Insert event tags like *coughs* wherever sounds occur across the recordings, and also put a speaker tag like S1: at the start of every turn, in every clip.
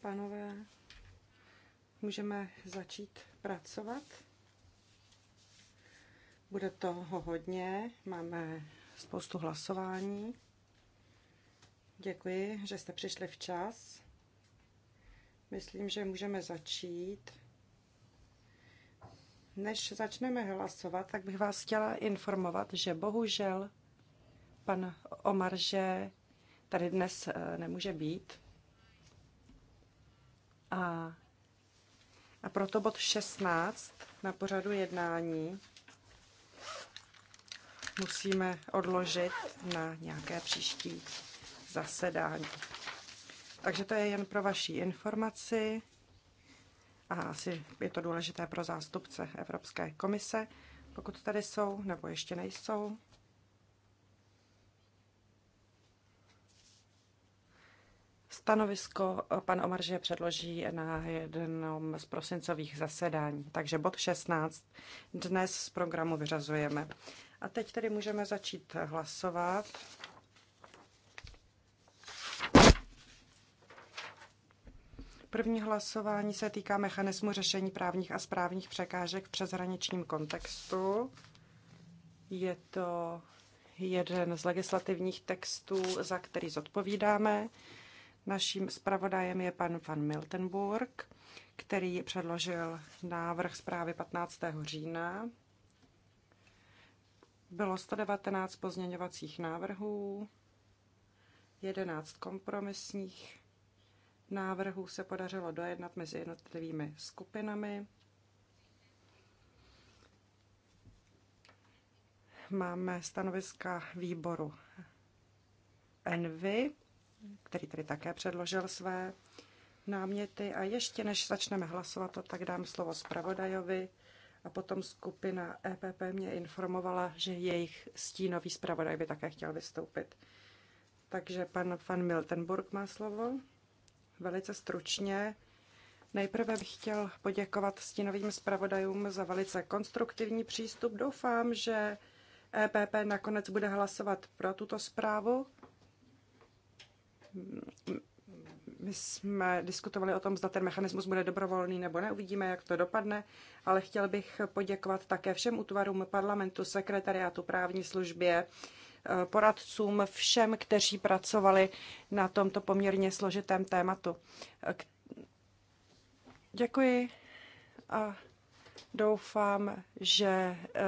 S1: pánové, můžeme začít pracovat. Bude toho hodně, máme spoustu hlasování. Děkuji, že jste přišli včas. Myslím, že můžeme začít. Než začneme hlasovat, tak bych vás chtěla informovat, že bohužel pan Omarže tady dnes eh, nemůže být. A, a proto bod 16 na pořadu jednání musíme odložit na nějaké příští zasedání. Takže to je jen pro vaši informaci a asi je to důležité pro zástupce Evropské komise, pokud tady jsou nebo ještě nejsou. Stanovisko eh, pan Omarže předloží na jednom z prosincových zasedání. Takže bod 16 dnes z programu vyřazujeme. A teď tedy můžeme začít hlasovat. První hlasování se týká mechanismu řešení právních a správních překážek v přeshraničním kontextu. Je to jeden z legislativních textů, za který zodpovídáme. Naším zpravodajem je pan van Miltenburg, který předložil návrh zprávy 15. října. Bylo 119 pozměňovacích návrhů, 11 kompromisních návrhů se podařilo dojednat mezi jednotlivými skupinami. Máme stanoviska výboru Envy který tady také předložil své náměty. A ještě než začneme hlasovat, tak dám slovo zpravodajovi. A potom skupina EPP mě informovala, že jejich stínový zpravodaj by také chtěl vystoupit. Takže pan van Miltenburg má slovo. Velice stručně. Nejprve bych chtěl poděkovat stínovým zpravodajům za velice konstruktivní přístup. Doufám, že EPP nakonec bude hlasovat pro tuto zprávu my jsme diskutovali o tom, zda ten mechanismus bude dobrovolný nebo ne, uvidíme, jak to dopadne, ale chtěl bych poděkovat také všem útvarům parlamentu, sekretariátu, právní službě, eh, poradcům, všem, kteří pracovali na tomto poměrně složitém tématu. Děkuji a Doufám, že eh,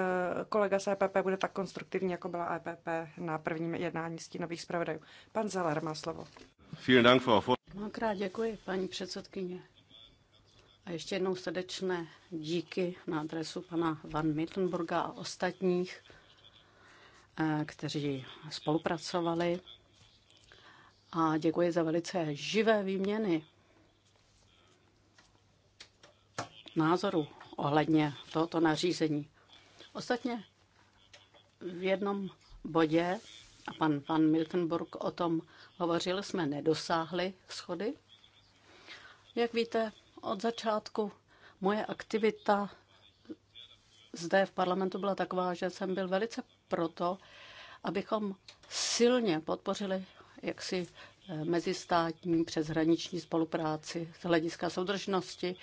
S1: kolega z EPP bude tak konstruktivní, jako byla EPP na prvním jednání stínových zpravodajů. Pan Zeller má slovo. Mnohokrát děkuji,
S2: paní předsedkyně. A ještě jednou srdečné díky na adresu pana Van Mittenburga a ostatních, eh, kteří spolupracovali. A děkuji za velice živé výměny názorů ohledně tohoto nařízení. Ostatně v jednom bodě, a pan, pan Miltenburg o tom hovořil, jsme nedosáhli schody. Jak víte, od začátku moje aktivita zde v parlamentu byla taková, že jsem byl velice proto, abychom silně podpořili jaksi mezistátní přeshraniční spolupráci z hlediska soudržnosti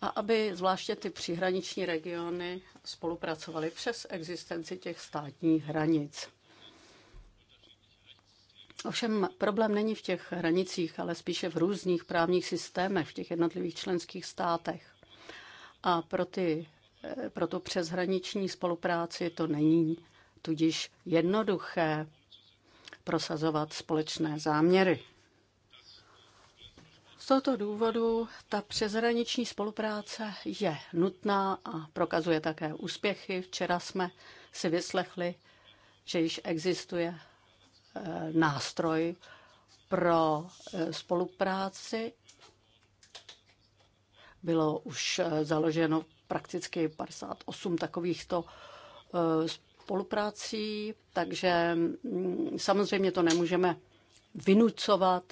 S2: a aby zvláště ty přihraniční regiony spolupracovaly přes existenci těch státních hranic. Ovšem problém není v těch hranicích, ale spíše v různých právních systémech v těch jednotlivých členských státech. A pro, ty, pro tu přeshraniční spolupráci to není tudíž jednoduché prosazovat společné záměry. Z tohoto důvodu ta přezraniční spolupráce je nutná a prokazuje také úspěchy. Včera jsme si vyslechli, že již existuje eh, nástroj pro eh, spolupráci. Bylo už eh, založeno prakticky 58 takovýchto spoluprácí, takže mm, samozřejmě to nemůžeme vynucovat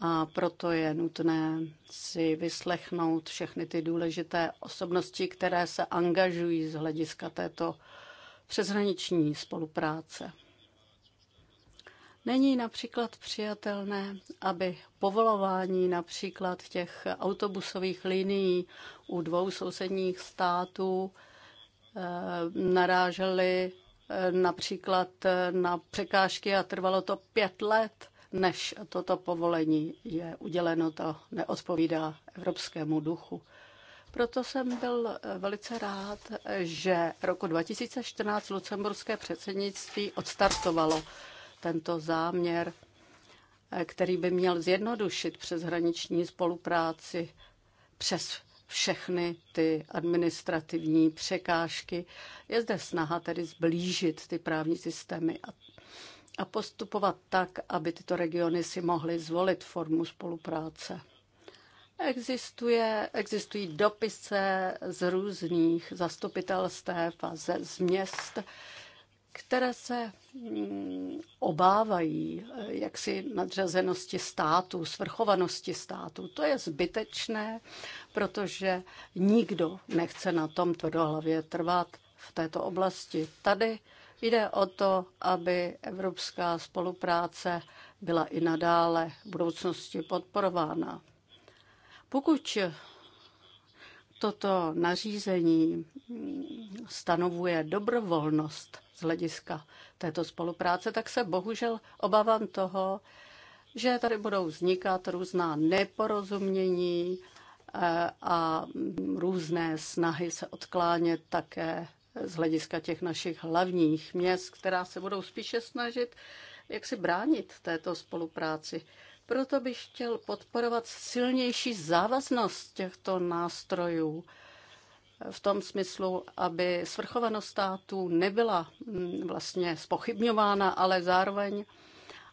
S2: a proto je nutné si vyslechnout všechny ty důležité osobnosti, které se angažují z hlediska této přeshraniční spolupráce. Není například přijatelné, aby povolování například těch autobusových linií u dvou sousedních států eh, narážely eh, například eh, na překážky a trvalo to pět let než toto povolení je uděleno, to neodpovídá evropskému duchu. Proto jsem byl eh, velice rád, že roku 2014 lucemburské předsednictví odstartovalo tento záměr, eh, který by měl zjednodušit přeshraniční spolupráci přes všechny ty administrativní překážky. Je zde snaha tedy zblížit ty právní systémy a a postupovat tak, aby tyto regiony si mohly zvolit formu spolupráce. Existuje, existují dopise z různých zastupitelstev a ze, z měst, které se mm, obávají eh, jaksi nadřazenosti státu, svrchovanosti státu. To je zbytečné, protože nikdo nechce na tom tvrdohlavě trvat v této oblasti. Tady Jde o to, aby evropská spolupráce byla i nadále v budoucnosti podporována. Pokud toto nařízení stanovuje dobrovolnost z hlediska této spolupráce, tak se bohužel obávám toho, že tady budou vznikat různá neporozumění eh, a různé snahy se odklánět také z hlediska těch našich hlavních měst, která se budou spíše snažit jak si bránit této spolupráci. Proto bych chtěl podporovat silnější závaznost těchto nástrojů v tom smyslu, aby svrchovanost států nebyla mm, vlastně spochybňována, ale zároveň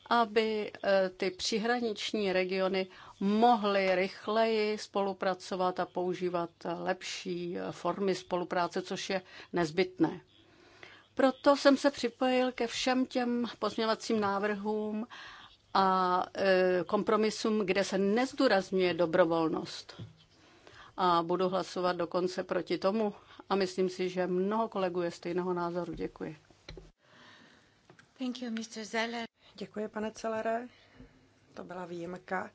S2: aby eh, ty přihraniční regiony mohly rychleji spolupracovat a používat lepší eh, formy spolupráce, což je nezbytné. Proto jsem se připojil ke všem těm pozměňovacím návrhům a eh, kompromisům, kde se nezdůrazňuje dobrovolnost. A budu hlasovat dokonce proti tomu a myslím si, že mnoho kolegů je stejného názoru. Děkuji.
S3: Thank you, Mr.
S1: Zeller. Děkuji, pane Celere. To byla výjimka,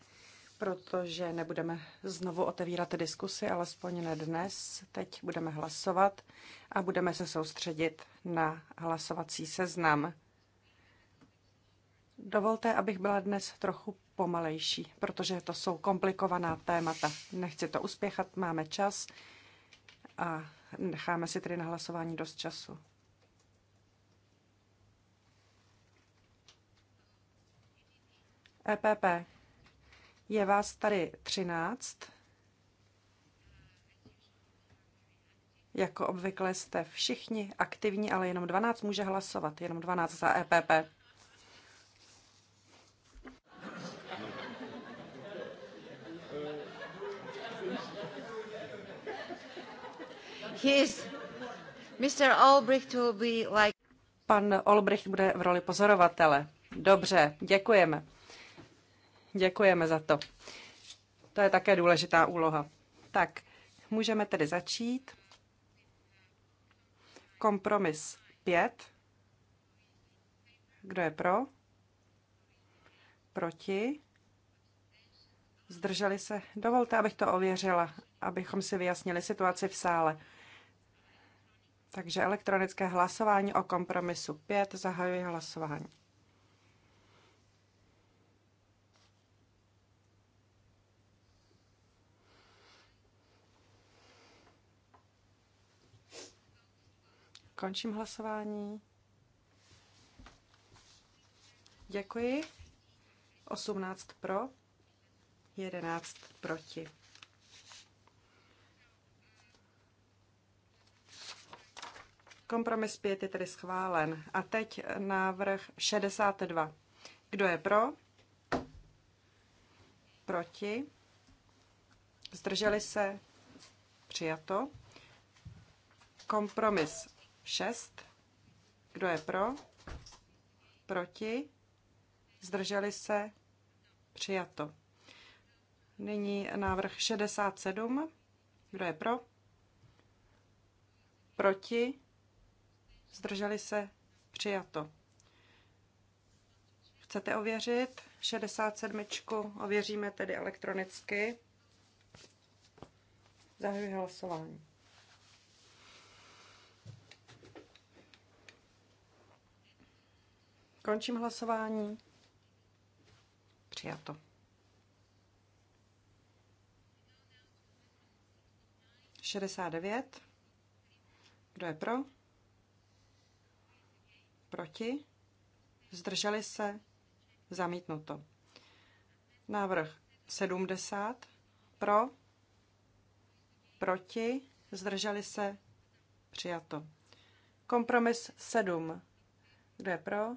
S1: protože nebudeme znovu otevírat diskusy, alespoň ne dnes. Teď budeme hlasovat a budeme se soustředit na hlasovací seznam. Dovolte, abych byla dnes trochu pomalejší, protože to jsou komplikovaná témata. Nechci to uspěchat, máme čas a necháme si tedy na hlasování dost času. EPP. Je vás tady 13. Jako obvykle jste všichni aktivní, ale jenom 12 může hlasovat, jenom 12 za EPP. He's Mr. Albrecht will be like... Pan Olbricht bude v roli pozorovatele. Dobře, děkujeme. Děkujeme za to. To je také důležitá úloha. Tak, můžeme tedy začít. Kompromis 5. Kdo je pro? Proti? Zdrželi se? Dovolte, abych to ověřila, abychom si vyjasnili situaci v sále. Takže elektronické hlasování o kompromisu 5 zahajuje hlasování. Končím hlasování. Děkuji. 18 pro, 11 proti. Kompromis 5 je tedy schválen. A teď návrh 62. Kdo je pro? Proti? Zdrželi se? Přijato. Kompromis 6. Kdo je pro? Proti? Zdrželi se? Přijato. Nyní návrh 67. Kdo je pro? Proti? Zdrželi se? Přijato. Chcete ověřit? 67. Ověříme tedy elektronicky. Zahajuji hlasování. Končím hlasování. Přijato. šedesát devět. Kdo je pro? Proti? Zdrželi se? Zamítnuto. Návrh 70. Pro? Proti? Zdrželi se? Přijato. Kompromis 7. Kdo je pro?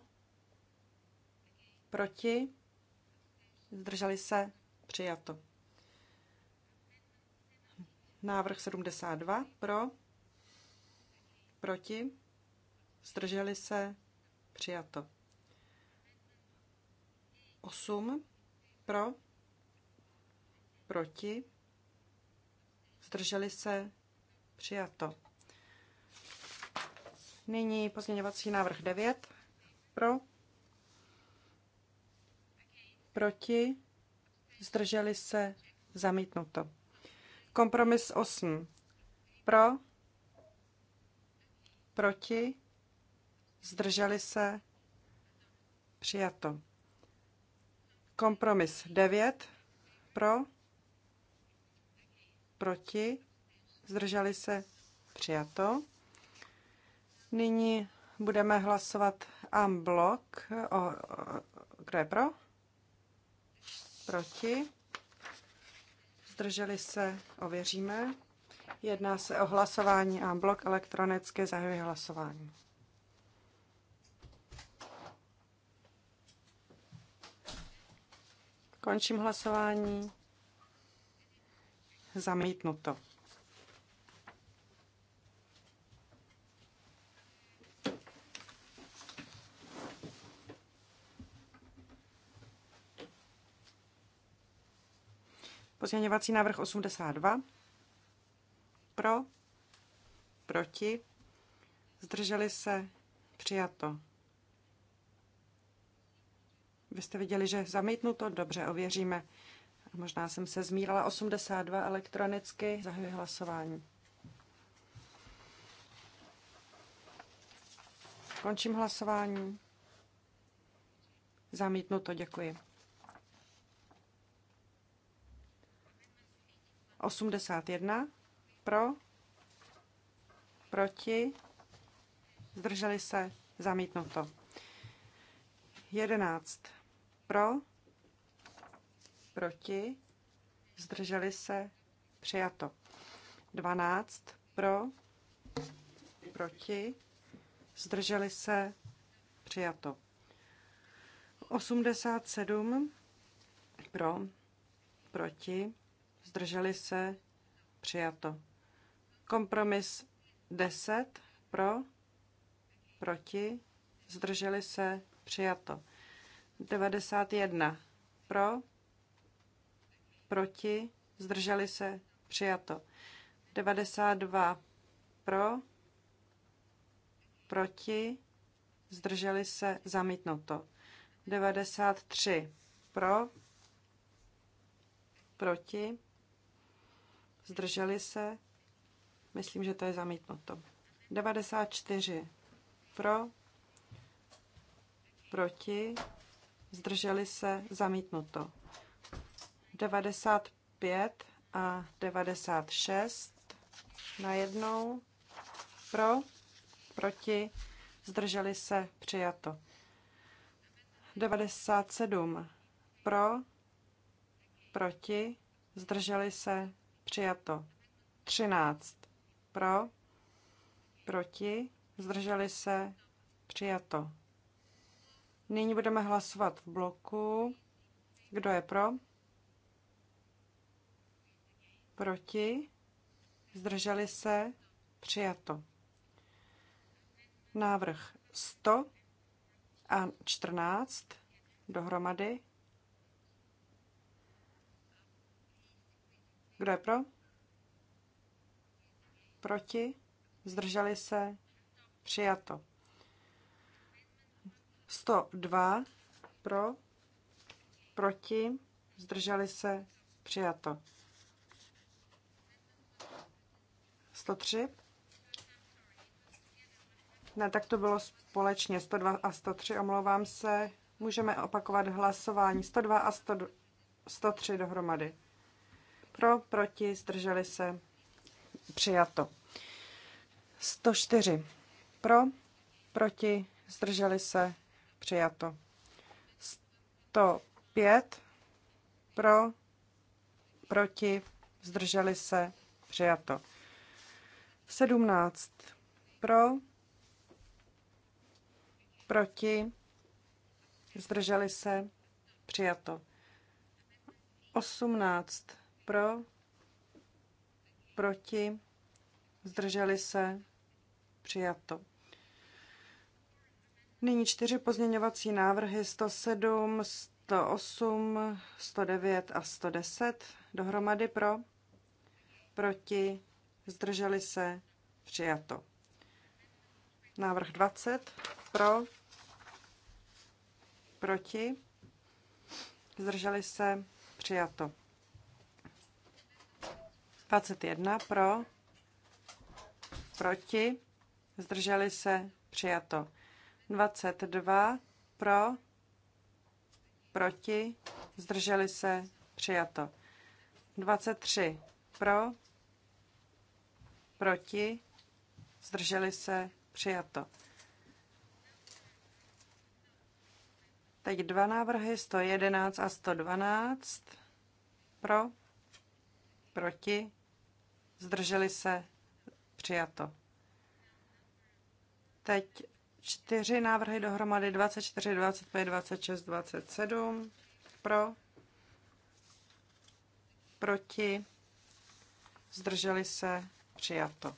S1: Proti? Zdrželi se? Přijato. Návrh 72 pro? Proti? Zdrželi se? Přijato. 8 pro? Proti? Zdrželi se? Přijato. Nyní pozměňovací návrh 9 pro? proti, zdrželi se, zamítnuto. Kompromis 8. Pro, proti, zdrželi se, přijato. Kompromis 9. Pro, proti, zdrželi se, přijato. Nyní budeme hlasovat en blok. O, o, kdo je pro? proti, zdrželi se, ověříme. Jedná se o hlasování a blok elektronické zahajuje hlasování. Končím hlasování. Zamítnuto. Pozměňovací návrh 82. Pro, proti, zdrželi se, přijato. Vy jste viděli, že zamítnuto? Dobře, ověříme. Možná jsem se zmírala 82 elektronicky. Zahajuji hlasování. Končím hlasování. Zamítnuto, děkuji. 81 pro, proti, zdrželi se, zamítnuto. 11 pro, proti, zdrželi se, přijato. 12 pro, proti, zdrželi se, přijato. 87 pro, proti, zdrželi se, přijato. Kompromis 10 pro, proti, zdrželi se, přijato. 91 pro, proti, zdrželi se, přijato. 92 pro, proti, zdrželi se, zamítnuto. 93 pro, proti, zdrželi se, myslím, že to je zamítnuto. 94 pro, proti, zdrželi se, zamítnuto. 95 a 96 najednou pro, proti, zdrželi se, přijato. 97 pro, proti, zdrželi se, Přijato. 13 pro, proti, zdrželi se, přijato. Nyní budeme hlasovat v bloku. Kdo je pro? Proti? Zdrželi se? Přijato. Návrh 100 a 14 dohromady. Kdo je pro? Proti? Zdrželi se? Přijato. 102 pro, proti, zdrželi se, přijato. 103. Ne, tak to bylo společně 102 a 103, omlouvám se. Můžeme opakovat hlasování 102 a 100, 103 dohromady. Pro, proti, zdrželi se. Přijato. 104. Pro, proti, zdrželi se. Přijato. 105. Pro, proti, zdrželi se. Přijato. 17. Pro, proti, zdrželi se. Přijato. 18 pro, proti, zdrželi se, přijato. Nyní čtyři pozměňovací návrhy 107, 108, 109 a 110 dohromady pro, proti, zdrželi se, přijato. Návrh 20 pro, proti, zdrželi se, přijato. 21 pro, proti, zdrželi se, přijato. 22 pro, proti, zdrželi se, přijato. 23 pro, proti, zdrželi se, přijato. Teď dva návrhy, 111 a 112 pro, proti, zdrželi se, přijato. Teď čtyři návrhy dohromady 24, 25, 26, 27 pro, proti, zdrželi se, přijato.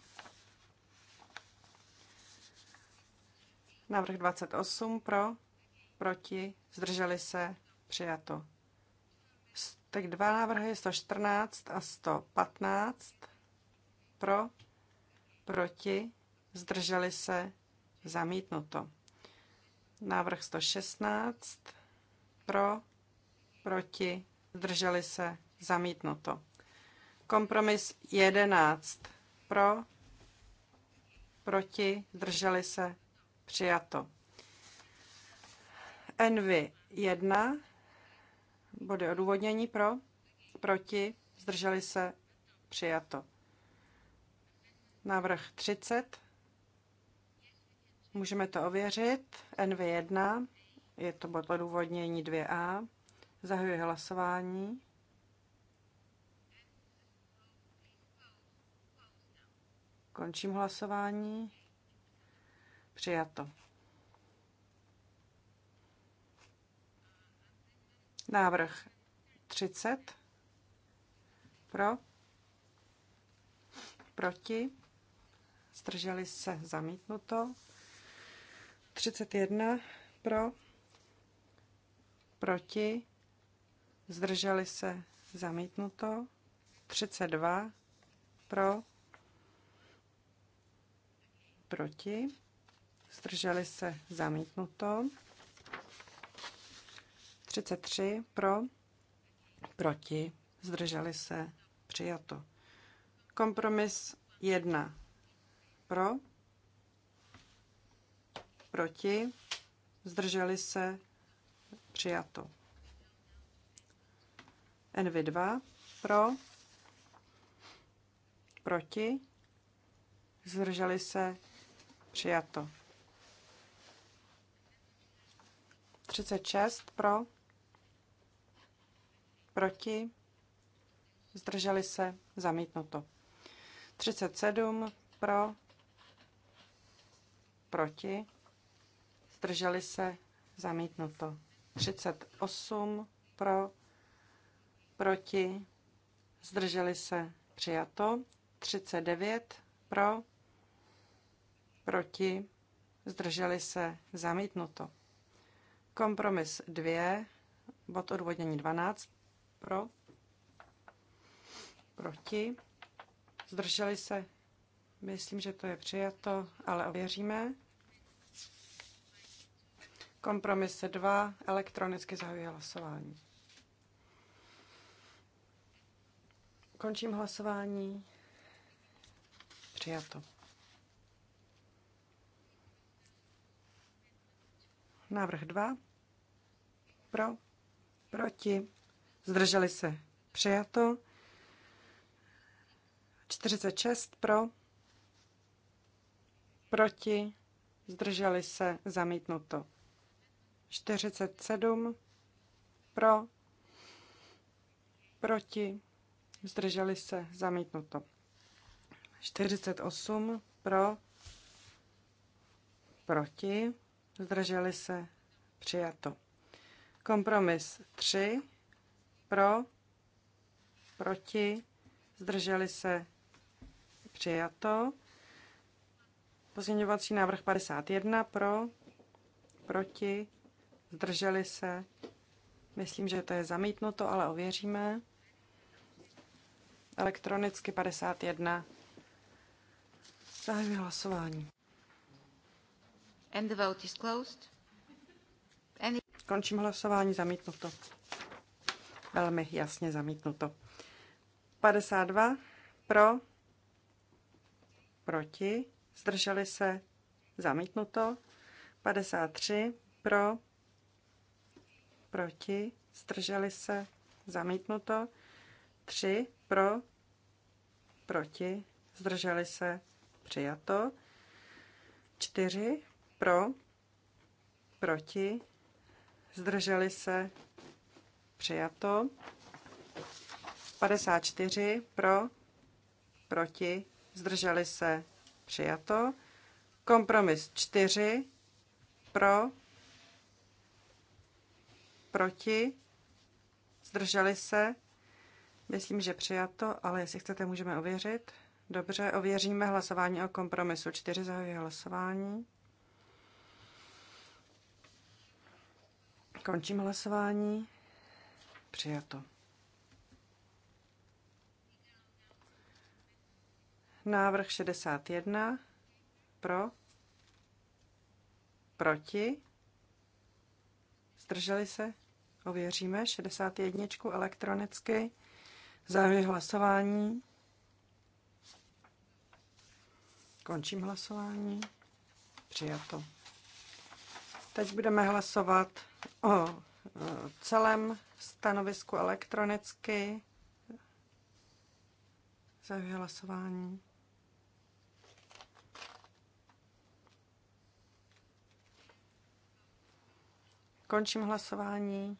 S1: Návrh 28 pro, proti, zdrželi se, přijato. Teď dva návrhy, 114 a 115 pro, proti, zdrželi se, zamítnuto. Návrh 116 pro, proti, zdrželi se, zamítnuto. Kompromis 11 pro, proti, zdrželi se, přijato. NV 1, body odůvodnění pro, proti, zdrželi se, přijato. Návrh 30. Můžeme to ověřit. NV1. Je to bod odůvodnění 2A. Zahajuji hlasování. Končím hlasování. Přijato. Návrh 30. Pro. Proti zdrželi se zamítnuto. 31 pro, proti, zdrželi se zamítnuto. 32 pro, proti, zdrželi se zamítnuto. 33 pro, proti, zdrželi se přijato. Kompromis 1 pro? Proti? Zdrželi se? Přijato. NV2 pro? Proti? Zdrželi se? Přijato. 36 pro? Proti? Zdrželi se? Zamítnuto. 37 pro, proti, zdrželi se, zamítnuto. 38 pro, proti, zdrželi se, přijato. 39 pro, proti, zdrželi se, zamítnuto. Kompromis 2, bod odvodnění 12 pro, proti, zdrželi se, myslím, že to je přijato, ale ověříme. Kompromise 2. Elektronicky zahajuje hlasování. Končím hlasování. Přijato. Návrh 2. Pro. Proti. Zdrželi se. Přijato. 46 pro. Proti. Zdrželi se. Zamítnuto. 47 pro, proti, zdrželi se, zamítnuto. 48 pro, proti, zdrželi se, přijato. Kompromis 3 pro, proti, zdrželi se, přijato. Pozměňovací návrh 51 pro, proti, zdrželi se. Myslím, že to je zamítnuto, ale ověříme. Elektronicky 51. Zahajuji hlasování. And the vote is closed. And... Končím hlasování, zamítnuto. Velmi jasně zamítnuto. 52 pro, proti, zdrželi se, zamítnuto. 53 pro, proti, zdrželi se, zamítnuto. Tři pro, proti, zdrželi se, přijato. čtyři pro, proti, zdrželi se, přijato. 54 pro, proti, zdrželi se, přijato. Kompromis 4 pro, proti, zdrželi se, myslím, že přijato, ale jestli chcete, můžeme ověřit. Dobře, ověříme hlasování o kompromisu. Čtyři zahajuje hlasování. Končím hlasování. Přijato. Návrh 61. Pro. Proti. Zdrželi se? Ověříme 61 elektronicky. Zahajuji hlasování. Končím hlasování. Přijato. Teď budeme hlasovat o e, celém stanovisku elektronicky. Zahajuji hlasování. Končím hlasování.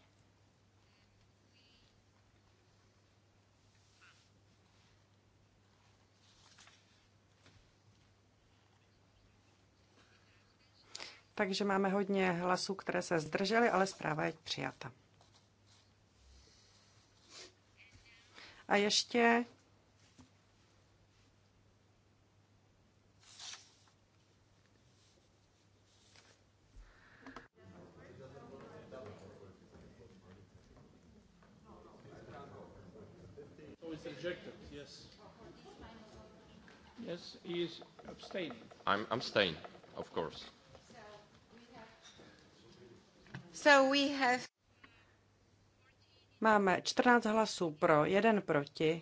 S1: Takže máme hodně hlasů, které se zdržely, ale zpráva je přijata. A ještě
S3: yes. he is abstaining.
S4: I'm abstaining, of course.
S1: Máme 14 hlasů pro, jeden proti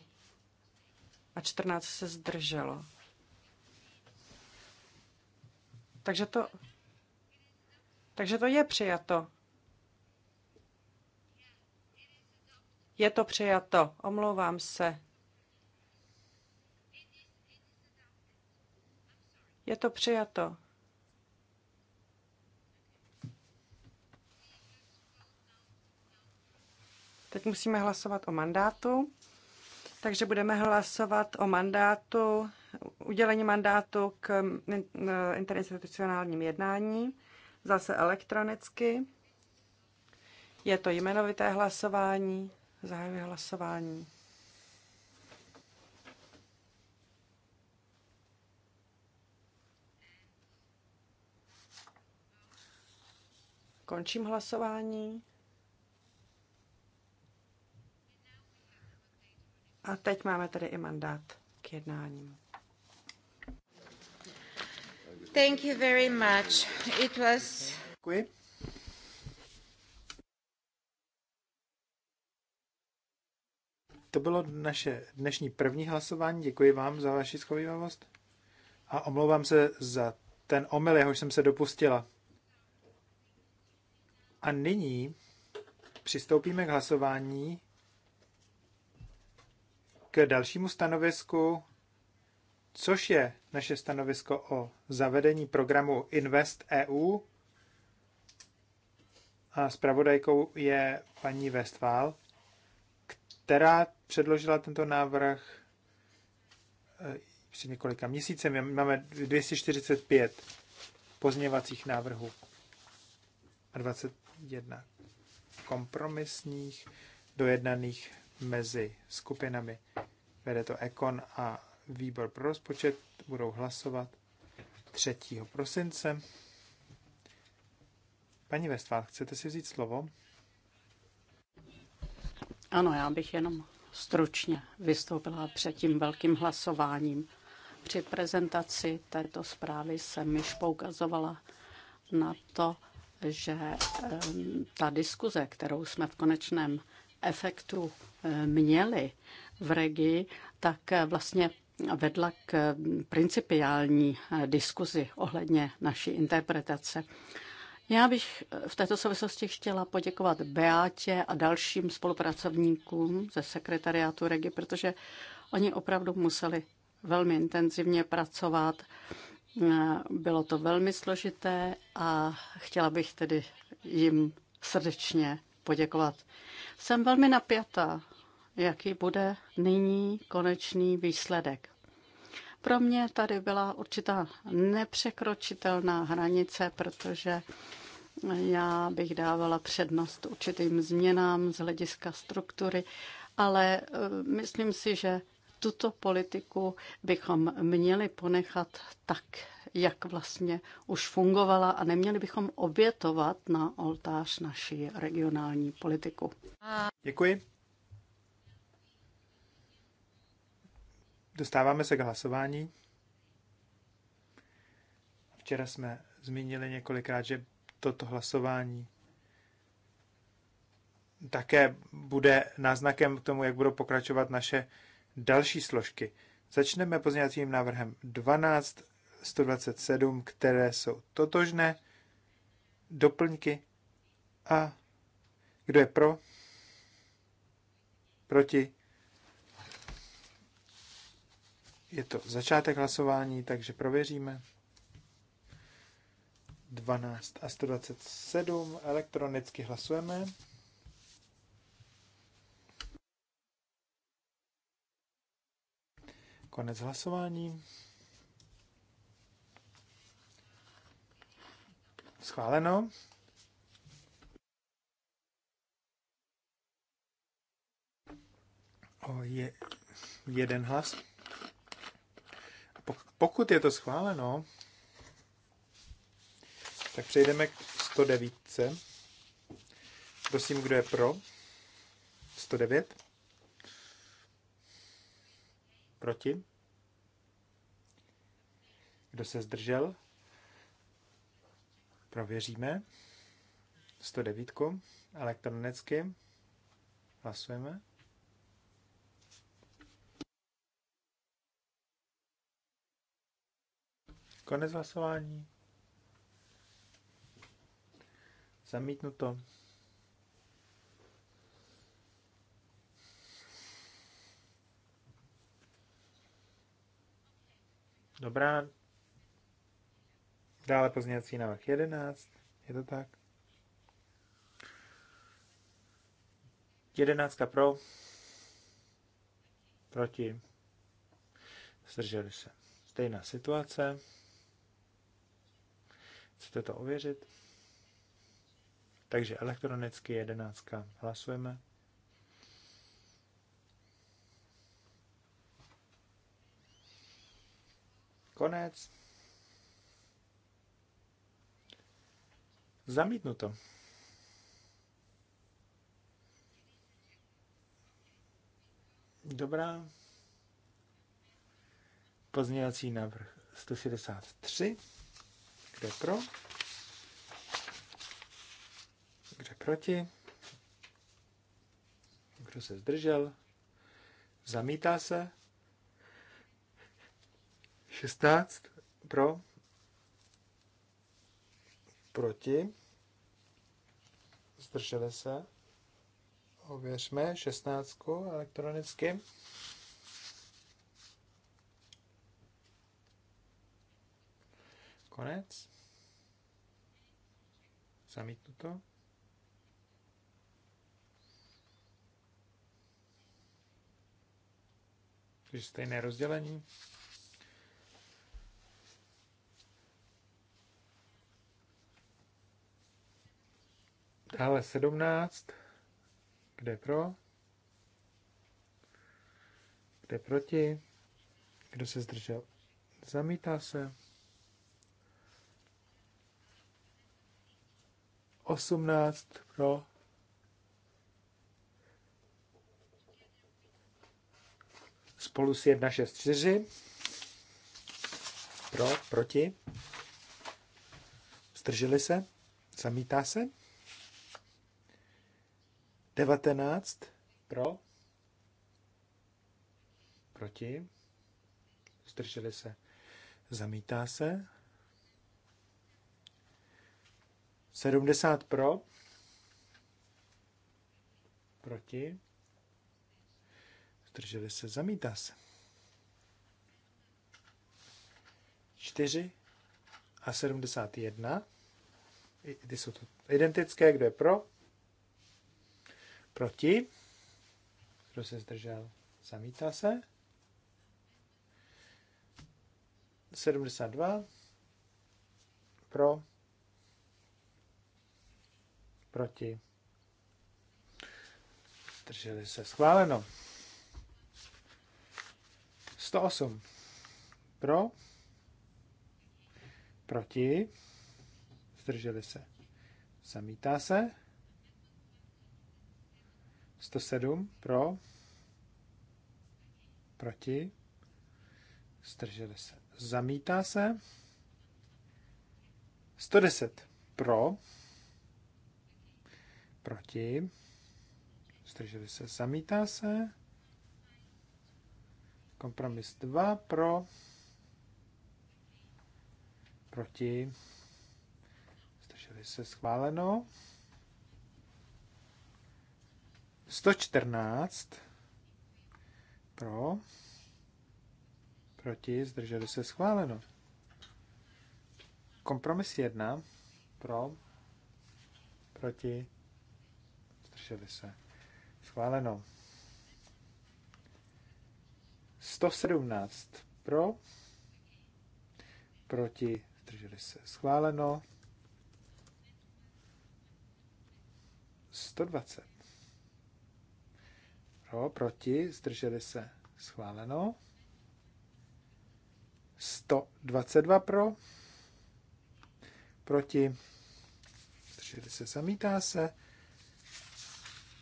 S1: a 14 se zdrželo. Takže to, takže to je přijato. Je to přijato, omlouvám se. Je to přijato. Teď musíme hlasovat o mandátu. Takže budeme hlasovat o mandátu, udělení mandátu k e, interinstitucionálním jednání, zase elektronicky. Je to jmenovité hlasování, zahajuje hlasování. Končím hlasování. A teď máme tedy i mandát k jednání. Thank you very much. It was...
S3: Děkuji. To bylo naše dnešní první hlasování. Děkuji vám za vaši schovývavost. A omlouvám se za ten omyl, jehož jsem se dopustila. A nyní přistoupíme k hlasování k dalšímu stanovisku, což je naše stanovisko o zavedení programu Invest EU. A zpravodajkou je paní Westphal, která předložila tento návrh eh, před několika měsíci. My máme 245 pozměvacích návrhů a 21 kompromisních dojednaných mezi skupinami. Vede to Ekon a výbor pro rozpočet budou hlasovat 3. prosince. Paní Vestvál, chcete si vzít slovo?
S2: Ano, já bych jenom stručně vystoupila před tím velkým hlasováním. Při prezentaci této zprávy jsem již poukazovala na to, že ta diskuze, kterou jsme v konečném efektu eh, měly v regii, tak eh, vlastně vedla k mm, principiální eh, diskuzi ohledně naší interpretace. Já bych v této souvislosti chtěla poděkovat Beátě a dalším spolupracovníkům ze sekretariátu Regi, protože oni opravdu museli velmi intenzivně pracovat. Bylo to velmi složité a chtěla bych tedy jim srdečně poděkovat. Jsem velmi napjatá, jaký bude nyní konečný výsledek. Pro mě tady byla určitá nepřekročitelná hranice, protože já bych dávala přednost určitým změnám z hlediska struktury, ale e, myslím si, že tuto politiku bychom měli ponechat tak, jak vlastně už fungovala a neměli bychom obětovat na oltář naši regionální
S3: politiku. Děkuji. Dostáváme se k hlasování. Včera jsme zmínili několikrát, že toto hlasování také bude náznakem k tomu, jak budou pokračovat naše další složky. Začneme pozněvacím návrhem 12, 127, které jsou totožné, doplňky a kdo je pro, proti, je to začátek hlasování, takže prověříme. 12 a 127 elektronicky hlasujeme. Konec hlasování. Schváleno. O je jeden hlas. Pokud je to schváleno, tak přejdeme k 109. Prosím, kdo je pro? 109. Proti? Kdo se zdržel? Prověříme. 109 elektronicky. Hlasujeme. Konec hlasování. Zamítnuto. Dobrá. Dále pozměňovací návrh 11. Je to tak? 11 pro. Proti. Zdrželi se. Stejná situace. Chcete to ověřit? Takže elektronicky 11 hlasujeme. Konec. Zamítnuto. Dobrá. Pozměňovací návrh 163. Kde pro? Kde proti? Kdo se zdržel? Zamítá se? 16 pro, proti, zdrželi se, ověřme 16 elektronicky. Konec. zamítnu to Takže stejné rozdělení. Dále 17. Kde pro? Kde proti? Kdo se zdržel? Zamítá se. 18 pro. Spolu s 164. Pro, proti. Zdrželi se? Zamítá se? 19 pro, proti, zdrželi se, zamítá se. 70 pro, proti, zdrželi se, zamítá se. 4 a 71, ty jsou to identické, kdo je pro, Proti? Kdo se zdržel? Zamítá se. 72. Pro. Proti. Zdrželi se. Schváleno. 108. Pro. Proti. Zdrželi se. Zamítá se. 107 pro, proti, zdrželi se. Zamítá se. 110 pro, proti, zdrželi se. Zamítá se. Kompromis 2 pro, proti, zdrželi se. Schváleno. 114 pro, proti, zdrželi se schváleno. Kompromis 1 pro, proti, zdrželi se schváleno. 117 pro, proti, zdrželi se schváleno. 120 pro, proti, zdrželi se, schváleno. 122 pro, proti, zdrželi se, zamítá se.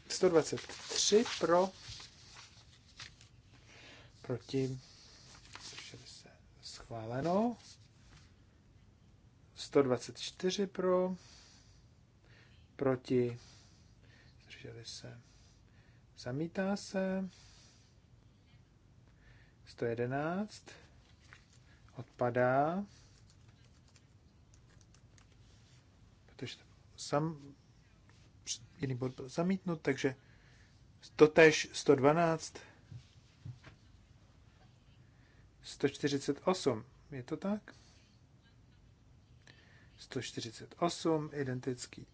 S3: 123 pro, proti, zdrželi se, schváleno. 124 pro, proti, zdrželi se, Zamítá se. 111. Odpadá. Protože sam jiný bod byl zamítnut, takže totež 112. 148. Je to tak? 148, identický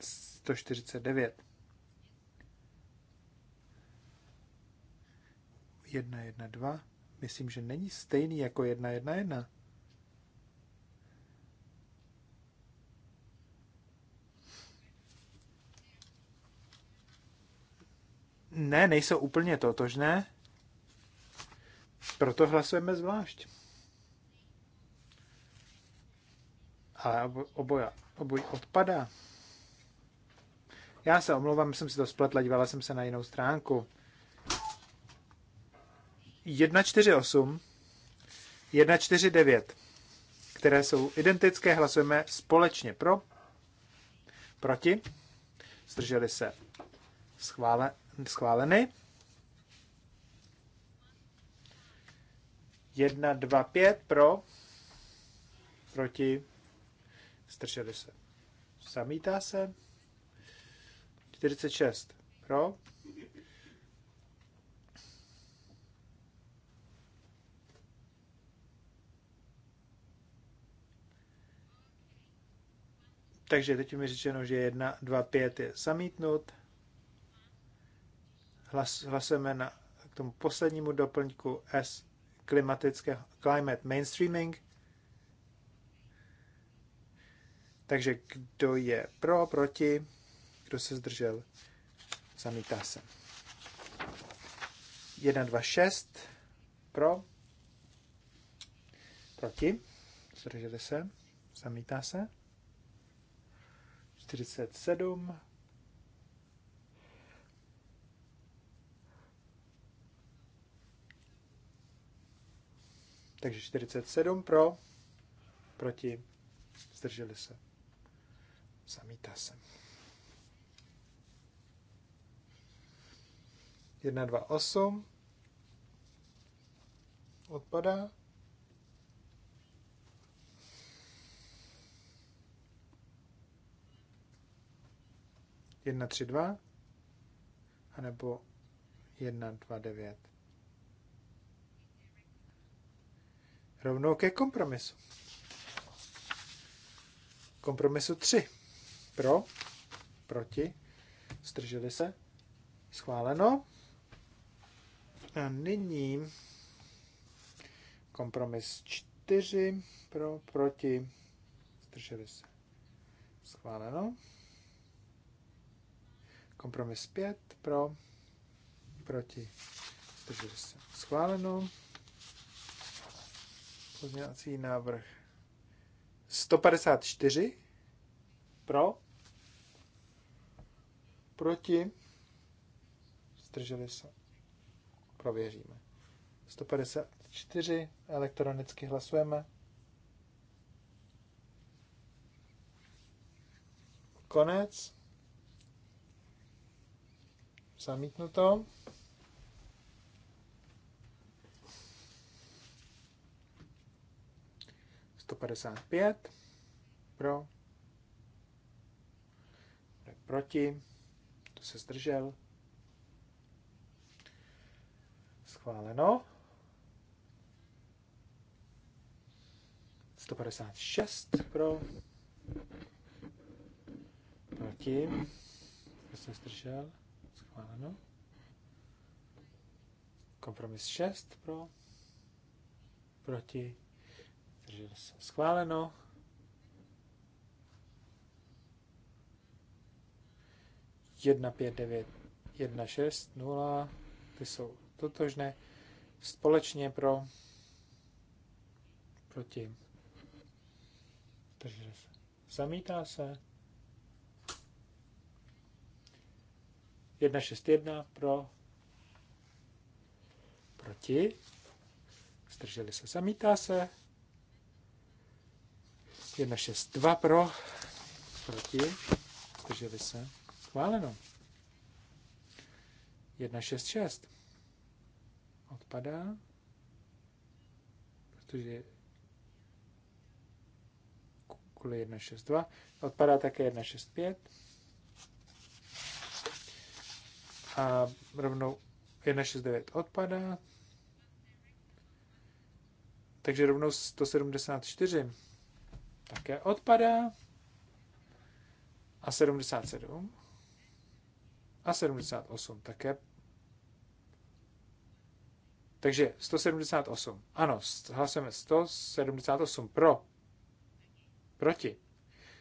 S3: 149. 1, 1, 2 myslím, že není stejný jako 1, 1, 1. Ne, nejsou úplně totožné, proto hlasujeme zvlášť. Ale oboja, oboj odpadá. Já se omlouvám, jsem si to spletla, dívala jsem se na jinou stránku. 148, 149, které jsou identické, hlasujeme společně pro, proti, zdrželi se schvále, schváleny. 1, 2, 5 pro, proti, zdrželi se. Zamítá se. 46 pro, Takže teď mi řečeno, že 1, 2, 5 je zamítnut. Hlas, hlasujeme na, k tomu poslednímu doplňku S klimatické, climate mainstreaming. Takže kdo je pro, proti, kdo se zdržel, zamítá se. 1, 2, 6 pro, proti, zdrželi se, zamítá se. 47. Takže 47 pro, proti, zdrželi se. Zamítá se. 1, 2, 8. Odpadá. 1, 3, 2, anebo 1, 2, 9. Rovnou ke kompromisu. Kompromisu 3. Pro, proti, zdrželi se, schváleno. A nyní kompromis 4 pro, proti, zdrželi se. Schváleno. Kompromis 5 pro, proti, zdrželi se. Schváleno. Pozměňovací návrh 154 pro, proti, zdrželi se. Prověříme. 154 elektronicky hlasujeme. Konec. Zamítnuto. Sto padesát pět. Pro. Proti. To se zdržel. Schváleno. 156 pro. Proti. Já jsem zdržel. Ano. Kompromis 6 pro. Proti. Zdržel se. Schváleno. Jedna pět devět, jedna šest, nula. Ty jsou totožné. Společně pro. Proti. Zdržel se. Zamítá se. 161 pro, proti, zdrželi se, zamítá se. 162 pro, proti, zdrželi se, schváleno. 166 odpadá, protože kvůli 162 odpadá také 165. A rovnou 169 odpadá. Takže rovnou 174 také odpadá. A 77. A 78 také. Takže 178. Ano, hlasujeme 178 pro. Proti.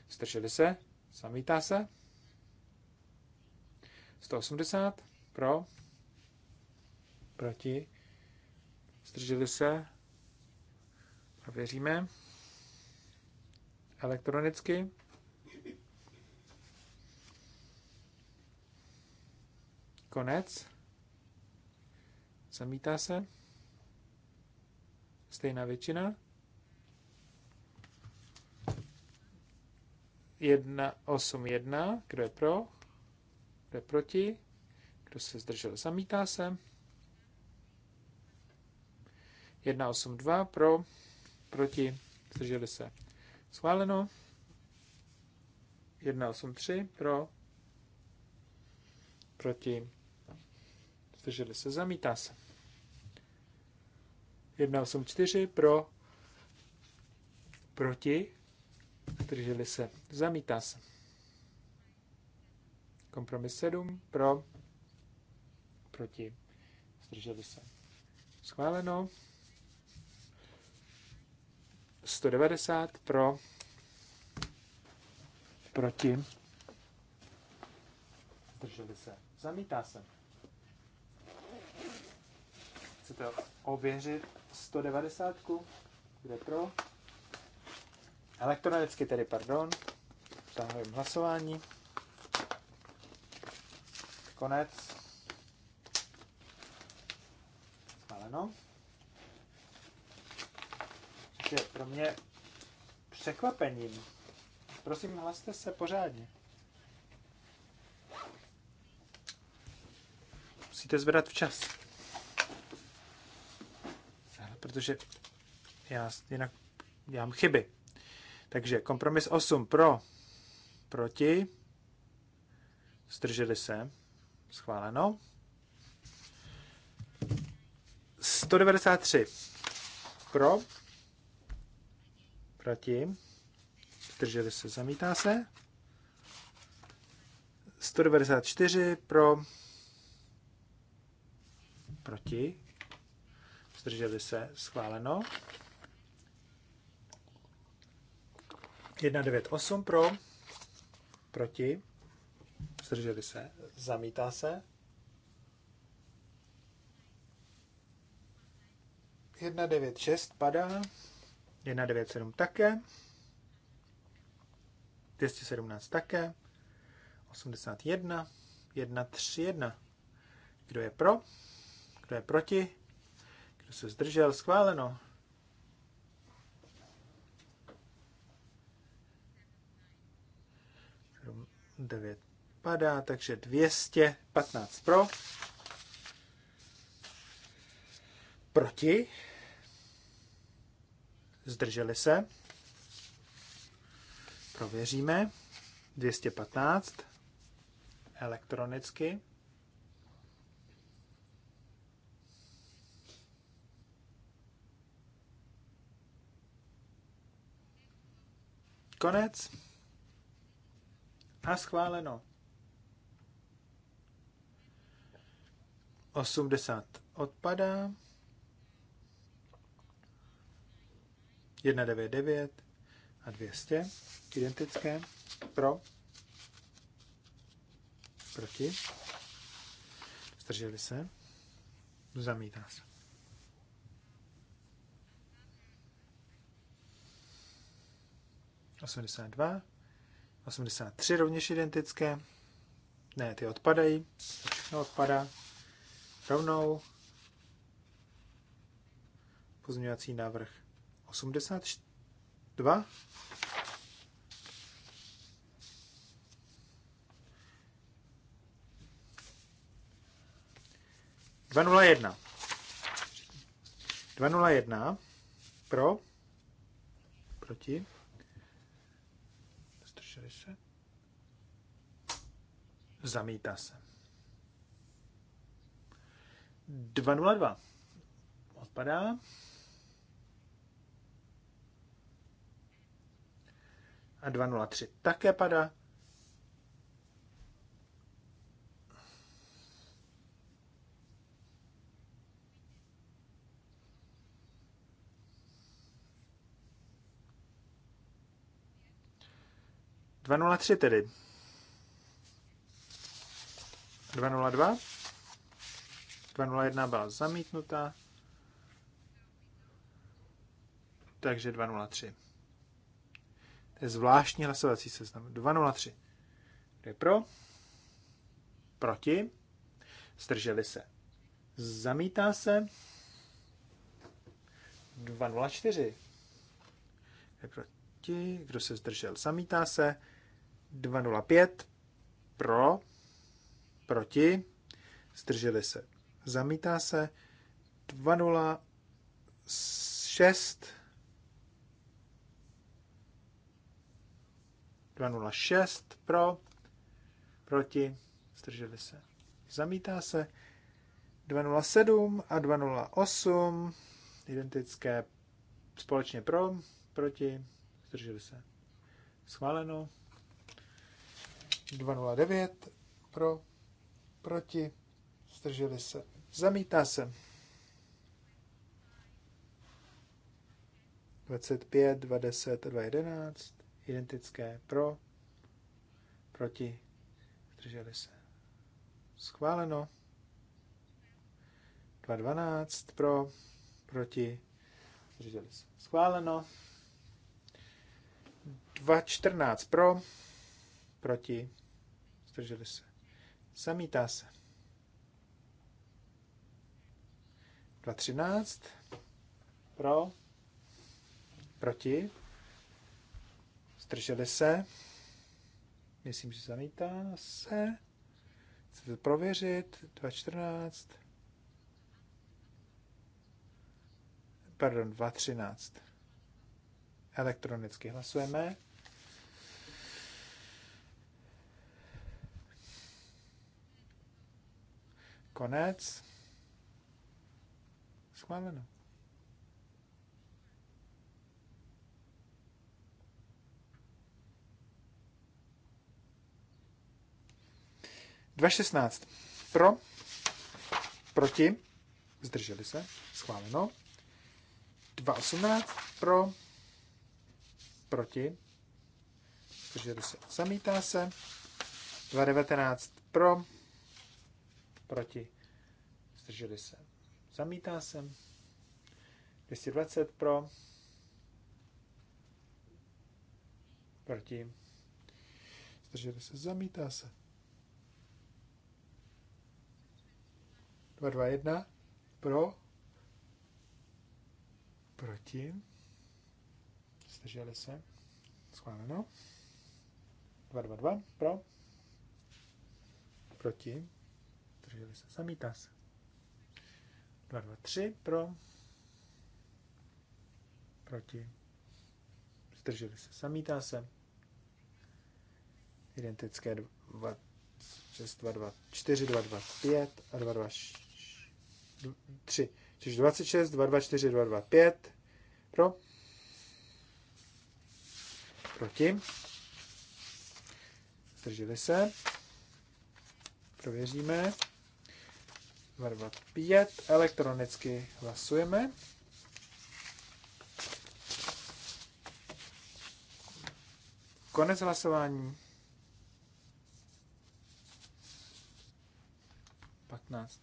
S3: Strčili se. Zamítá se. 180 pro, proti, zdrželi se, a věříme elektronicky. Konec. Zamítá se. Stejná většina. Jedna, osm, jedna. Kdo je pro? Kdo je proti? Kdo se zdržel? Zamítá se. 182 pro, proti, zdrželi se. Schváleno. 183 pro, proti, zdrželi se. Zamítá se. 184 pro, proti, zdrželi se. Zamítá se. Kompromis 7 pro, proti, zdrželi se. Schváleno. 190 pro, proti, zdrželi se. Zamítá se. Chcete ověřit 190? Kde pro? Elektronicky tedy, pardon. Zahájím hlasování. Konec. Schváleno. Což je pro mě překvapením. Prosím, hlaste se pořádně. Musíte zvedat včas. Protože já jinak dělám chyby. Takže kompromis 8 pro, proti, zdrželi se. Schváleno. 193. Pro. Proti. Zdrželi se, zamítá se. 194 pro. Proti. Zdrželi se, schváleno. 198 pro. Proti zdrželi se, zamítá se. jedna devět šest padá, sedm také, 217 také, 81, jedna Kdo je pro? Kdo je proti? Kdo se zdržel? Schváleno. Devět vypadá, takže 215 pro. Proti. Zdrželi se. Prověříme. 215 elektronicky. Konec. A schváleno. 80 odpadá. 199 a 200, identické, pro, proti, zdrželi se, zamítá se. Osmdesát dva, osmdesát tři rovněž identické, ne, ty odpadají, všechno odpadá rovnou pozměňovací návrh 82. Dva nula jedna. Dva nula jedna. Pro. Proti. 160. Zamítá se. 202 odpadá. A 203 také padá. Dva nula tři tedy. Dva nula dva. 201 byla zamítnuta, takže 203. To je zvláštní hlasovací seznam. 203. Kdo je pro? Proti? Strželi se. Zamítá se. 204. Kdo je proti? Kdo se zdržel? Zamítá se. 205. Pro? Proti? Zdrželi se. 2.06 zamítá se 206 206 pro, proti, zdrželi se, zamítá se 207 a 208 identické společně pro, proti, zdrželi se, schváleno 209 pro, proti, zdrželi se Zamítá se. 25, 20, 211, identické pro, proti, drželi se. Schváleno. 212 pro, proti, drželi se. Schváleno. 214 pro, proti, zdrželi se. Zamítá se. 2.13. Pro. Proti. Zdrželi se. Myslím, že zamítá se. Chcete to prověřit. 2.14. Pardon, 2.13. Elektronicky hlasujeme. Konec. Schváleno. Dva šestnáct. Pro, proti, zdrželi se, schváleno. 2.18 pro, proti, zdrželi se, zamítá se. 2.19 pro, proti, zdrželi se, Zamítá jsem. 220 pro. Proti. Zdrželi se. Zamítá se. 221 pro. Proti. Zdrželi se. Schváleno. 222 pro. Proti. Zdrželi se. Zamítá se. 2, 2, 3 pro, proti, zdrželi se, Samítá se. Identické 2, 6, 2, 2, 4, 2, 2, 5 a 2, 2, 3. Čiž 26, 2, 2, 4, 2, 2, 5 pro, proti, zdrželi se, prověříme. Verva 5. Elektronicky hlasujeme. Konec hlasování. 15.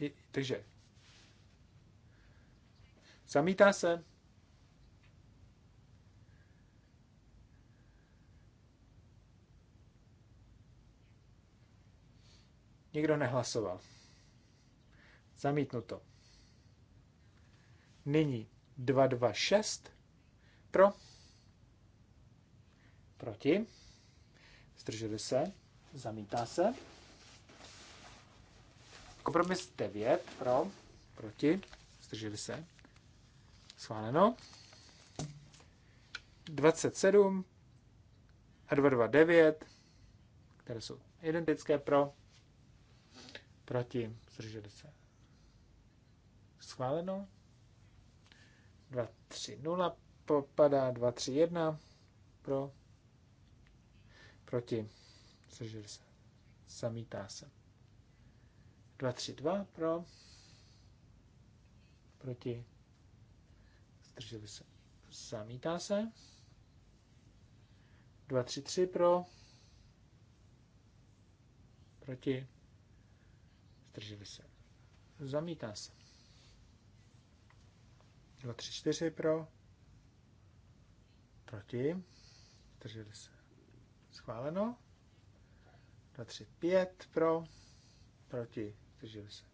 S3: I, takže. Zamítá se. Nikdo nehlasoval. Zamítnuto. Nyní 226 pro, proti, zdrželi se, zamítá se. Kompromis 9 pro, proti, zdrželi se, schváleno. 27 a 229, které jsou identické pro, Proti. Zdrželi se. Schváleno. 2, 3, 0. Popadá 2, 3, 1. Pro. Proti. Zdrželi se. Zamítá se. 2, 3, 2. Pro. Proti. Zdrželi se. Zamítá se. 2, 3, 3 pro. Proti zdrželi se. Zamítá se. 2, 3, 4 pro, proti, zdrželi se. Schváleno. 2, 3, 5 pro, proti, zdrželi se.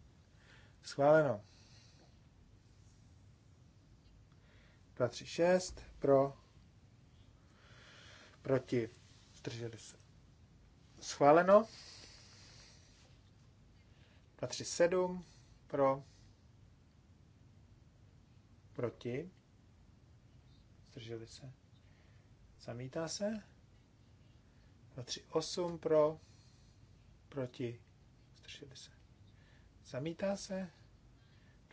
S3: Schváleno. 2, 3, 6 pro, proti, zdrželi se. Schváleno. 237 pro, proti, zdrželi se, zamítá se, 238 pro, proti, zdrželi se, zamítá se,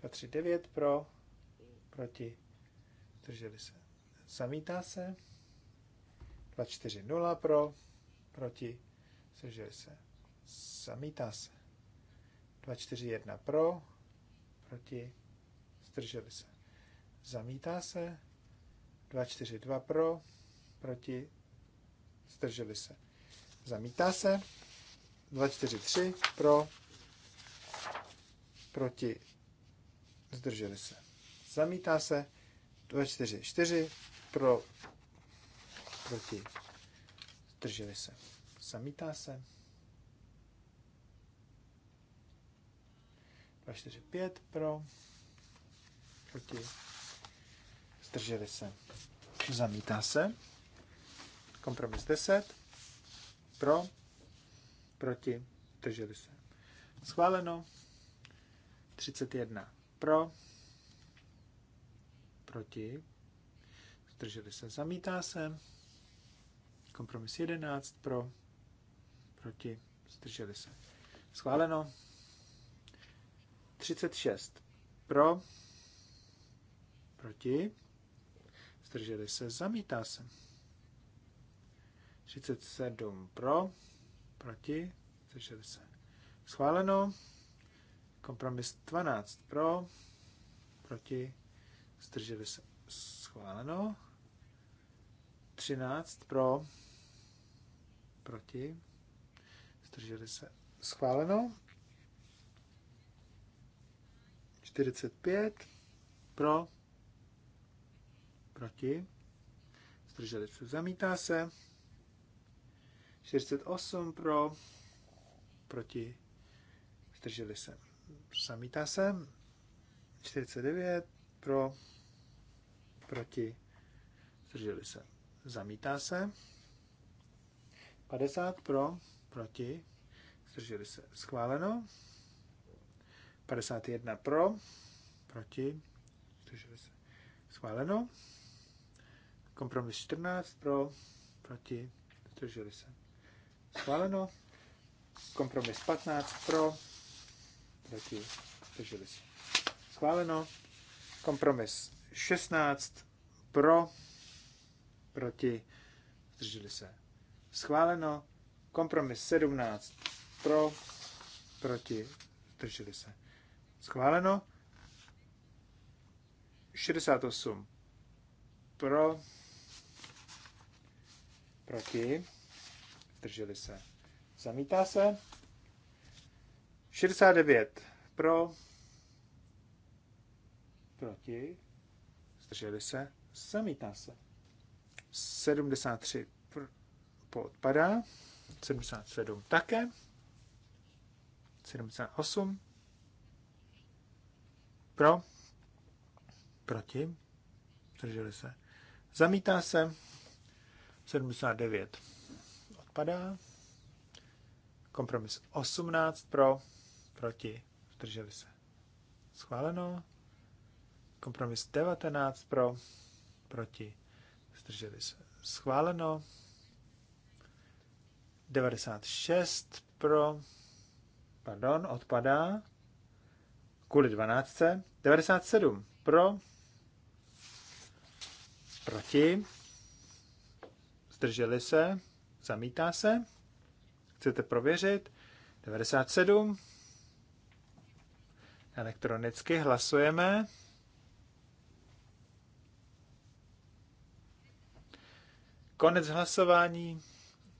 S3: 239 pro, proti, zdrželi se, zamítá se, 240 pro, proti, zdrželi se, zamítá se. 2, 4, 1 pro, proti, zdrželi se. Zamítá se. 2, 4, 2 pro, proti, zdrželi se. Zamítá se. 2, 4, 3 pro, proti, zdrželi se. Zamítá se. 2, 4, 4 pro, proti, zdrželi se. Zamítá se. 2-4-5 pro, proti, zdrželi se, zamítá se. Kompromis 10 pro, proti, zdrželi se. Schváleno. 31 pro, proti, zdrželi se, zamítá se. Kompromis 11 pro, proti, zdrželi se. Schváleno. 36 pro, proti, zdrželi se, zamítá se. 37 pro, proti, zdrželi se. Schváleno. Kompromis 12 pro, proti, zdrželi se. Schváleno. 13 pro, proti, zdrželi se. Schváleno. 45 pro, proti, zdrželi se, zamítá se. 48 pro, proti, zdrželi se, zamítá se. 49 pro, proti, zdrželi se, zamítá se. 50 pro, proti, zdrželi se, schváleno. 51 pro, proti, zdrželi se. Schváleno. Kompromis 14 pro, proti, zdrželi se. Schváleno. Kompromis 15 pro, proti, zdrželi se. Schváleno. Kompromis 16 pro, proti, zdrželi se. Schváleno. Kompromis 17 pro, proti, zdrželi se Schváleno. 68 pro, proti, zdrželi se, zamítá se. 69 pro, proti, zdrželi se, zamítá se. 73 Pro, podpadá. 77 také, 78 pro? Proti? Drželi se. Zamítá se. 79 odpadá. Kompromis 18 pro, proti, Drželi se. Schváleno. Kompromis 19 pro, proti, zdrželi se. Schváleno. 96 pro, pardon, odpadá kvůli 12. 97 pro, proti, zdrželi se, zamítá se. Chcete prověřit? 97. Elektronicky hlasujeme. Konec hlasování.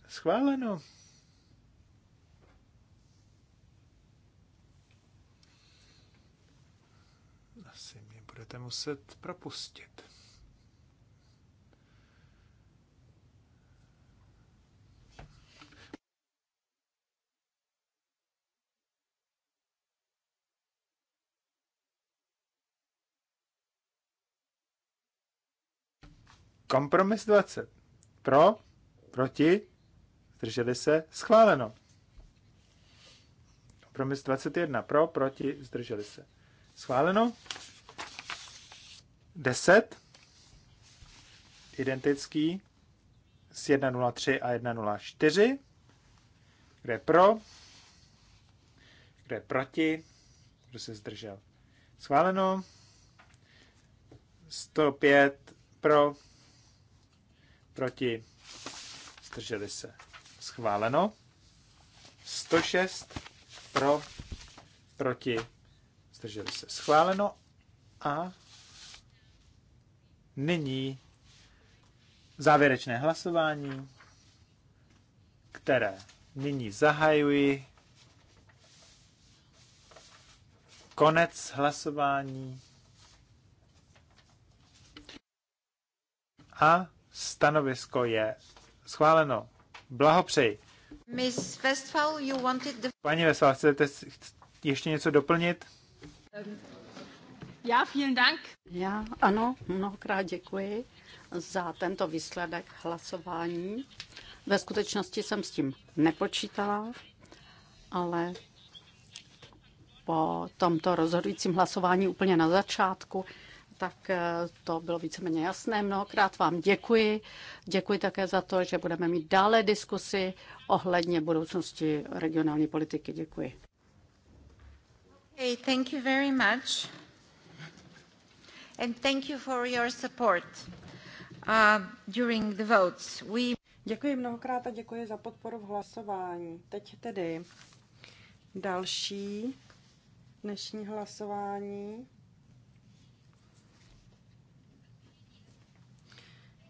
S3: Schváleno. budete muset propustit. Kompromis 20. Pro, proti, zdrželi se, schváleno. Kompromis 21. Pro, proti, zdrželi se. Schváleno. 10, identický s 103 a 104, kde je pro, kde je proti, kdo se zdržel. Schváleno. 105 pro, proti, zdrželi se. Schváleno. 106 pro, proti, zdrželi se. Schváleno. A nyní závěrečné hlasování, které nyní zahajuji. Konec hlasování. A stanovisko je schváleno. Blahopřeji.
S1: Miss Westphal,
S2: you wanted the...
S3: Paní Westphal, chcete ještě něco doplnit?
S2: Um. Já, vielen Dank. Já, ano, mnohokrát děkuji za tento výsledek hlasování. Ve skutečnosti jsem s tím nepočítala, ale po tomto rozhodujícím hlasování úplně na začátku, tak eh, to bylo víceméně jasné. Mnohokrát vám děkuji. Děkuji také za to, že budeme mít dále diskusy ohledně budoucnosti regionální politiky. Děkuji. Okay, thank you very much.
S1: Děkuji mnohokrát a děkuji za podporu v hlasování. Teď tedy další dnešní hlasování.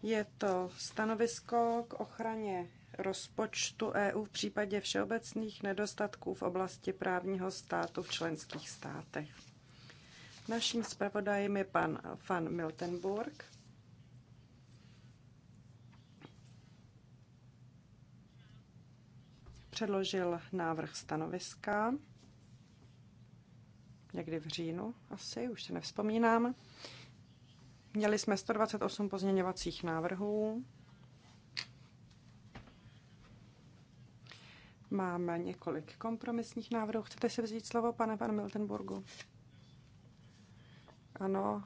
S1: Je to stanovisko k ochraně rozpočtu EU v případě všeobecných nedostatků v oblasti právního státu v členských státech. Naším zpravodajem je pan Van Miltenburg. Předložil návrh stanoviska někdy v říjnu asi, už se nevzpomínám. Měli jsme 128 pozměňovacích návrhů. Máme několik kompromisních návrhů. Chcete si vzít slovo, pane pan Miltenburgu? Ano,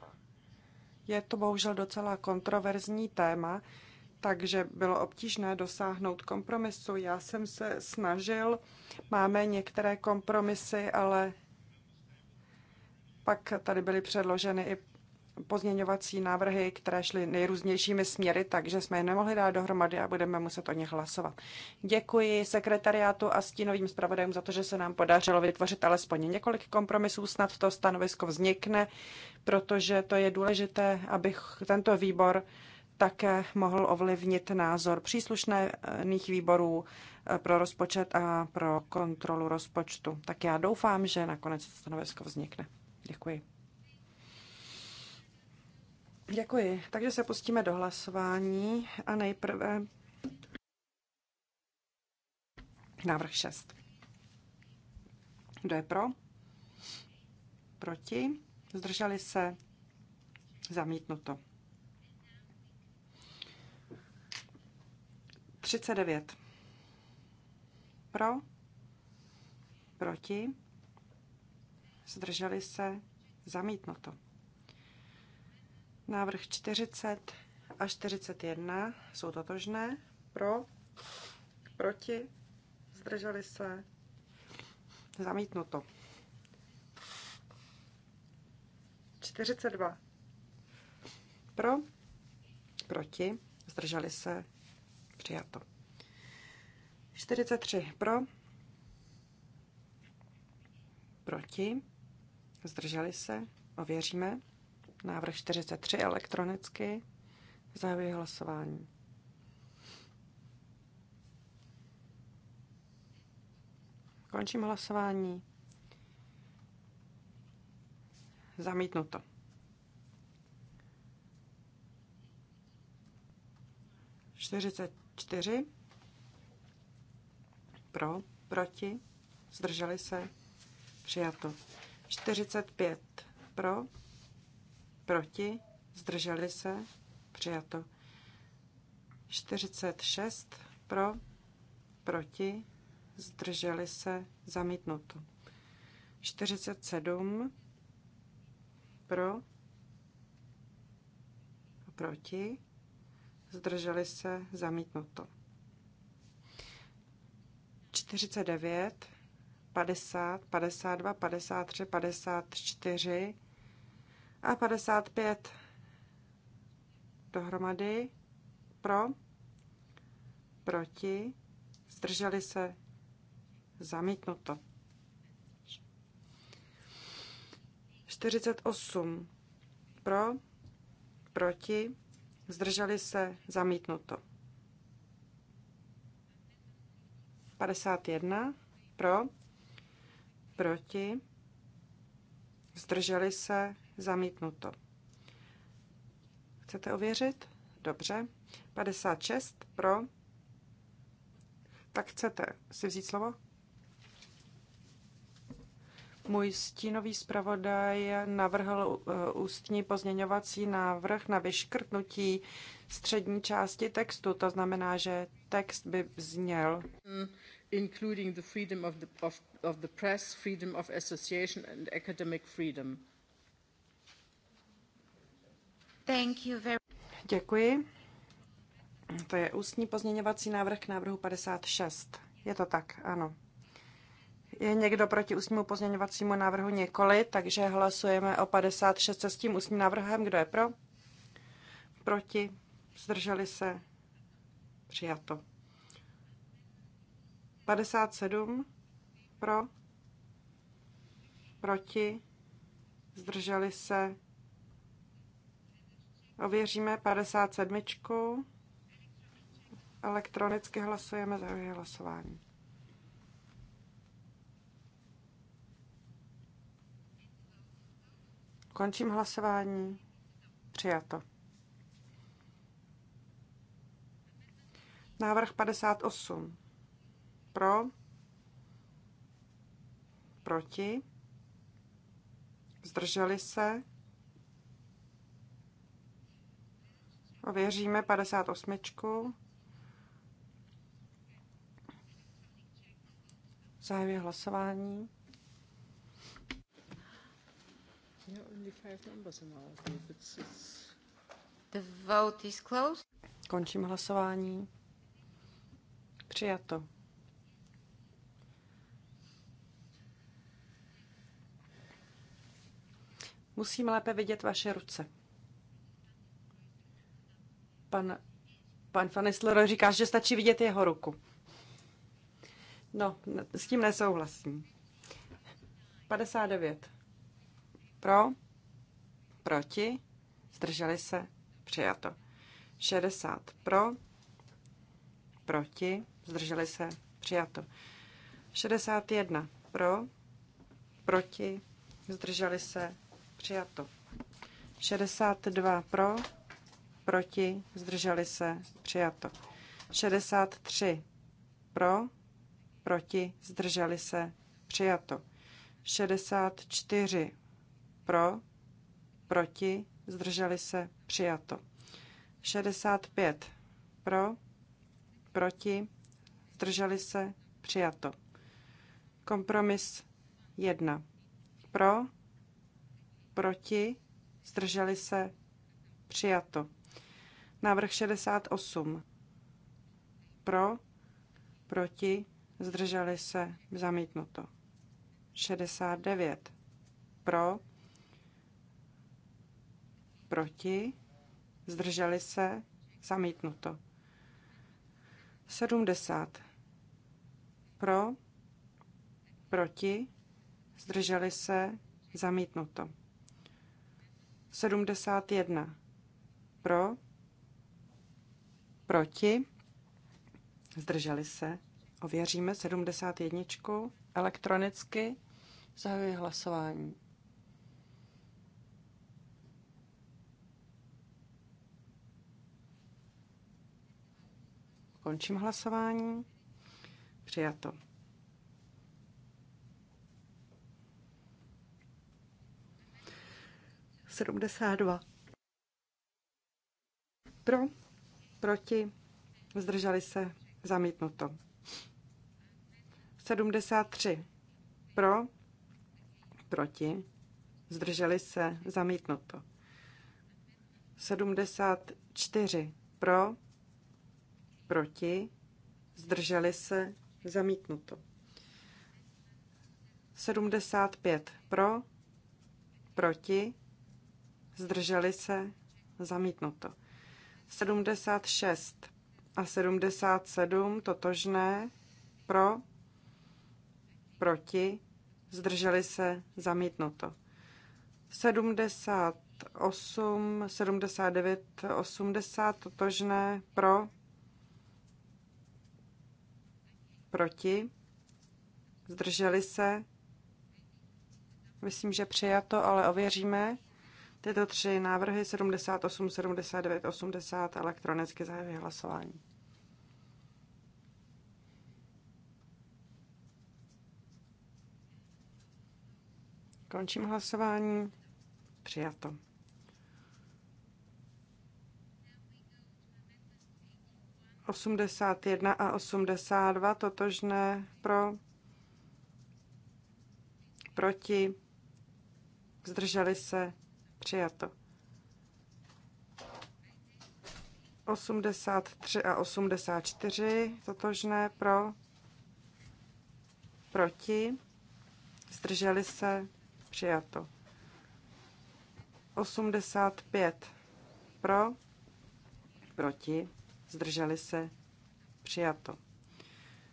S1: je to bohužel docela kontroverzní téma, takže bylo obtížné dosáhnout kompromisu. Já jsem se snažil, máme některé kompromisy, ale pak tady byly předloženy i pozměňovací návrhy, které šly nejrůznějšími směry, takže jsme je nemohli dát dohromady a budeme muset o nich hlasovat. Děkuji sekretariátu a stínovým zpravodajům za to, že se nám podařilo vytvořit alespoň několik kompromisů. Snad to stanovisko vznikne, protože to je důležité, abych tento výbor také mohl ovlivnit názor příslušných výborů eh, pro rozpočet a pro kontrolu rozpočtu. Tak já doufám, že nakonec stanovisko vznikne. Děkuji. Děkuji. Takže se pustíme do hlasování a nejprve návrh 6. Kdo je pro? Proti? Zdrželi se? Zamítnuto. 39. Pro? Proti? Zdrželi se? Zamítnuto. Návrh 40 a 41 jsou totožné. Pro, proti, zdrželi se, zamítnuto. 42. Pro, proti, zdrželi se, přijato. 43. Pro, proti, zdrželi se, ověříme. Návrh 43 elektronicky. Zahajuji hlasování. Končím hlasování. Zamítnuto. Čtyřicet čtyři. Pro, proti, zdrželi se, přijato. Čtyřicet pět. Pro, proti, zdrželi se, přijato. 46 pro, proti, zdrželi se, zamítnuto. 47 pro, proti, zdrželi se, zamítnuto. 49, 50, 52, 53, 54, a 55 dohromady pro, proti, zdrželi se, zamítnuto. 48 pro, proti, zdrželi se, zamítnuto. 51 pro, proti, zdrželi se, Zamítnuto. Chcete ověřit? Dobře. 56 pro. Tak chcete si vzít slovo? Můj stínový zpravodaj navrhl uh, ústní pozměňovací návrh na vyškrtnutí střední části textu. To znamená, že text by zněl mm, including the freedom of the, of, of the press, freedom of association and academic freedom. Děkuji. To je ústní pozměňovací návrh k návrhu 56. Je to tak, ano. Je někdo proti ústnímu pozměňovacímu návrhu Několik. takže hlasujeme o 56 se s tím ústním návrhem. Kdo je pro? Proti? Zdrželi se? Přijato. 57 pro? Proti? Zdrželi se? Ověříme 57. Elektronicky hlasujeme, za hlasování. Končím hlasování. Přijato. Návrh 58. Pro. Proti. Zdrželi se. Ověříme 58. Zahajuji hlasování.
S2: The vote is closed.
S1: Končím hlasování. Přijato. Musím lépe vidět vaše ruce. Pan, pan Fanisler říká, že stačí vidět jeho ruku. No, s tím nesouhlasím. 59. Pro, proti, zdrželi se, přijato. 60 pro, proti, zdrželi se, přijato. 61 pro, proti, zdrželi se, přijato. 62 pro, proti, zdrželi se, přijato. 63 pro, proti, zdrželi se, přijato. 64 pro, proti, zdrželi se, přijato. 65 pro, proti, zdrželi se, přijato. Kompromis 1 pro, proti, zdrželi se, přijato. Návrh 68. Pro, proti, zdrželi se, zamítnuto. 69. Pro, proti, zdrželi se, zamítnuto. 70. Pro, proti, zdrželi se, zamítnuto. 71. Pro, proti, zdrželi se. Ověříme 71 elektronicky, zahajuji hlasování. Končím hlasování. Přijato. Sedmdesát dva. Pro proti, zdrželi se, zamítnuto. 73 pro, proti, zdrželi se, zamítnuto. 74 pro, proti, zdrželi se, zamítnuto. 75 pro, proti, zdrželi se, zamítnuto. 76 a 77 totožné pro, proti, zdrželi se, zamítnuto. 78, 79, 80 totožné pro, proti, zdrželi se, myslím, že přijato, ale ověříme. Tyto tři návrhy 78, 79, 80 elektronicky zahajují hlasování. Končím hlasování. Přijato. Osmdesát jedna a osmdesát dva totožné pro, proti, zdrželi se, Přijato. 83 a 84 totožné pro, proti, zdrželi se, přijato. 85 pro, proti, zdrželi se, přijato.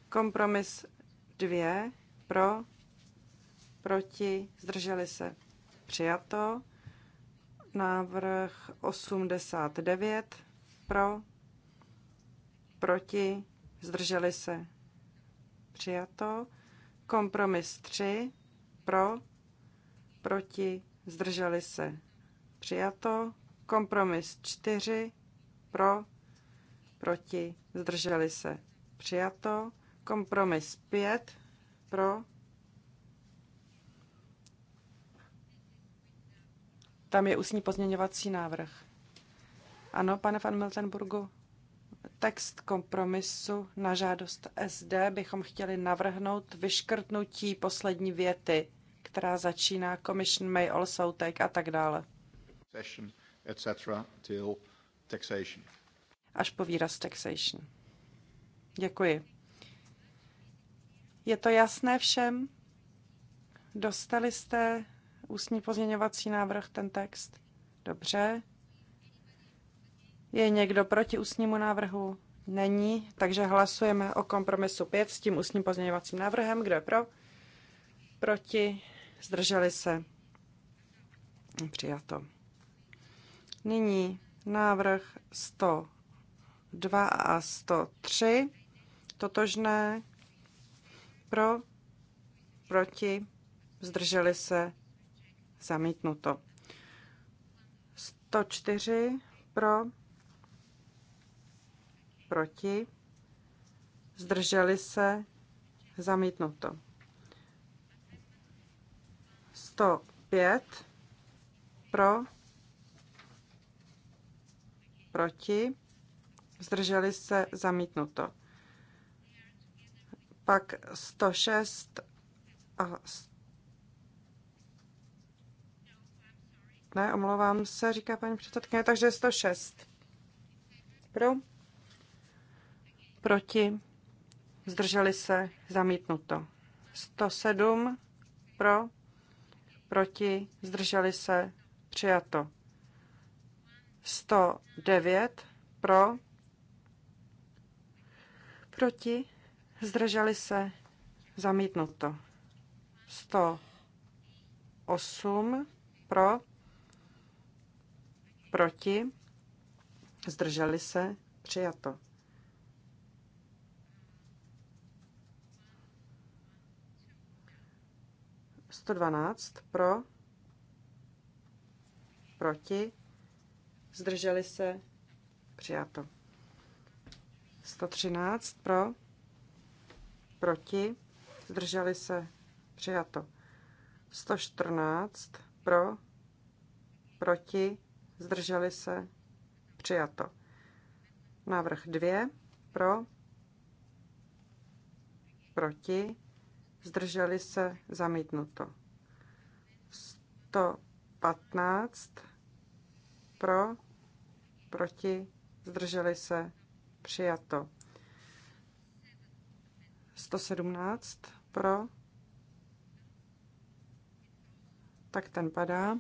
S1: Kompromis 2 pro, proti, zdrželi se, přijato. Návrh 89 pro, proti, zdrželi se. Přijato. Kompromis 3 pro, proti, zdrželi se. Přijato. Kompromis 4 pro, proti, zdrželi se. Přijato. Kompromis 5 pro, Tam je ústní pozměňovací návrh. Ano, pane van Miltenburgu, text kompromisu na žádost SD bychom chtěli navrhnout vyškrtnutí poslední věty, která začíná Commission may also take a tak dále.
S4: Session, etc. till taxation.
S1: Až po výraz taxation. Děkuji. Je to jasné všem? Dostali jste ústní pozměňovací návrh, ten text? Dobře. Je někdo proti ústnímu návrhu? Není, takže hlasujeme o kompromisu 5 s tím ústním pozměňovacím návrhem. Kdo je pro? Proti? Zdrželi se? Přijato. Nyní návrh 102 a 103. Totožné. Pro? Proti? Zdrželi se? zamítnuto. 104 pro, proti, zdrželi se, zamítnuto. 105 pro, proti, zdrželi se, zamítnuto. Pak 106 a ne, omlouvám se, říká paní předsedkyně, takže 106. Pro? Proti? Zdrželi se? Zamítnuto. 107 pro, proti, zdrželi se, přijato. 109 pro, proti, zdrželi se, zamítnuto. 108 pro, proti, zdrželi se, přijato. Sto dvanáct pro, proti, zdrželi se, přijato. Sto třináct pro, proti, zdrželi se, přijato. Sto čtrnáct pro, proti, zdrželi se, přijato. Návrh 2 pro, proti, zdrželi se, zamítnuto. 115 pro, proti, zdrželi se, přijato. 117 pro, tak ten padá.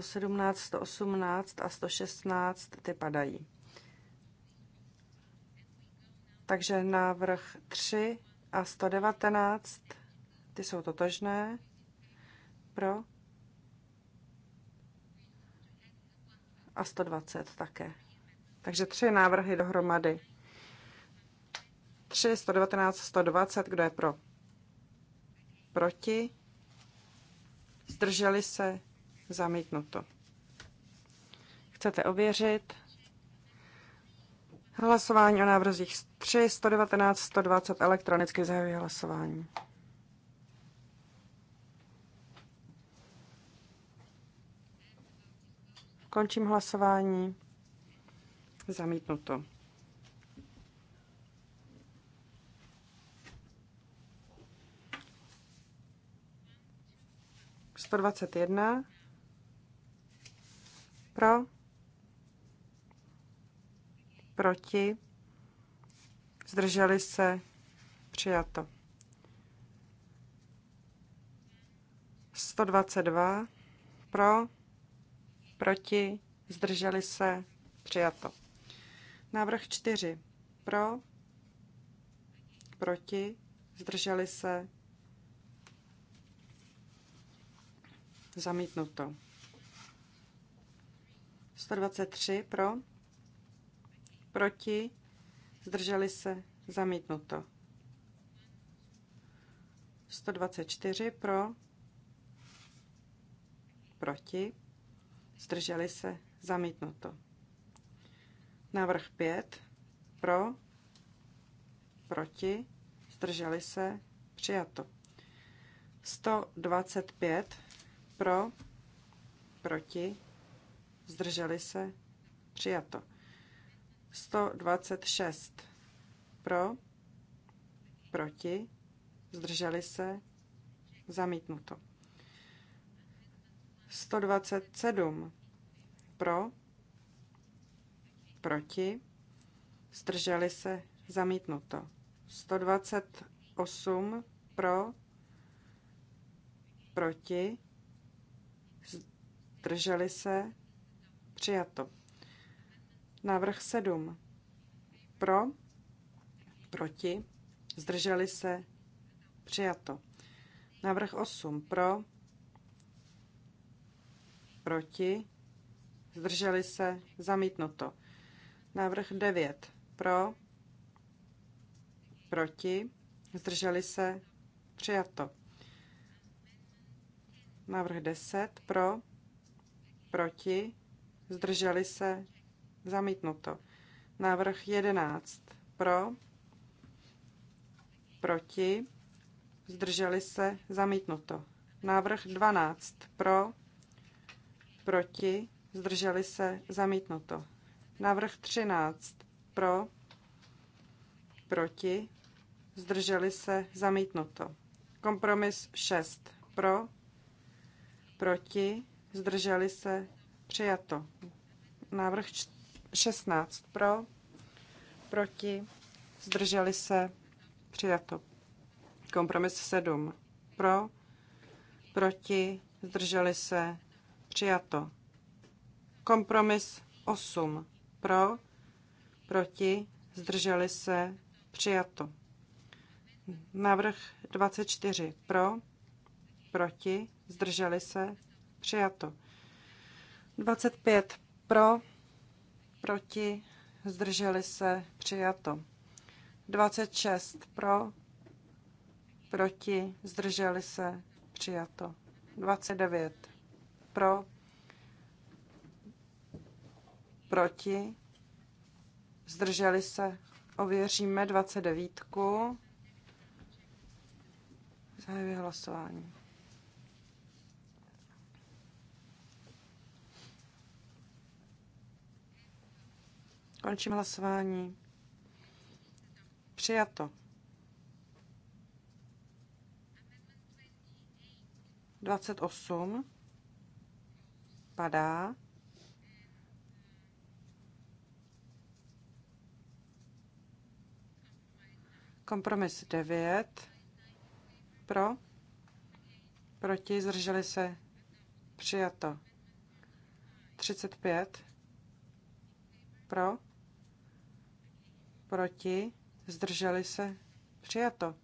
S1: 117, 118 a 116 ty padají. Takže návrh 3 a 119, ty jsou totožné. Pro. A 120 také. Takže tři návrhy dohromady. 3, 119, 120, kdo je pro? Proti? Zdrželi se? Zamítnuto. Chcete ověřit? Hlasování o návrzích 3, 119, 120 elektronicky zahajuje hlasování. Končím hlasování. Zamítnuto. Sto dvacet jedna. Pro? Proti? Zdrželi se? Přijato. 122. Pro? Proti? Zdrželi se? Přijato. Návrh 4. Pro? Proti? Zdrželi se? Zamítnuto. 123 pro, proti, zdrželi se, zamítnuto. 124 pro, proti, zdrželi se, zamítnuto. Návrh 5 pro, proti, zdrželi se, přijato. 125 pro, proti, zdrželi se, přijato. 126 pro, proti, zdrželi se, zamítnuto. 127 pro, proti, zdrželi se, zamítnuto. 128 pro, proti, zdrželi se, Přijato. Návrh 7. Pro, proti, zdrželi se, přijato. Návrh 8. Pro, proti, zdrželi se, zamítnuto. Návrh 9. Pro, proti, zdrželi se, přijato. Návrh 10. Pro, proti, zdrželi se, zamítnuto. Návrh 11 pro, proti, zdrželi se, zamítnuto. Návrh 12 pro, proti, zdrželi se, zamítnuto. Návrh 13 pro, proti, zdrželi se, zamítnuto. Kompromis 6 pro, proti, zdrželi se, Přijato. Návrh 16 pro, proti, zdrželi se, přijato. Kompromis 7 pro, proti, zdrželi se, přijato. Kompromis 8 pro, proti, zdrželi se, přijato. Návrh 24 pro, proti, zdrželi se, přijato. 25 pro, proti, zdrželi se, přijato. 26 pro, proti, zdrželi se, přijato. 29 pro, proti, zdrželi se, ověříme 29. Zahajuji hlasování. Končím hlasování. Přijato. 28 padá. Kompromis 9 pro, proti, zdrželi se, přijato. 35 pro, proti, zdrželi se, přijato.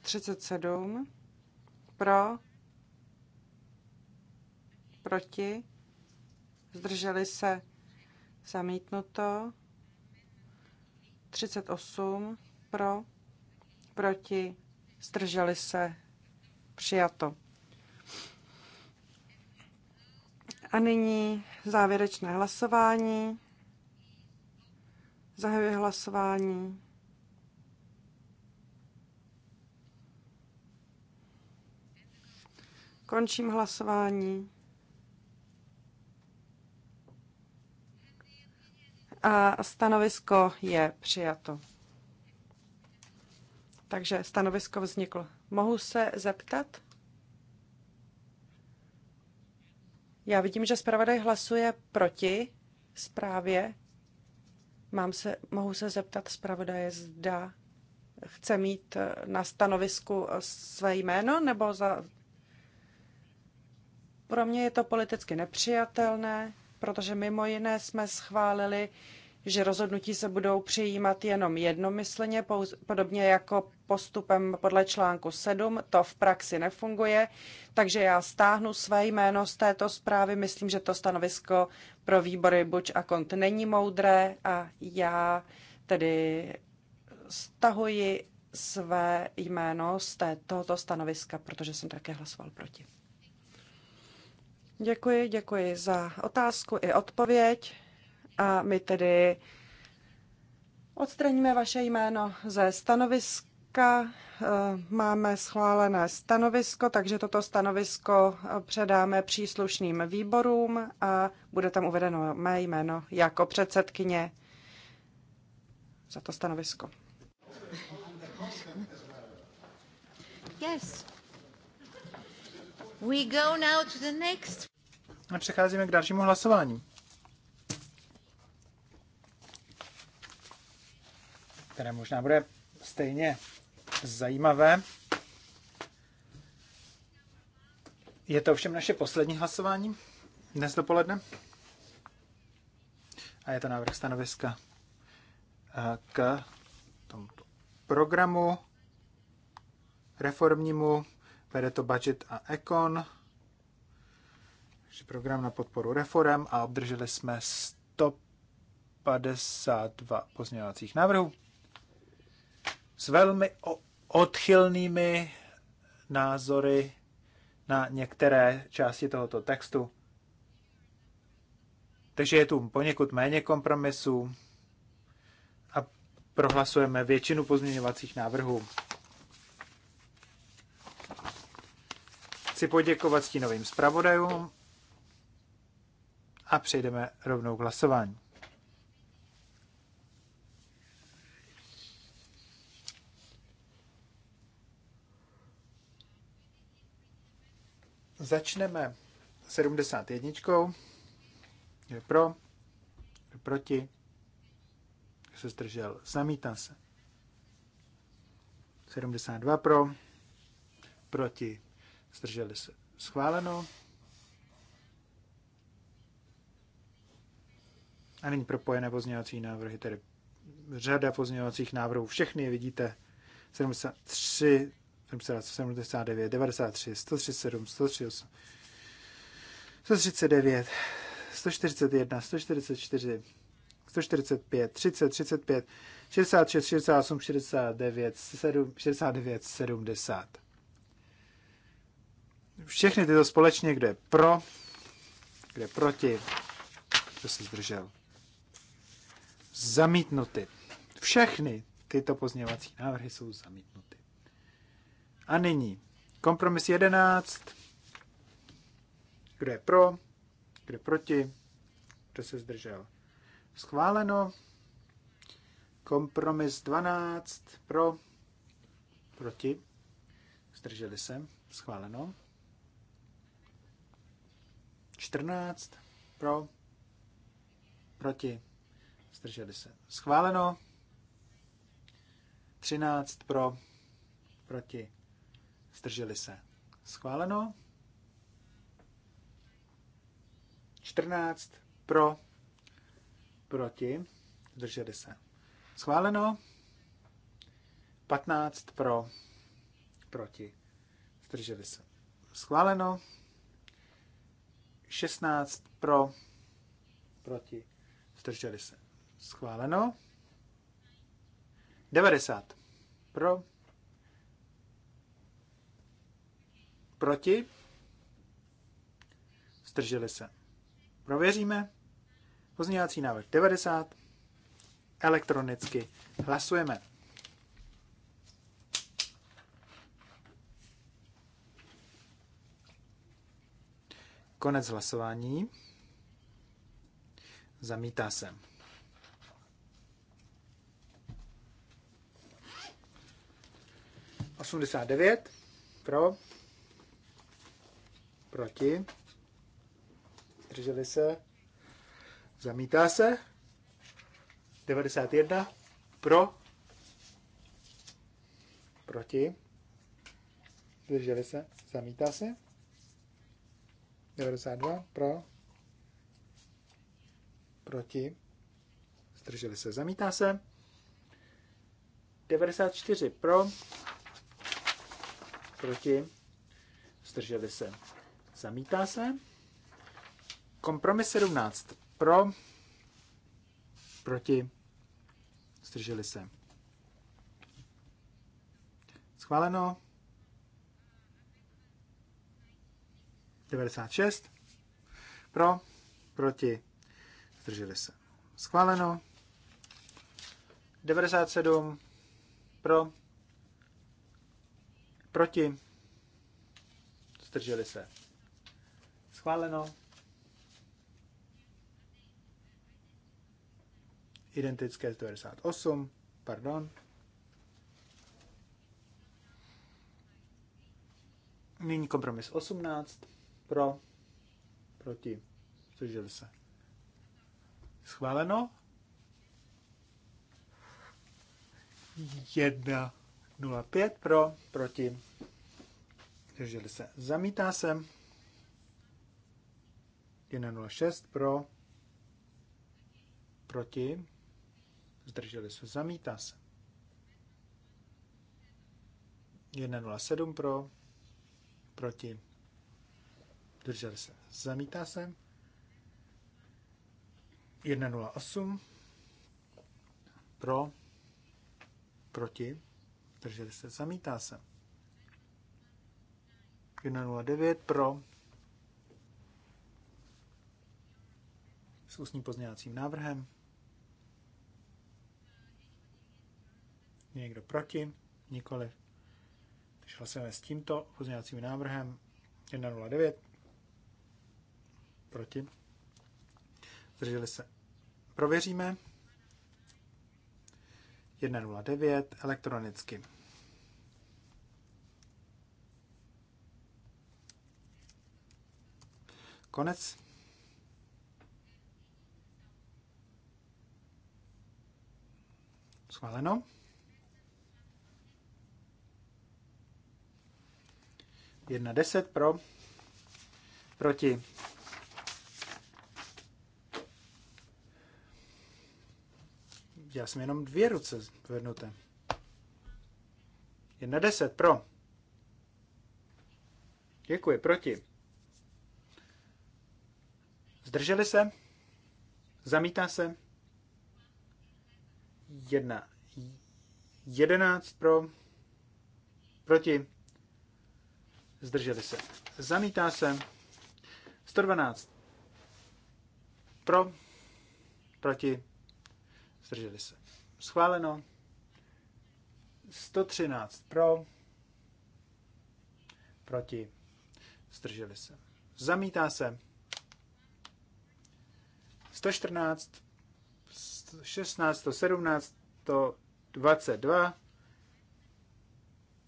S1: Třicet sedm pro, proti, zdrželi se, zamítnuto. osm pro, proti, zdrželi se, přijato. A nyní závěrečné hlasování. Zahajuji hlasování. Končím hlasování. A stanovisko je přijato. Takže stanovisko vzniklo. Mohu se zeptat? Já vidím, že zpravodaj hlasuje proti zprávě. Mám se, mohu se zeptat zpravodaje, zda chce mít eh, na stanovisku eh, své jméno, nebo za... Pro mě je to politicky nepřijatelné, protože mimo jiné jsme schválili že rozhodnutí se budou přijímat jenom jednomyslně, podobně jako postupem podle článku 7. To v praxi nefunguje, takže já stáhnu své jméno z této zprávy. Myslím, že to stanovisko pro výbory buď a Kont není moudré a já tedy stahuji své jméno z tohoto stanoviska, protože jsem také hlasoval proti. Děkuji, děkuji za otázku i odpověď a my tedy odstraníme vaše jméno ze stanoviska. Eh, máme schválené stanovisko, takže toto stanovisko eh, předáme příslušným výborům a bude tam uvedeno mé jméno jako předsedkyně za to
S3: stanovisko. Yes. We go now to the next. A přecházíme k dalšímu hlasování. které možná bude stejně zajímavé. Je to ovšem naše poslední hlasování dnes dopoledne. A je to návrh stanoviska eh, k tomuto programu reformnímu. Vede to budget a ekon. Program na podporu reform a obdrželi jsme 152 pozměňovacích návrhů s velmi odchylnými názory na některé části tohoto textu. Takže je tu poněkud méně kompromisů a prohlasujeme většinu pozměňovacích návrhů. Chci poděkovat stínovým zpravodajům a přejdeme rovnou k hlasování. Začneme 71. Kdo je pro? Kdo je proti? Kdo se zdržel? Zamítá se. 72 pro, proti, zdrželi se. Schváleno. A nyní propojené pozměňovací návrhy, tedy řada pozměňovacích návrhů. Všechny je vidíte. 73, 79, 93, 137, 138, 139, 141, 144, 145, 30, 35, 66, 68, 69, 7, 69, 70. Všechny tyto společně, kde pro, kde proti, kdo se zdržel. Zamítnuty. Všechny tyto pozměňovací návrhy jsou zamítnuty. A nyní kompromis 11. Kdo je pro? Kdo je proti? Kdo se zdržel? Schváleno. Kompromis 12. Pro? Proti? Zdrželi se? Schváleno. 14. Pro? Proti? Zdrželi se? Schváleno. 13 pro, proti, Zdrželi se. Schváleno. 14 pro, proti, zdrželi se. Schváleno. 15 pro, proti, zdrželi se. Schváleno. 16 pro, proti, zdrželi se. Schváleno. 90 pro, Proti? Zdrželi se. Prověříme. Pozměňovací návrh 90. Elektronicky hlasujeme. Konec hlasování. Zamítá se. Osmdesát devět pro. Proti? Drželi se? Zamítá se? 91. Pro? Proti? Drželi se? Zamítá se? 92. Pro? Proti? Zdrželi se? Zamítá se? 94. Pro? Proti? Zdrželi se? Zamítá se. Kompromis 17. Pro. Proti. Zdrželi se. Schváleno. 96. Pro. Proti. Zdrželi se. Schváleno. 97. Pro. Proti. Zdrželi se. Schváleno. Identické z 98, pardon. Nyní kompromis 18, pro, proti, zdrželi se. Schváleno. Jedna, 0,5 pro, proti, zdrželi se. Zamítá se. 1.06 pro, proti, zdrželi se, zamítá se. 1.07 pro, proti, zdrželi se, zamítá se. 1.08 pro, proti, zdrželi se, zamítá se. 1.09 pro, ústním pozměňovacím návrhem. někdo proti? Nikoliv. Takže hlasujeme s tímto pozměňovacím návrhem 109. Proti. Zdrželi se. Prověříme. 109 elektronicky. Konec. Schváleno. Jedna deset pro. Proti. Já jsem jenom dvě ruce zvednuté. Jedna deset pro. Děkuji, proti. Zdrželi se? Zamítá se? 1. 11 pro, proti, zdrželi se. Zamítá se. 112 pro, proti, zdrželi se. Schváleno. 113 pro, proti, zdrželi se. Zamítá se. 114 16, 17, 22,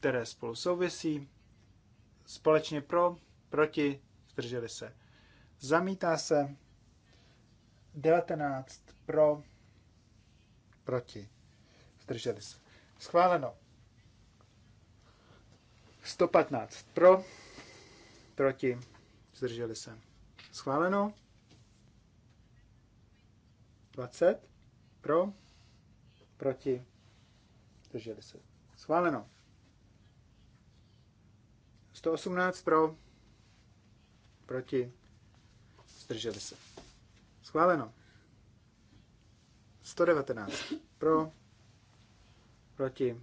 S3: které spolu souvisí, společně pro, proti, zdrželi se. Zamítá se 19 pro, proti, zdrželi se. Schváleno. 115 pro, proti, zdrželi se. Schváleno. 20 pro? Proti? Drželi se. Schváleno. 118 pro. Proti? Zdrželi se. Schváleno. 119 pro. Proti?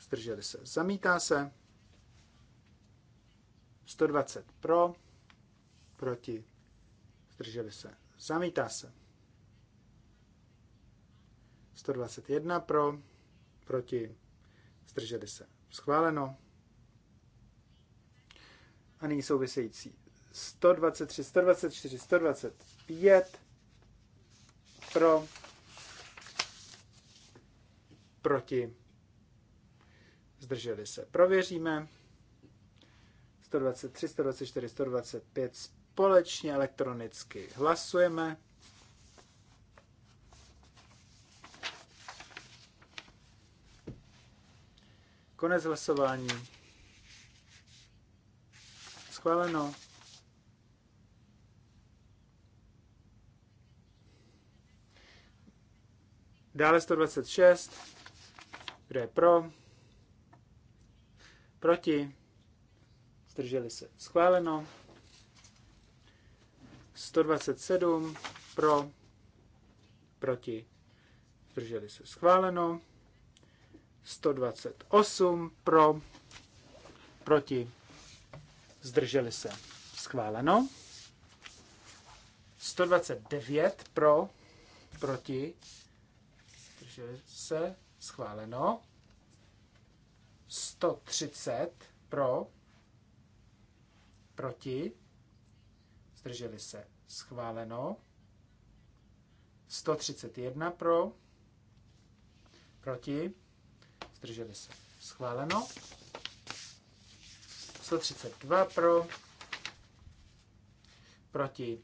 S3: Zdrželi se. Zamítá se. 120 pro. Proti? Zdrželi se. Zamítá se. 121 pro, proti, zdrželi se. Schváleno. A nyní související 123, 124, 125 pro, proti, zdrželi se. Prověříme. 123, 124, 125 společně elektronicky hlasujeme. Konec hlasování. Schváleno. Dále 126. Kdo je pro? Proti? Zdrželi se. Schváleno. 127. Pro? Proti? Zdrželi se. Schváleno. 128 pro, proti, zdrželi se. Schváleno. 129 pro, proti, zdrželi se. Schváleno. 130 pro, proti, zdrželi se. Schváleno. 131 pro, proti, zdrželi se. Schváleno. 132 pro, proti,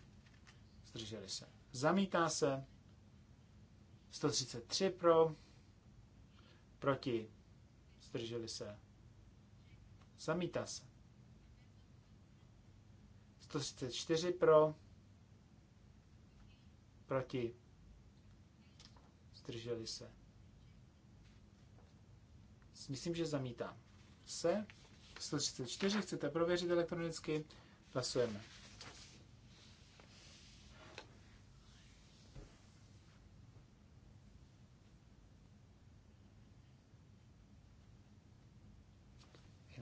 S3: zdrželi se. Zamítá se. 133 pro, proti, zdrželi se. Zamítá se. 134 pro, proti, zdrželi se Myslím, že zamítá se. 134 chcete prověřit elektronicky. Hlasujeme.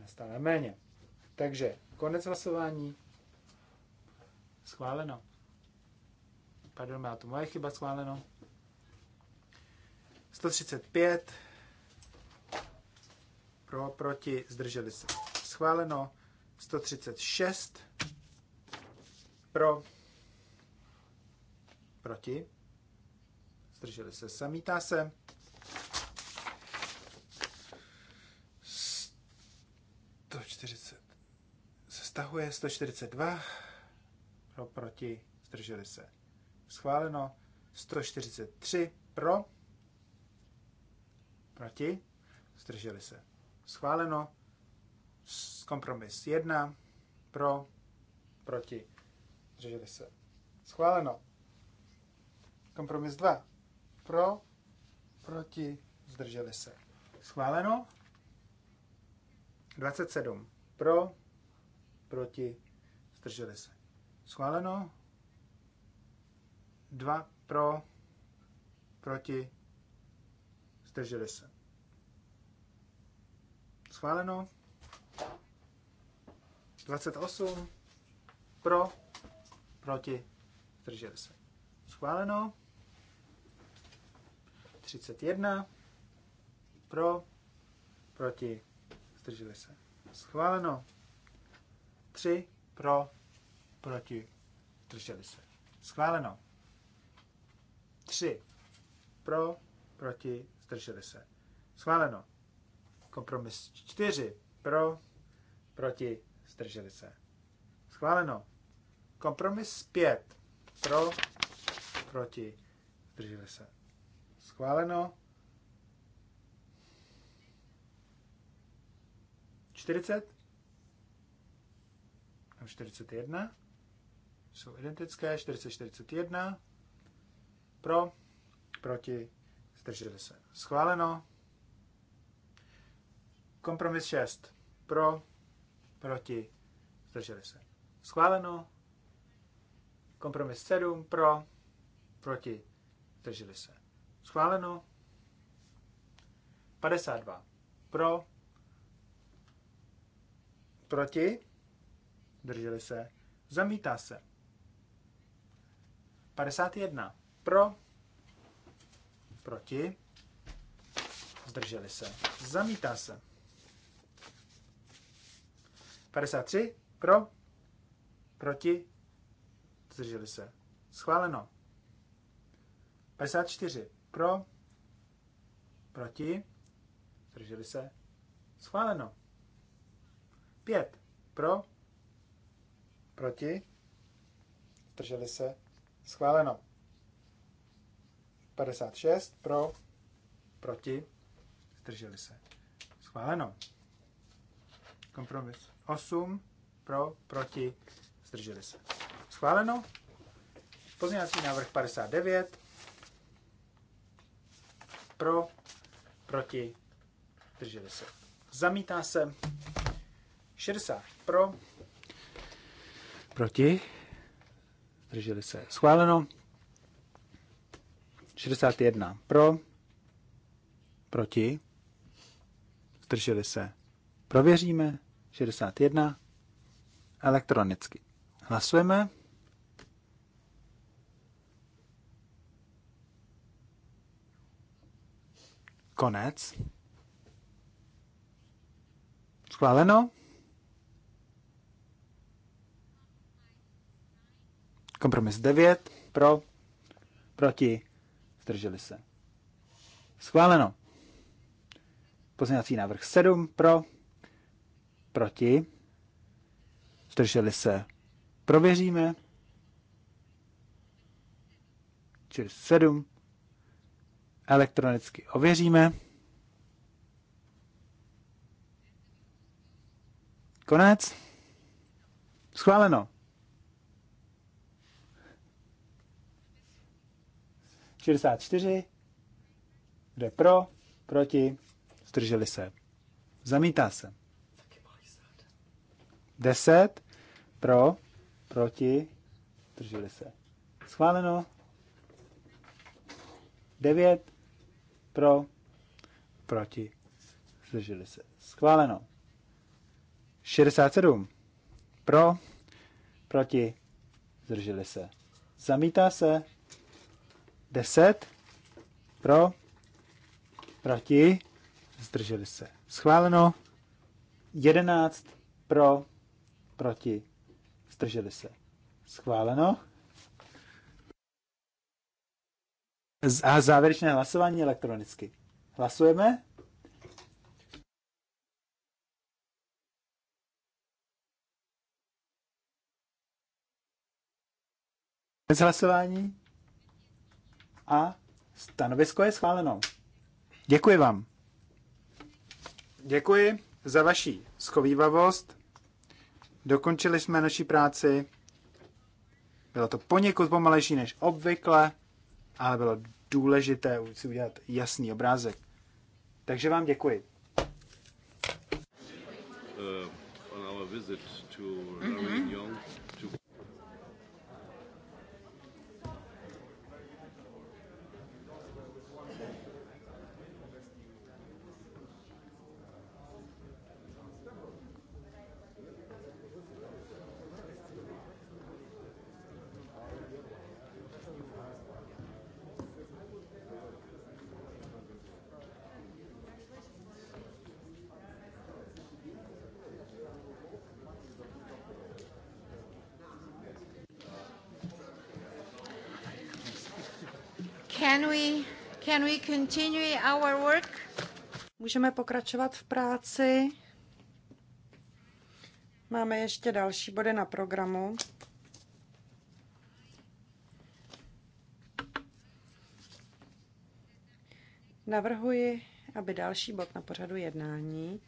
S3: stále méně. Takže konec hlasování. Schváleno. Pardon, má to moje chyba schváleno. 135 pro, proti, zdrželi se. Schváleno 136 pro, proti, zdrželi se. Samítá se. 140 se stahuje, 142 pro, proti, zdrželi se. Schváleno 143 pro, proti, zdrželi se schváleno. Kompromis 1 pro, proti, zdrželi se. Schváleno. Kompromis 2 pro, proti, zdrželi se. Schváleno. 27 pro, proti, zdrželi se. Schváleno. 2 pro, proti, zdrželi se. Schváleno. 28. Pro. Proti. Zdrželi se. Schváleno. 31. Pro. Proti. Zdrželi se. Schváleno. 3. Pro. Proti. Zdrželi se. Schváleno. 3. Pro. Proti. Zdrželi se. Schváleno. Kompromis 4 pro, proti, zdrželi se. Schváleno. Kompromis 5 pro, proti, zdrželi se. Schváleno. 40 a 41 jsou identické. 40, 41 pro, proti, zdrželi se. Schváleno. Kompromis 6. Pro, proti, zdrželi se. Schváleno. Kompromis 7. Pro, proti, zdrželi se. Schváleno. 52. Pro, proti, zdrželi se. Zamítá se. 51. Pro, proti, zdrželi se. Zamítá se. 53 pro, proti, zdrželi se. Schváleno. 54 pro, proti, zdrželi se. Schváleno. 5 pro, proti, zdrželi se. Schváleno. 56 pro, proti, zdrželi se. Schváleno. Kompromis. 8 pro, proti, zdrželi se. Schváleno. Pozměňovací návrh 59 pro, proti, zdrželi se. Zamítá se 60 pro, proti, zdrželi se. Schváleno. 61 pro, proti, zdrželi se. Prověříme. 61 elektronicky. Hlasujeme. Konec. Schváleno. Kompromis 9 pro, proti, zdrželi se. Schváleno. Pozměňovací návrh 7 pro, Proti? Zdrželi se. Prověříme. Čili 7. Elektronicky ověříme. Konec. Schváleno. Šedesát čtyři. Kde pro, proti, zdrželi se. Zamítá se. 10 pro, proti, drželi se. Schváleno. 9 pro, proti, zdrželi se. Schváleno. 67 pro, proti, zdrželi se. Zamítá se. 10 pro, proti, zdrželi se. Schváleno. 11 pro, proti, zdrželi se. Schváleno. A závěrečné hlasování elektronicky. Hlasujeme. Bez hlasování a stanovisko je schváleno. Děkuji vám. Děkuji za vaši schovývavost. Dokončili jsme naši práci. Bylo to poněkud pomalejší než obvykle, ale bylo důležité si udělat jasný obrázek. Takže vám děkuji. Uh,
S1: on our visit to mm-hmm. can we continue our work? Můžeme pokračovat v práci. Máme ještě další body na programu. Navrhuji, aby další bod na pořadu jednání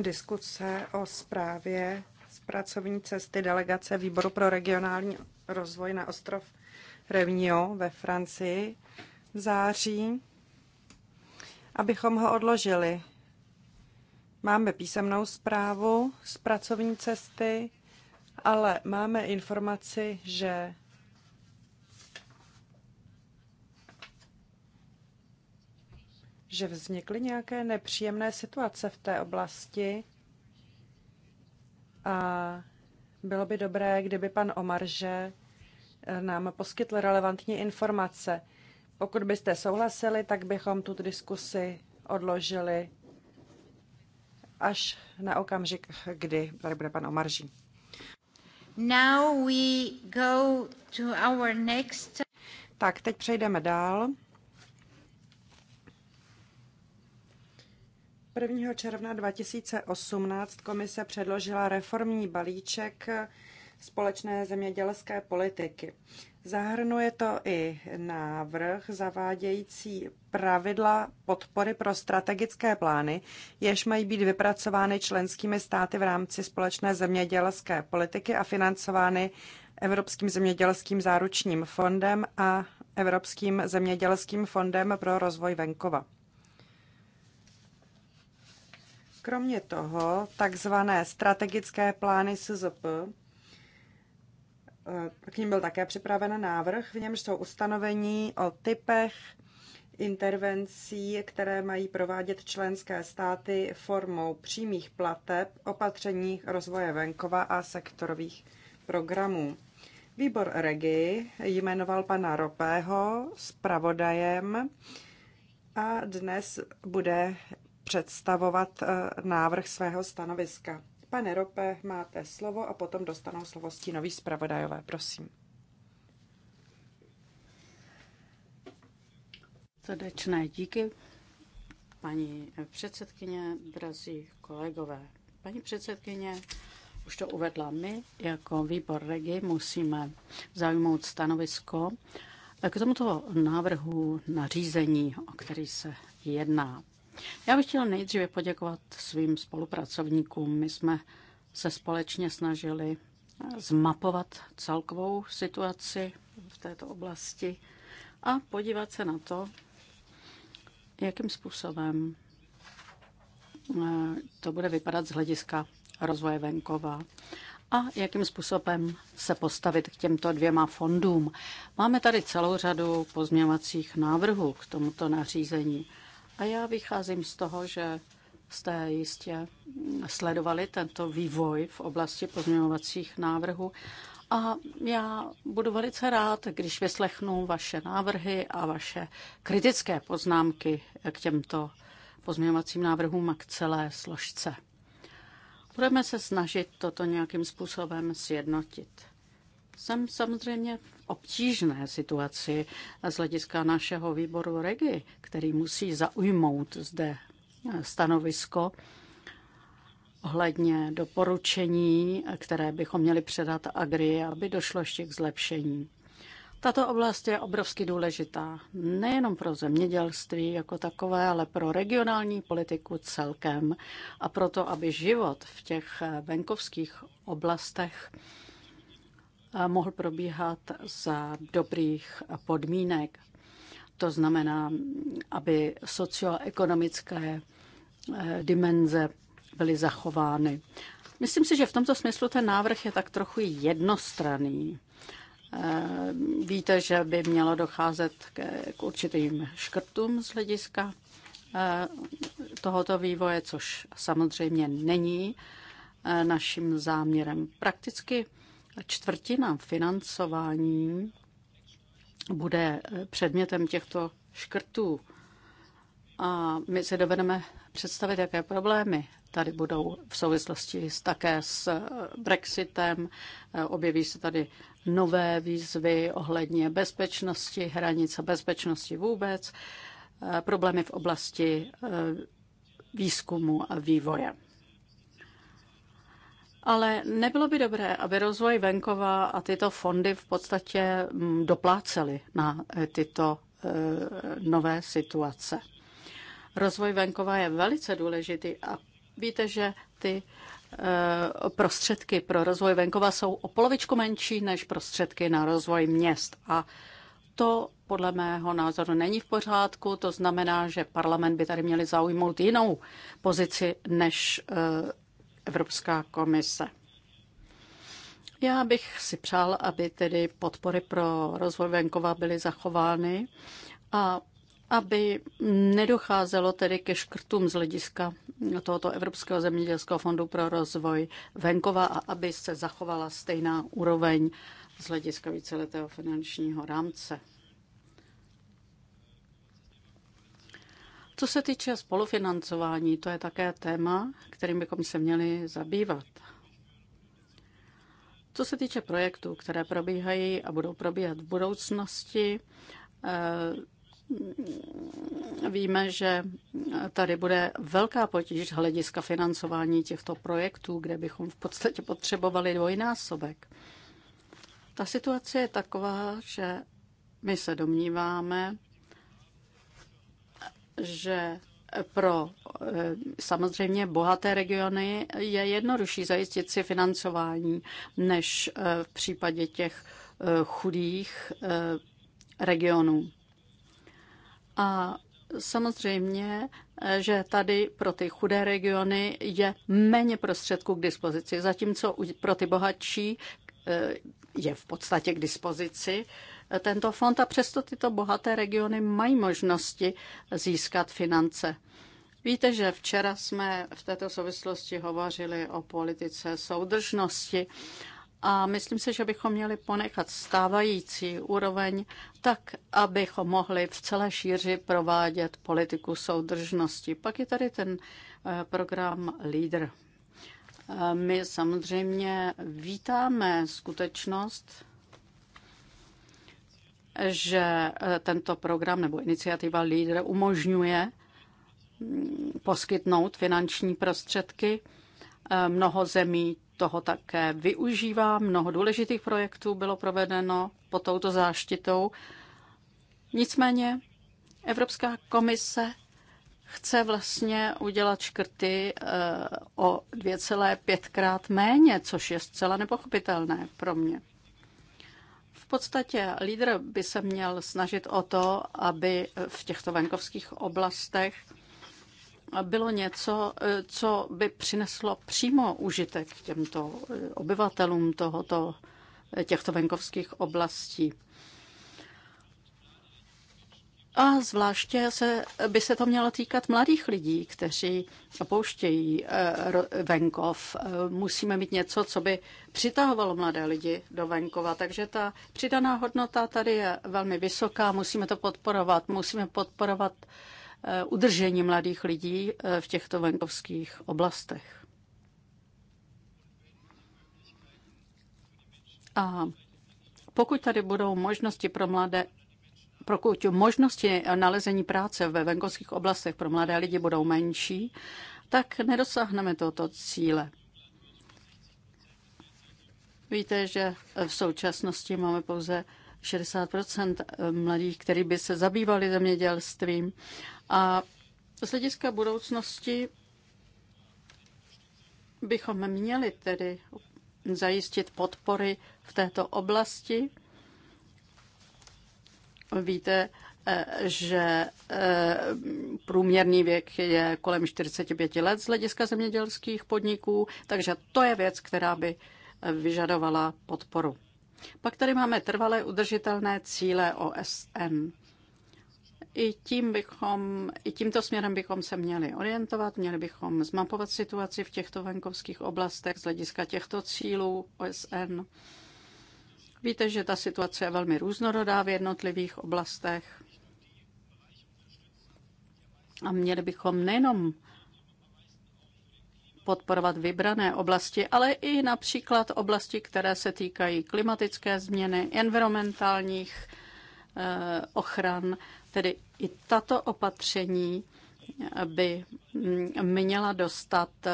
S1: diskuse o zprávě z pracovní cesty delegace Výboru pro regionální rozvoj na ostrov Revnio ve Francii v září, abychom ho odložili. Máme písemnou zprávu z pracovní cesty, ale máme informaci, že že vznikly nějaké nepříjemné situace v té oblasti a bylo by dobré, kdyby pan Omarže nám poskytl relevantní informace. Pokud byste souhlasili, tak bychom tu diskusi odložili až na okamžik, kdy tady bude pan Omarží. Now we go to our next... Tak, teď přejdeme dál. 1. června 2018 komise předložila reformní balíček společné zemědělské politiky. Zahrnuje to i návrh zavádějící pravidla podpory pro strategické plány, jež mají být vypracovány členskými státy v rámci společné zemědělské politiky a financovány Evropským zemědělským záručním fondem a Evropským zemědělským fondem pro rozvoj venkova. Kromě toho, takzvané strategické plány SZP Eh, k ním byl také připraven návrh, v němž jsou ustanovení o typech intervencí, které mají provádět členské státy formou přímých plateb, opatření rozvoje venkova a sektorových programů. Výbor Regi jmenoval pana Ropého zpravodajem a dnes bude představovat eh, návrh svého stanoviska. Pane Rope, máte slovo a potom dostanou slovo stínový zpravodajové, prosím. Srdečné díky,
S2: paní předsedkyně, drazí kolegové. Paní předsedkyně už to uvedla. My jako výbor regi musíme zaujmout stanovisko k tomuto návrhu nařízení, o který se jedná. Já bych chtěla nejdříve poděkovat svým spolupracovníkům. My jsme se společně snažili zmapovat celkovou situaci v této oblasti a podívat se na to, jakým způsobem eh, to bude vypadat z hlediska rozvoje venkova a jakým způsobem se postavit k těmto dvěma fondům. Máme tady celou řadu pozměňovacích návrhů k tomuto nařízení. A já vycházím z toho, že jste jistě sledovali tento vývoj v oblasti pozměňovacích návrhů. A já budu velice rád, když vyslechnu vaše návrhy a vaše kritické poznámky k těmto pozměňovacím návrhům a k celé složce. Budeme se snažit toto nějakým způsobem sjednotit. Jsem samozřejmě v obtížné situaci z hlediska našeho výboru REGI, který musí zaujmout zde stanovisko ohledně doporučení, které bychom měli předat Agri, aby došlo ještě k zlepšení. Tato oblast je obrovsky důležitá nejenom pro zemědělství jako takové, ale pro regionální politiku celkem a proto, aby život v těch venkovských oblastech mohl probíhat za dobrých podmínek. To znamená, aby socioekonomické eh, dimenze byly zachovány. Myslím si, že v tomto smyslu ten návrh je tak trochu jednostranný. Eh, víte, že by mělo docházet k určitým škrtům z hlediska eh, tohoto vývoje, což samozřejmě není naším záměrem. Prakticky čtvrtina financování bude eh, předmětem těchto škrtů. A my si dovedeme představit, jaké problémy tady budou v souvislosti s, také s eh, Brexitem. Eh, objeví se tady nové výzvy ohledně bezpečnosti, hranice bezpečnosti vůbec, problémy v oblasti výzkumu a vývoje ale nebylo by dobré, aby rozvoj venkova a tyto fondy v podstatě mm, doplácely na eh, tyto eh, nové situace. Rozvoj venkova je velice důležitý a víte, že ty eh, prostředky pro rozvoj venkova jsou o polovičku menší než prostředky na rozvoj měst. A to podle mého názoru není v pořádku. To znamená, že parlament by tady měli zaujmout jinou pozici než Evropská komise. Já bych si přál, aby tedy podpory pro rozvoj venkova byly zachovány a aby nedocházelo tedy ke škrtům z hlediska tohoto Evropského zemědělského fondu pro rozvoj venkova a aby se zachovala stejná úroveň z hlediska víceletého finančního rámce. Co se týče spolufinancování, to je také téma, kterým bychom se měli zabývat. Co se týče projektů, které probíhají a budou probíhat v budoucnosti, eh, víme, že tady bude velká potíž hlediska financování těchto projektů, kde bychom v podstatě potřebovali dvojnásobek. Ta situace je taková, že my se domníváme, že pro eh, samozřejmě bohaté regiony je jednodušší zajistit si financování než eh, v případě těch eh, chudých regionů. A samozřejmě, že tady pro ty chudé regiony je méně prostředků k dispozici, zatímco pro ty bohatší je v podstatě k dispozici Eh, tento fond a přesto tyto bohaté regiony mají možnosti získat finance. Víte, že včera jsme v této souvislosti hovořili o politice soudržnosti a myslím si, že bychom měli ponechat stávající úroveň tak, abychom mohli v celé šíři provádět politiku soudržnosti. Pak je tady ten eh, program LEADER. Eh, my samozřejmě vítáme skutečnost, že eh, tento program nebo iniciativa LEADER umožňuje mm, poskytnout finanční prostředky. Eh, mnoho zemí toho také využívá, mnoho důležitých projektů bylo provedeno pod touto záštitou. Nicméně Evropská komise chce vlastně udělat škrty eh, o 2,5 krát méně, což je zcela nepochopitelné pro mě podstatě lídr by se měl snažit o to, aby v těchto venkovských oblastech bylo něco, co by přineslo přímo užitek těmto obyvatelům tohoto, těchto venkovských oblastí. A zvláště se, by se to mělo týkat mladých lidí, kteří opouštějí eh, venkov. Eh, musíme mít něco, co by přitahovalo mladé lidi do venkova. Takže ta přidaná hodnota tady je velmi vysoká, musíme to podporovat. Musíme podporovat eh, udržení mladých lidí v těchto venkovských oblastech. A pokud tady budou možnosti pro mladé pokud možnosti nalezení práce ve venkovských oblastech pro mladé lidi budou menší, tak nedosáhneme tohoto cíle. Víte, že v současnosti máme pouze 60 mladých, kteří by se zabývali zemědělstvím. A z hlediska budoucnosti bychom měli tedy zajistit podpory v této oblasti Víte, eh, že eh, průměrný věk je kolem 45 let z hlediska zemědělských podniků, takže to je věc, která by eh, vyžadovala podporu. Pak tady máme trvalé udržitelné cíle OSN. I, tím bychom, I tímto směrem bychom se měli orientovat, měli bychom zmapovat situaci v těchto venkovských oblastech z hlediska těchto cílů OSN Víte, že ta situace je velmi různorodá v jednotlivých oblastech. A měli bychom nejenom podporovat vybrané oblasti, ale i například oblasti, které se týkají klimatické změny, environmentálních eh, ochran. Tedy i tato opatření by Mm, měla dostat eh,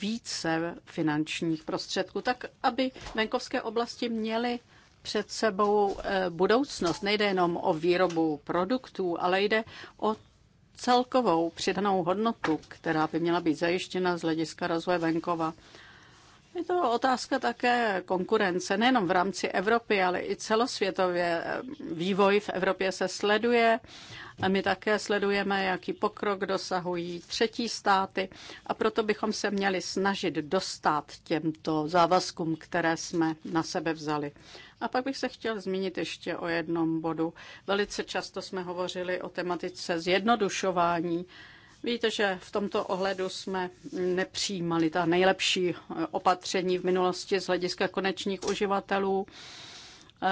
S2: více finančních prostředků, tak aby venkovské oblasti měly před sebou eh, budoucnost. Nejde jenom o výrobu produktů, ale jde o celkovou přidanou hodnotu, která by měla být zajištěna z hlediska rozvoje venkova. Je to otázka také konkurence, nejenom v rámci Evropy, ale i celosvětově. Vývoj v Evropě se sleduje. A my také sledujeme, jaký pokrok dosahují třetí státy a proto bychom se měli snažit dostat těmto závazkům, které jsme na sebe vzali. A pak bych se chtěl zmínit ještě o jednom bodu. Velice často jsme hovořili o tematice zjednodušování Víte, že v tomto ohledu jsme nepřijímali ta nejlepší eh, opatření v minulosti z hlediska konečních uživatelů. Eh,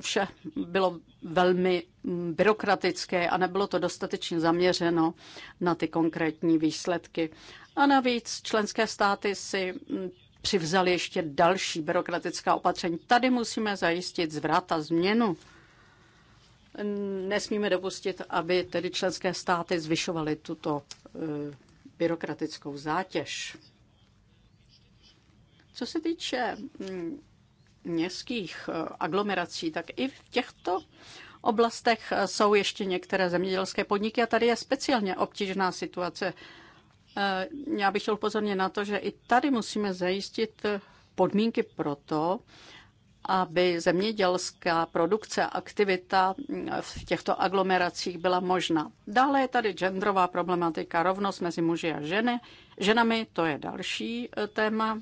S2: vše bylo velmi mm, byrokratické a nebylo to dostatečně zaměřeno na ty konkrétní výsledky. A navíc členské státy si mm, přivzali ještě další byrokratická opatření. Tady musíme zajistit zvrat a změnu nesmíme dopustit, aby tedy členské státy zvyšovaly tuto e, byrokratickou zátěž. Co se týče mm, městských e, aglomerací, tak i v těchto oblastech e, jsou ještě některé zemědělské podniky a tady je speciálně obtížná situace. Já bych chtěl upozornit na to, že i tady musíme zajistit podmínky pro to, aby zemědělská produkce a aktivita v těchto aglomeracích byla možná. Dále je tady genderová problematika, rovnost mezi muži a ženy. ženami, to je další e, téma.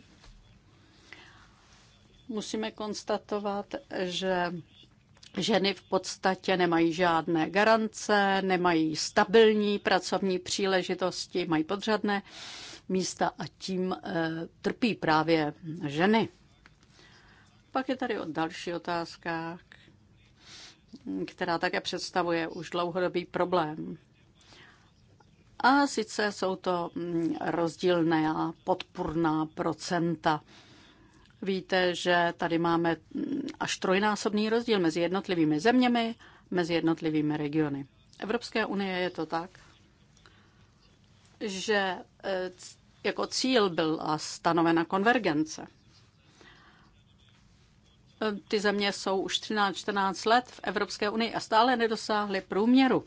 S2: Musíme konstatovat, že ženy v podstatě nemají žádné garance, nemají stabilní pracovní příležitosti, mají podřadné místa a tím e, trpí právě ženy. Pak je tady další otázka, která také představuje už dlouhodobý problém. A sice jsou to mm, rozdílná podpůrná procenta. Víte, že tady máme mm, až trojnásobný rozdíl mezi jednotlivými zeměmi, mezi jednotlivými regiony. Evropské unie je to tak, že eh, jako cíl byla stanovena konvergence. Ty země jsou už 13-14 let v Evropské unii a stále nedosáhly průměru.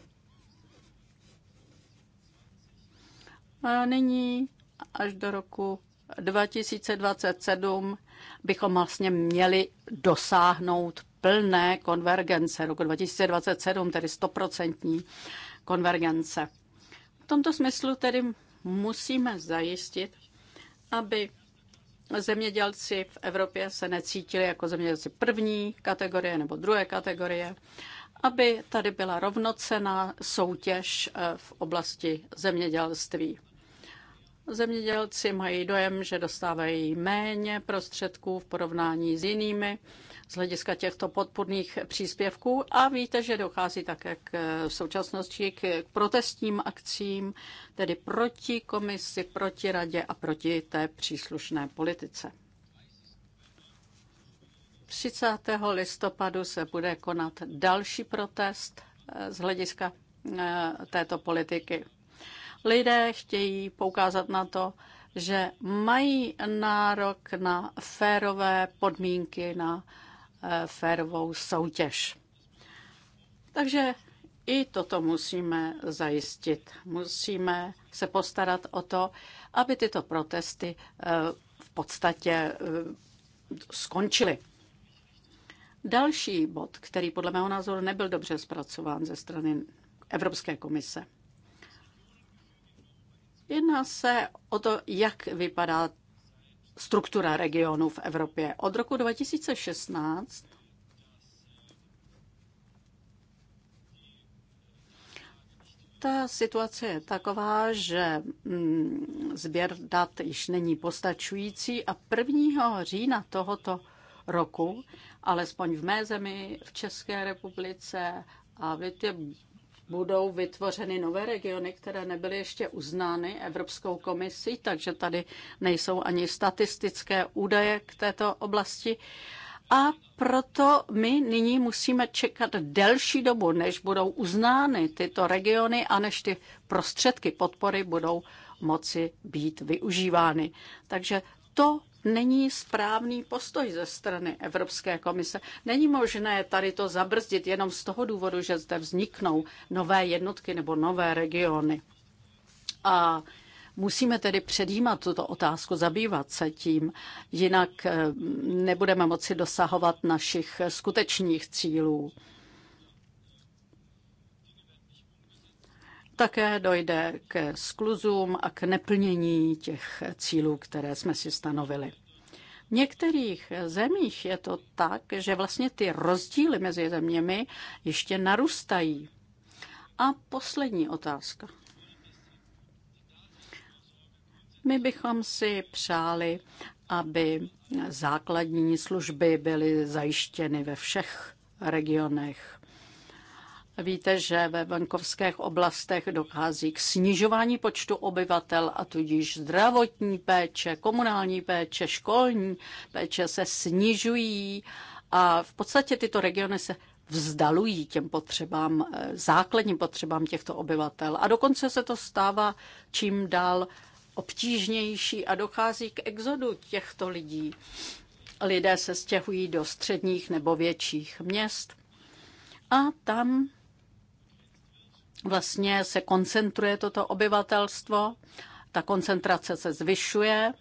S2: A nyní až do roku 2027 bychom vlastně měli dosáhnout plné konvergence roku 2027, tedy stoprocentní konvergence. V tomto smyslu tedy musíme zajistit, aby zemědělci v Evropě se necítili jako zemědělci první kategorie nebo druhé kategorie, aby tady byla rovnocená soutěž eh, v oblasti zemědělství. Zemědělci mají dojem, že dostávají méně prostředků v porovnání s jinými z hlediska těchto podpůrných příspěvků a víte, že dochází také k v současnosti k protestním akcím, tedy proti komisi, proti radě a proti té příslušné politice. 30. listopadu se bude konat další protest eh, z hlediska eh, této politiky. Lidé chtějí poukázat na to, že mají nárok na férové podmínky, na eh, férovou soutěž. Takže i toto musíme zajistit. Musíme se postarat o to, aby tyto protesty eh, v podstatě eh, skončily. Další bod, který podle mého názoru nebyl dobře zpracován ze strany Evropské komise – Jedná se o to, jak vypadá struktura regionů v Evropě. Od roku 2016 ta situace je taková, že mm, sběr dat již není postačující a 1. října tohoto roku, alespoň v mé zemi, v České republice a v Litvě, budou vytvořeny nové regiony, které nebyly ještě uznány Evropskou komisí, takže tady nejsou ani statistické údaje k této oblasti. A proto my nyní musíme čekat delší dobu, než budou uznány tyto regiony a než ty prostředky podpory budou moci být využívány. Takže to není správný postoj ze strany Evropské komise. Není možné tady to zabrzdit jenom z toho důvodu, že zde vzniknou nové jednotky nebo nové regiony. A Musíme tedy předjímat tuto otázku, zabývat se tím, jinak eh, nebudeme moci dosahovat našich skutečných cílů. Také dojde k skluzům a k neplnění těch cílů, které jsme si stanovili. V některých zemích je to tak, že vlastně ty rozdíly mezi zeměmi ještě narůstají. A poslední otázka. My bychom si přáli, aby základní služby byly zajištěny ve všech regionech Víte, že ve venkovských oblastech dochází k snižování počtu obyvatel a tudíž zdravotní péče, komunální péče, školní péče se snižují a v podstatě tyto regiony se vzdalují těm potřebám, eh, základním potřebám těchto obyvatel. A dokonce se to stává čím dál obtížnější a dochází k exodu těchto lidí. Lidé se stěhují do středních nebo větších měst a tam Vlastně se koncentruje toto obyvatelstvo, ta koncentrace se zvyšuje,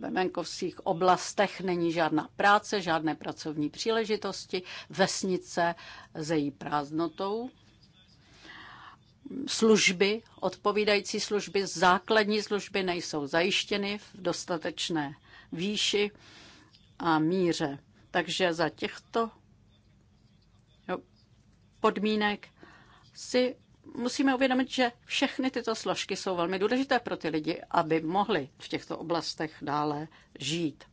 S2: ve venkovských oblastech není žádná práce, žádné pracovní příležitosti, vesnice ze její prázdnotou, služby, odpovídající služby, základní služby nejsou zajištěny v dostatečné výši a míře. Takže za těchto podmínek si musíme uvědomit, že všechny tyto složky jsou velmi důležité pro ty lidi, aby mohli v těchto oblastech dále žít.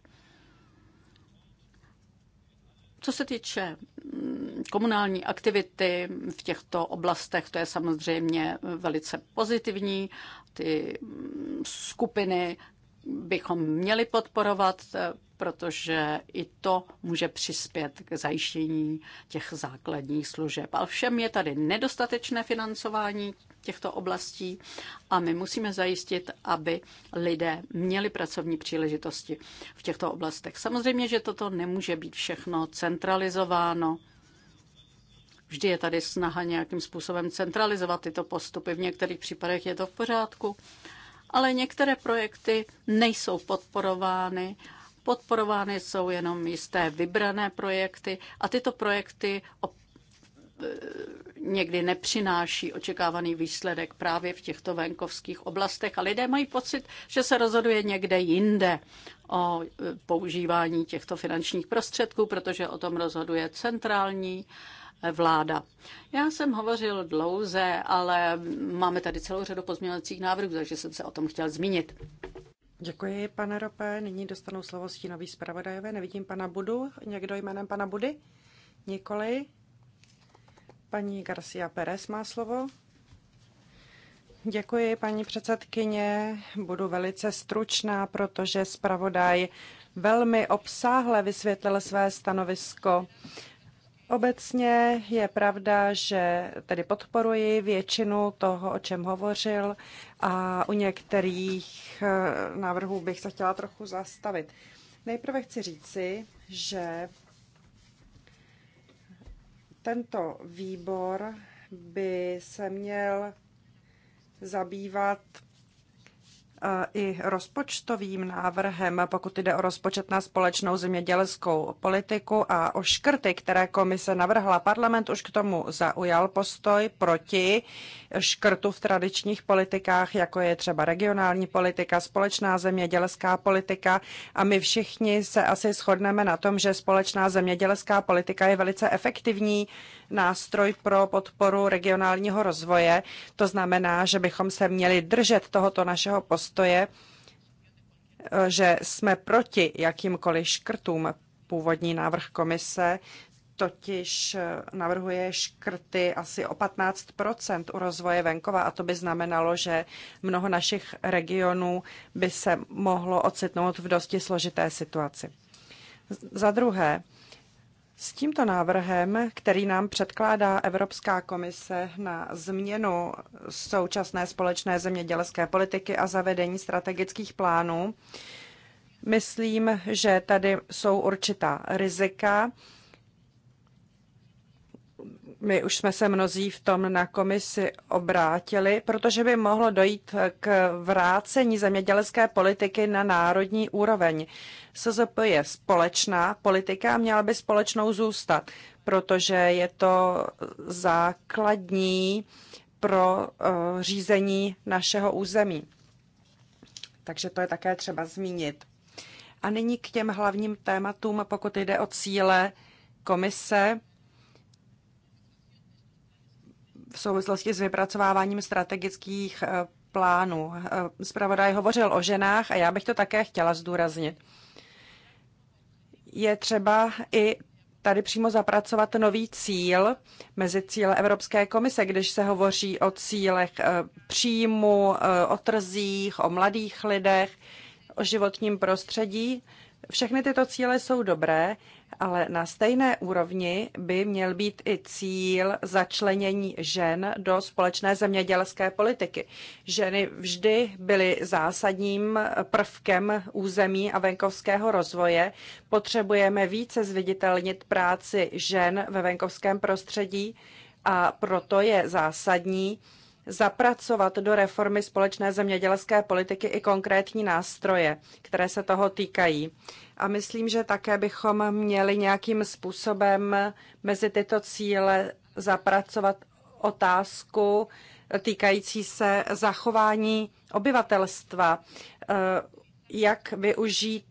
S2: Co se týče mm, komunální aktivity v těchto oblastech, to je samozřejmě velice pozitivní. Ty mm, skupiny bychom měli podporovat, eh, protože i to může přispět k zajištění těch základních služeb. Ale všem je tady nedostatečné financování těchto oblastí a my musíme zajistit, aby lidé měli pracovní příležitosti v těchto oblastech. Samozřejmě, že toto nemůže být všechno centralizováno. Vždy je tady snaha nějakým způsobem centralizovat tyto postupy. V některých případech je to v pořádku, ale některé projekty nejsou podporovány. Podporovány jsou jenom jisté vybrané projekty a tyto projekty eh, někdy nepřináší očekávaný výsledek právě v těchto venkovských oblastech a lidé mají pocit, že se rozhoduje někde jinde o eh, používání těchto finančních prostředků, protože o tom rozhoduje centrální uh, vláda. Já jsem hovořil dlouze, ale máme tady celou řadu pozměňovacích návrhů, takže jsem se o tom chtěl zmínit.
S1: Děkuji, pane Rope. Nyní dostanou slovo stínový zpravodajové. Nevidím pana Budu. Někdo jménem pana Budy? Nikoli. Paní Garcia Pérez má slovo. Děkuji, paní předsedkyně. Budu velice stručná, protože zpravodaj velmi obsáhle vysvětlil své stanovisko. Obecně je pravda, že tedy podporuji většinu toho, o čem hovořil a u některých eh, návrhů bych se chtěla trochu zastavit. Nejprve chci říci, že tento výbor by se měl zabývat i rozpočtovým návrhem, pokud jde o rozpočet na společnou zemědělskou politiku a o škrty, které komise navrhla. Parlament už k tomu zaujal postoj proti škrtu v tradičních politikách, jako je třeba regionální politika, společná zemědělská politika a my všichni se asi shodneme na tom, že společná zemědělská politika je velice efektivní nástroj pro podporu regionálního rozvoje. To znamená, že bychom se měli držet tohoto našeho postoje, že jsme proti jakýmkoliv škrtům. Původní návrh komise totiž navrhuje škrty asi o 15 u rozvoje venkova a to by znamenalo, že mnoho našich regionů by se mohlo ocitnout v dosti složité situaci. Za druhé, s tímto návrhem, který nám předkládá Evropská komise na změnu současné společné zemědělské politiky a zavedení strategických plánů, myslím, že tady jsou určitá rizika, my už jsme se mnozí v tom na komisi obrátili, protože by mohlo dojít k vrácení zemědělské politiky na národní úroveň. SZP je společná politika a měla by společnou zůstat, protože je to základní pro eh, řízení našeho území. Takže to je také třeba zmínit. A nyní k těm hlavním tématům, pokud jde o cíle komise v souvislosti s vypracováváním strategických eh, plánů. Eh, zpravodaj hovořil o ženách a já bych to také chtěla zdůraznit. Je třeba i tady přímo zapracovat nový cíl mezi cíle Evropské komise, když se hovoří o cílech eh, příjmu, o trzích, o mladých lidech, o životním prostředí. Všechny tyto cíle jsou dobré, ale na stejné úrovni by měl být i cíl začlenění žen do společné zemědělské politiky. Ženy vždy byly zásadním prvkem území a venkovského rozvoje. Potřebujeme více zviditelnit práci žen ve venkovském prostředí a proto je zásadní, zapracovat do reformy společné zemědělské politiky i konkrétní nástroje, které se toho týkají. A myslím, že také bychom měli nějakým způsobem mezi tyto cíle zapracovat otázku týkající se zachování obyvatelstva, eh, jak využít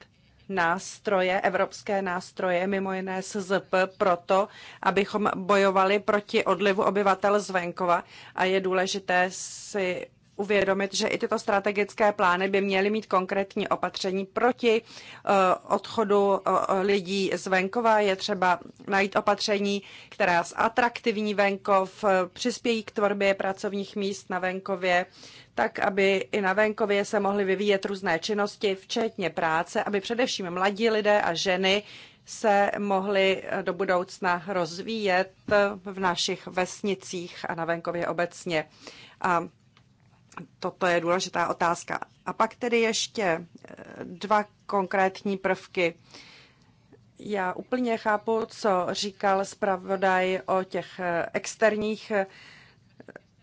S1: nástroje, evropské nástroje, mimo jiné SZP, proto, abychom bojovali proti odlivu obyvatel z venkova a je důležité si uvědomit, že i tyto strategické plány by měly mít konkrétní opatření proti eh, odchodu eh, lidí z venkova. Je třeba najít opatření, která zatraktivní venkov, eh, přispějí k tvorbě pracovních míst na venkově tak aby i na venkově se mohly vyvíjet různé činnosti, včetně práce, aby především mladí lidé a ženy se mohly eh, do budoucna rozvíjet eh, v našich vesnicích a na venkově obecně. A toto je důležitá otázka. A pak tedy ještě eh, dva konkrétní prvky. Já úplně chápu, co říkal zpravodaj o těch externích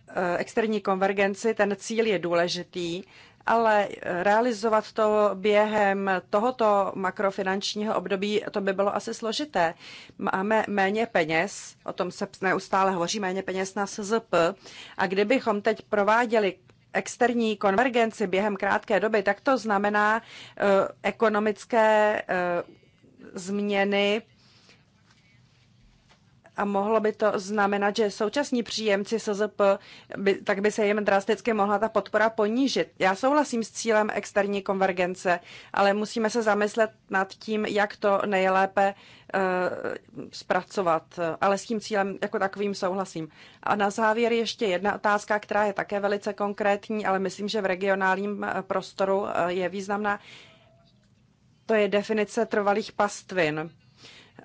S1: Eh, externí konvergenci, ten cíl je důležitý, ale eh, realizovat to během tohoto makrofinančního období, to by bylo asi složité. Máme méně peněz, o tom se neustále hovoří, méně peněz na SZP a kdybychom teď prováděli externí konvergenci během krátké doby, tak to znamená eh, ekonomické změny a mohlo by to znamenat, že současní příjemci SZP, by, tak by se jim drasticky mohla ta podpora ponížit. Já souhlasím s cílem externí konvergence, ale musíme se zamyslet nad tím, jak to nejlépe uh, zpracovat. Ale s tím cílem jako takovým souhlasím. A na závěr ještě jedna otázka, která je také velice konkrétní, ale myslím, že v regionálním eh, prostoru eh, je významná. To je definice trvalých pastvin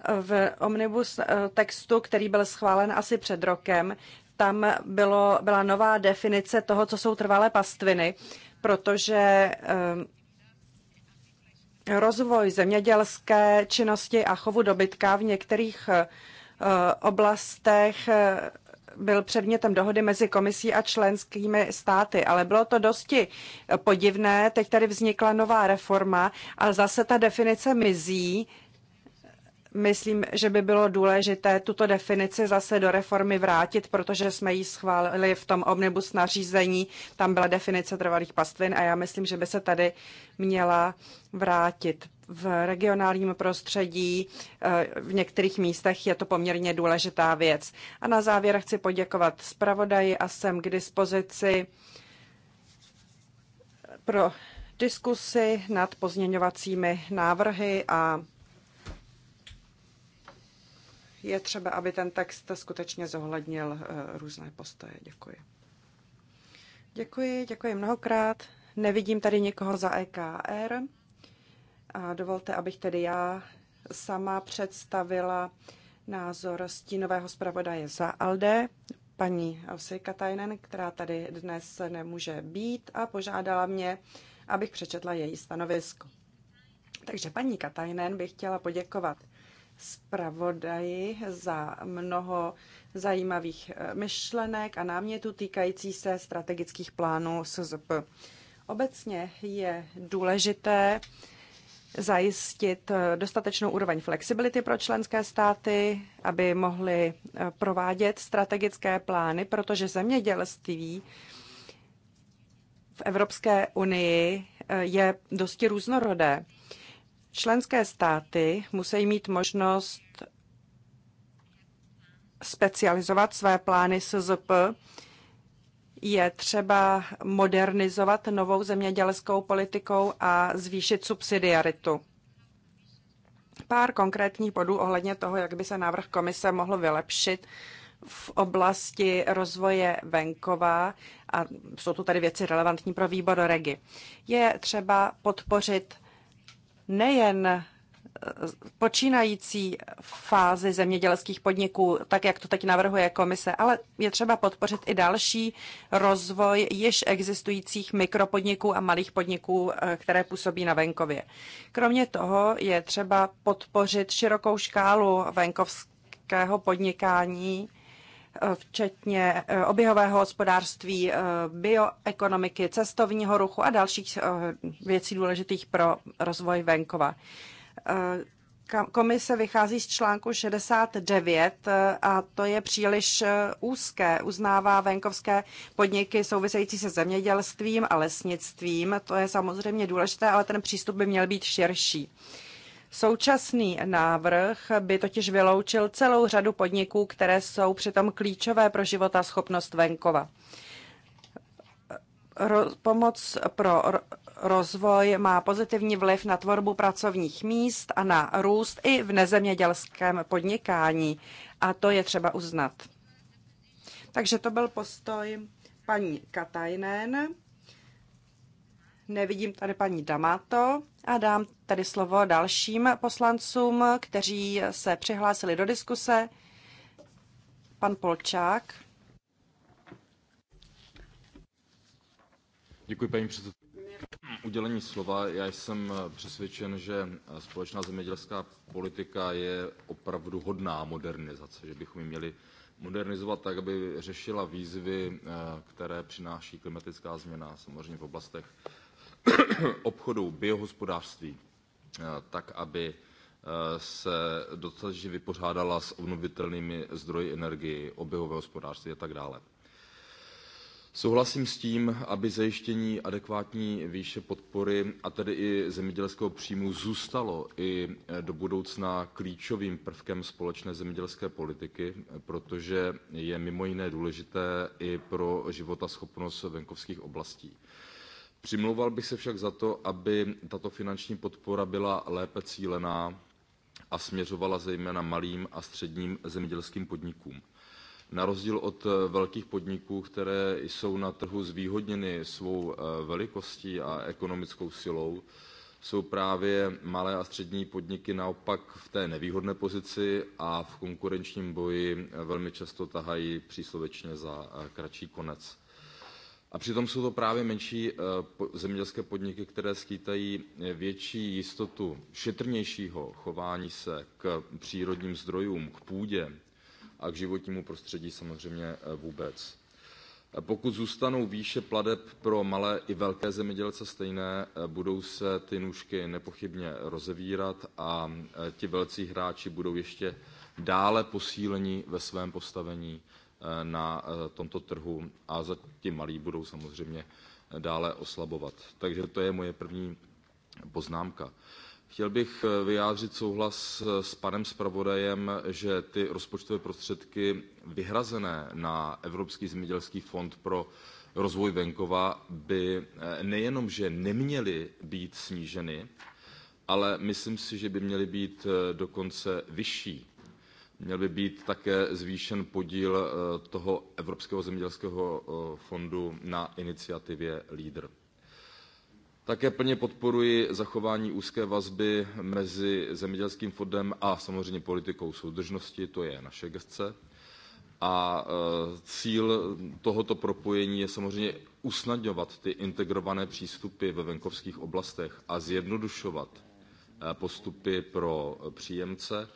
S1: v omnibus eh, textu, který byl schválen asi před rokem, tam bylo, byla nová definice toho, co jsou trvalé pastviny, protože eh, rozvoj zemědělské činnosti a chovu dobytka v některých eh, oblastech byl předmětem dohody mezi komisí a členskými státy, ale bylo to dosti podivné. Teď tady vznikla nová reforma a zase ta definice mizí myslím, že by bylo důležité tuto definici zase do reformy vrátit, protože jsme ji schválili v tom omnibus nařízení. Tam byla definice trvalých pastvin a já myslím, že by se tady měla vrátit. V regionálním prostředí eh, v některých místech je to poměrně důležitá věc. A na závěr chci poděkovat zpravodaji a jsem k dispozici pro diskusy nad pozměňovacími návrhy a je třeba, aby ten text skutečně zohlednil eh, různé postoje. Děkuji. Děkuji, děkuji mnohokrát. Nevidím tady někoho za EKR. A dovolte, abych tedy já sama představila názor stínového zpravodaje za ALDE, paní Osy Katajnen, která tady dnes nemůže být a požádala mě, abych přečetla její stanovisko. Takže paní Katajnen bych chtěla poděkovat zpravodaji za mnoho zajímavých eh, myšlenek a námětů týkající se strategických plánů SZP. Obecně je důležité zajistit eh, dostatečnou úroveň flexibility pro členské státy, aby mohly eh, provádět strategické plány, protože zemědělství v Evropské unii je dosti různorodé. Členské státy musí mít možnost specializovat své plány SZP. Je třeba modernizovat novou zemědělskou politikou a zvýšit subsidiaritu. Pár konkrétních bodů ohledně toho, jak by se návrh komise mohl vylepšit v oblasti rozvoje venkova, a jsou to tady věci relevantní pro výbor REGI, je třeba podpořit nejen eh, počínající fázi zemědělských podniků, tak jak to teď navrhuje komise, ale je třeba podpořit i další rozvoj již existujících mikropodniků a malých podniků, eh, které působí na venkově. Kromě toho je třeba podpořit širokou škálu venkovského podnikání, Eh, včetně eh, oběhového hospodářství, eh, bioekonomiky, cestovního ruchu a dalších věcí důležitých pro rozvoj venkova. Komise vychází z článku 69 a to je příliš úzké. Uznává venkovské podniky související se zemědělstvím a lesnictvím. To je samozřejmě důležité, ale ten přístup by měl být širší. Uh, Současný návrh by totiž vyloučil celou řadu podniků, které jsou přitom klíčové pro život a schopnost venkova. Ro- pomoc pro rozvoj má pozitivní vliv na tvorbu pracovních míst a na růst i v nezemědělském podnikání. A to je třeba uznat. Takže to byl postoj paní Katajnen. Nevidím tady paní Damato a dám tady slovo dalším poslancům, kteří se přihlásili do diskuse.
S4: Pan Polčák. Děkuji, paní předsedkyně udělení slova. Já jsem přesvědčen, že společná zemědělská politika je opravdu hodná modernizace, že bychom ji měli modernizovat tak, aby řešila výzvy, eh, které přináší klimatická změna, samozřejmě v oblastech *coughs* obchodu, biohospodářství, eh, tak aby eh, se dostatečně vypořádala s obnovitelnými zdroji energie, oběhové hospodářství a tak dále. Souhlasím s tím, aby zajištění adekvátní výše podpory a tedy i zemědělského příjmu zůstalo i eh, do budoucna klíčovým prvkem společné zemědělské politiky, protože je mimo jiné důležité i pro životaschopnost venkovských oblastí přimlouval bych se však za to aby tato finanční podpora byla lépe cílená a směřovala zejména k malým a středním zemědělským podnikům. na rozdíl od eh, velkých podniků které jsou na trhu zvýhodněny svou eh, velikostí a ekonomickou silou jsou právě malé a střední podniky naopak v té nevýhodné pozici a v konkurenčním boji eh, velmi často tahají příslovečně za kratší konec a přitom jsou to právě menší eh, zemědělské podniky které skýtají eh, větší jistotu šetrnějšího chování se k přírodním zdrojům k půdě a k životnímu prostředí samozřejmě eh, vůbec. pokud zůstanou výše plateb pro malé i velké zemědělce stejné budou se ty nůžky nepochybně rozevírat a ti velcí hráči budou ještě dále posíleni ve svém postavení Eh, na eh, tomto trhu a za ti malí budou samozřejmě dále oslabovat. Takže to je moje první poznámka. Chtěl bych eh, vyjádřit souhlas s panem zpravodajem, že ty rozpočtové prostředky vyhrazené na Evropský zemědělský fond pro rozvoj venkova by nejenom, že neměly být sníženy, ale myslím si, že by měly být dokonce vyšší Měl by být také zvýšen podíl eh, toho Evropského zemědělského eh, fondu na iniciativě LEADER. Také plně podporuji zachování úzké vazby mezi zemědělským fondem a samozřejmě politikou soudržnosti, to je naše gesce. A eh, cíl tohoto propojení je samozřejmě usnadňovat ty integrované přístupy ve venkovských oblastech a zjednodušovat postupy pro příjemce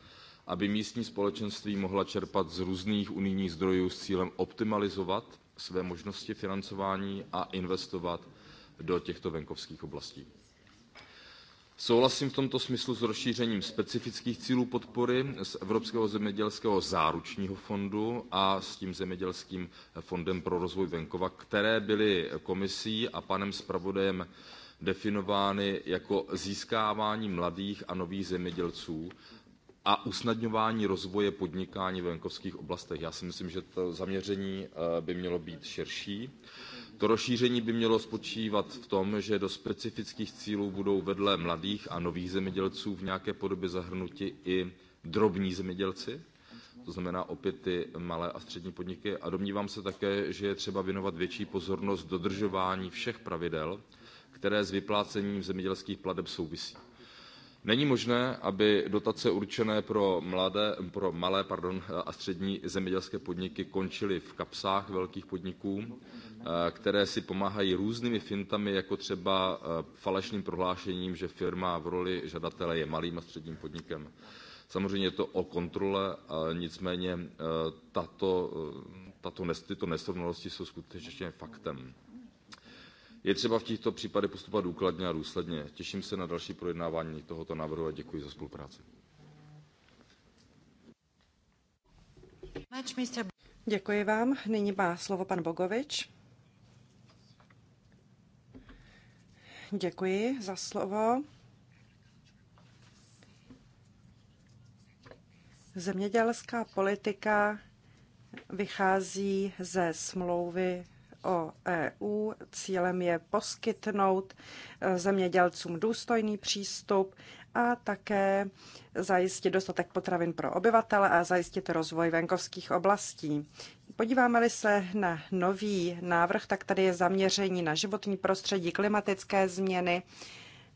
S4: aby místní společenství mohla čerpat z různých unijních zdrojů s cílem optimalizovat své možnosti financování a investovat do těchto venkovských oblastí. Souhlasím v tomto smyslu s rozšířením specifických cílů podpory z Evropského zemědělského záručního fondu a s tím zemědělským fondem pro rozvoj venkova, které byly komisí a panem zpravodajem definovány jako získávání mladých a nových zemědělců a usnadňování rozvoje podnikání ve venkovských oblastech. Já si myslím, že to zaměření eh, by mělo být širší. To rozšíření by mělo spočívat v tom, že do specifických cílů budou vedle mladých a nových zemědělců v nějaké podobě zahrnuti i drobní zemědělci, to znamená opět ty malé a střední podniky. A domnívám se také, že je třeba věnovat větší pozornost dodržování všech pravidel, které s vyplácením zemědělských plateb souvisí není možné aby dotace určené pro, pro malé pardon, a střední zemědělské podniky končily v kapsách velkých podniků eh, které si pomáhají různými fintami jako třeba eh, falešným prohlášením že firma v roli žadatele je malým a středním podnikem. samozřejmě je to o kontrole nicméně eh, tato, tato, tyto nesrovnalosti jsou skutečně faktem je třeba v těchto případech postupovat důkladně a důsledně. Těším se na další projednávání tohoto návrhu a děkuji za spolupráci.
S1: Děkuji vám. Nyní má slovo pan Bogovič. Děkuji za slovo. Zemědělská politika vychází ze smlouvy o EU. Cílem je poskytnout eh, zemědělcům důstojný přístup a také zajistit dostatek potravin pro obyvatele a zajistit rozvoj venkovských oblastí. Podíváme-li se na nový návrh, tak tady je zaměření na životní prostředí, klimatické změny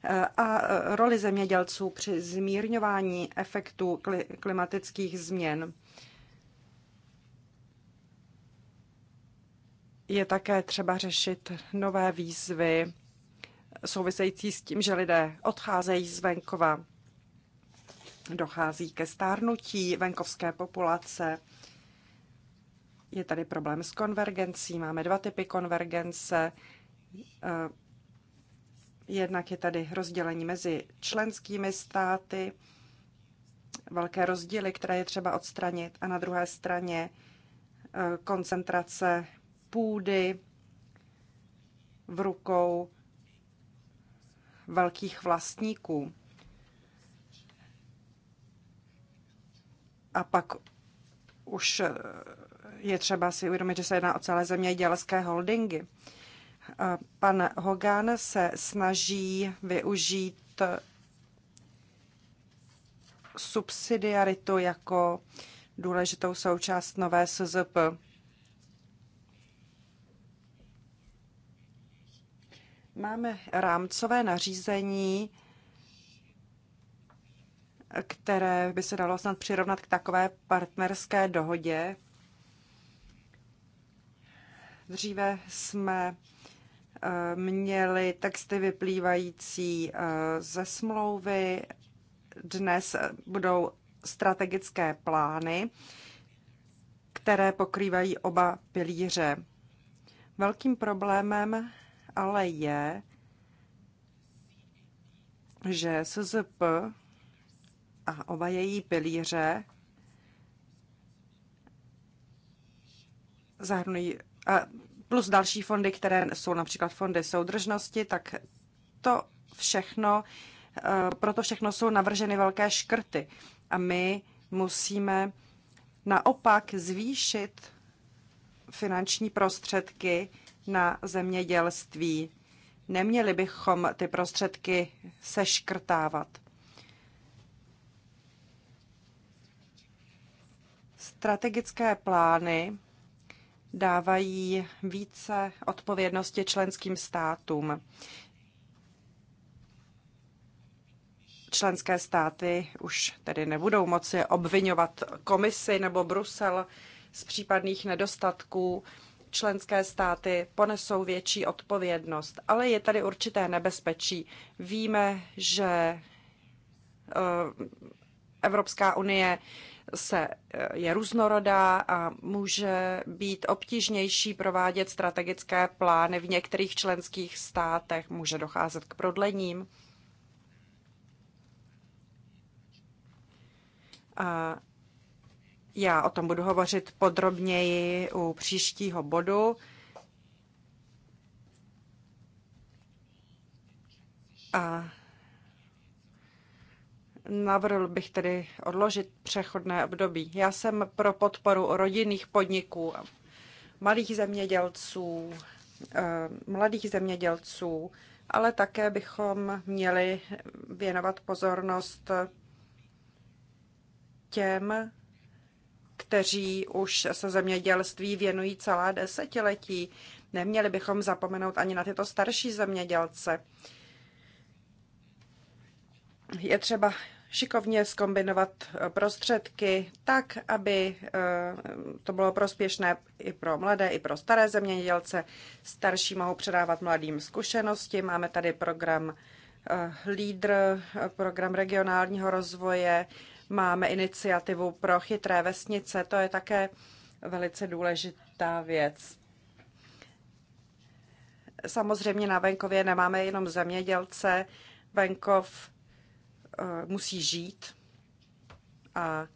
S1: eh, a eh, roli zemědělců při zmírňování efektů klimatických změn. je také třeba řešit nové výzvy související s tím, že lidé odcházejí z venkova, dochází ke stárnutí venkovské populace. Je tady problém s konvergencí, máme dva typy konvergence. Eh, jednak je tady rozdělení mezi členskými státy, velké rozdíly, které je třeba odstranit, a na druhé straně eh, koncentrace půdy v rukou velkých vlastníků. A pak už je třeba si uvědomit, že se jedná o celé zemědělské holdingy. Pan Hogan se snaží využít subsidiaritu jako důležitou součást nové SZP. Máme rámcové nařízení, které by se dalo snad přirovnat k takové partnerské dohodě. Dříve jsme eh, měli texty vyplývající eh, ze smlouvy, dnes eh, budou strategické plány, které pokrývají oba pilíře. Velkým problémem ale je, že SZP a oba její pilíře zahrnují a plus další fondy, které jsou například fondy soudržnosti, tak to všechno, eh, proto všechno jsou navrženy velké škrty. A my musíme naopak zvýšit finanční prostředky na zemědělství. Neměli bychom ty prostředky seškrtávat. Strategické plány dávají více odpovědnosti členským státům. Členské státy už tedy nebudou moci obvinovat komisi nebo Brusel z případných nedostatků členské státy ponesou větší odpovědnost, ale je tady určité nebezpečí. Víme, že eh, Evropská unie se eh, je různorodá a může být obtížnější provádět strategické plány v některých členských státech, může docházet k prodlením. A já o tom budu hovořit podrobněji u příštího bodu. A navrhl bych tedy odložit přechodné období. Já jsem pro podporu rodinných podniků, malých zemědělců, eh, mladých zemědělců, ale také bychom měli věnovat pozornost těm, kteří už se zemědělství věnují celá desetiletí. Neměli bychom zapomenout ani na tyto starší zemědělce. Je třeba šikovně skombinovat eh, prostředky tak, aby eh, to bylo prospěšné i pro mladé, i pro staré zemědělce. Starší mohou předávat mladým zkušenosti. Máme tady program eh, LEADER, program regionálního rozvoje, Máme iniciativu pro chytré vesnice, to je také velice důležitá věc. Samozřejmě na venkově nemáme jenom zemědělce, venkov eh, musí žít a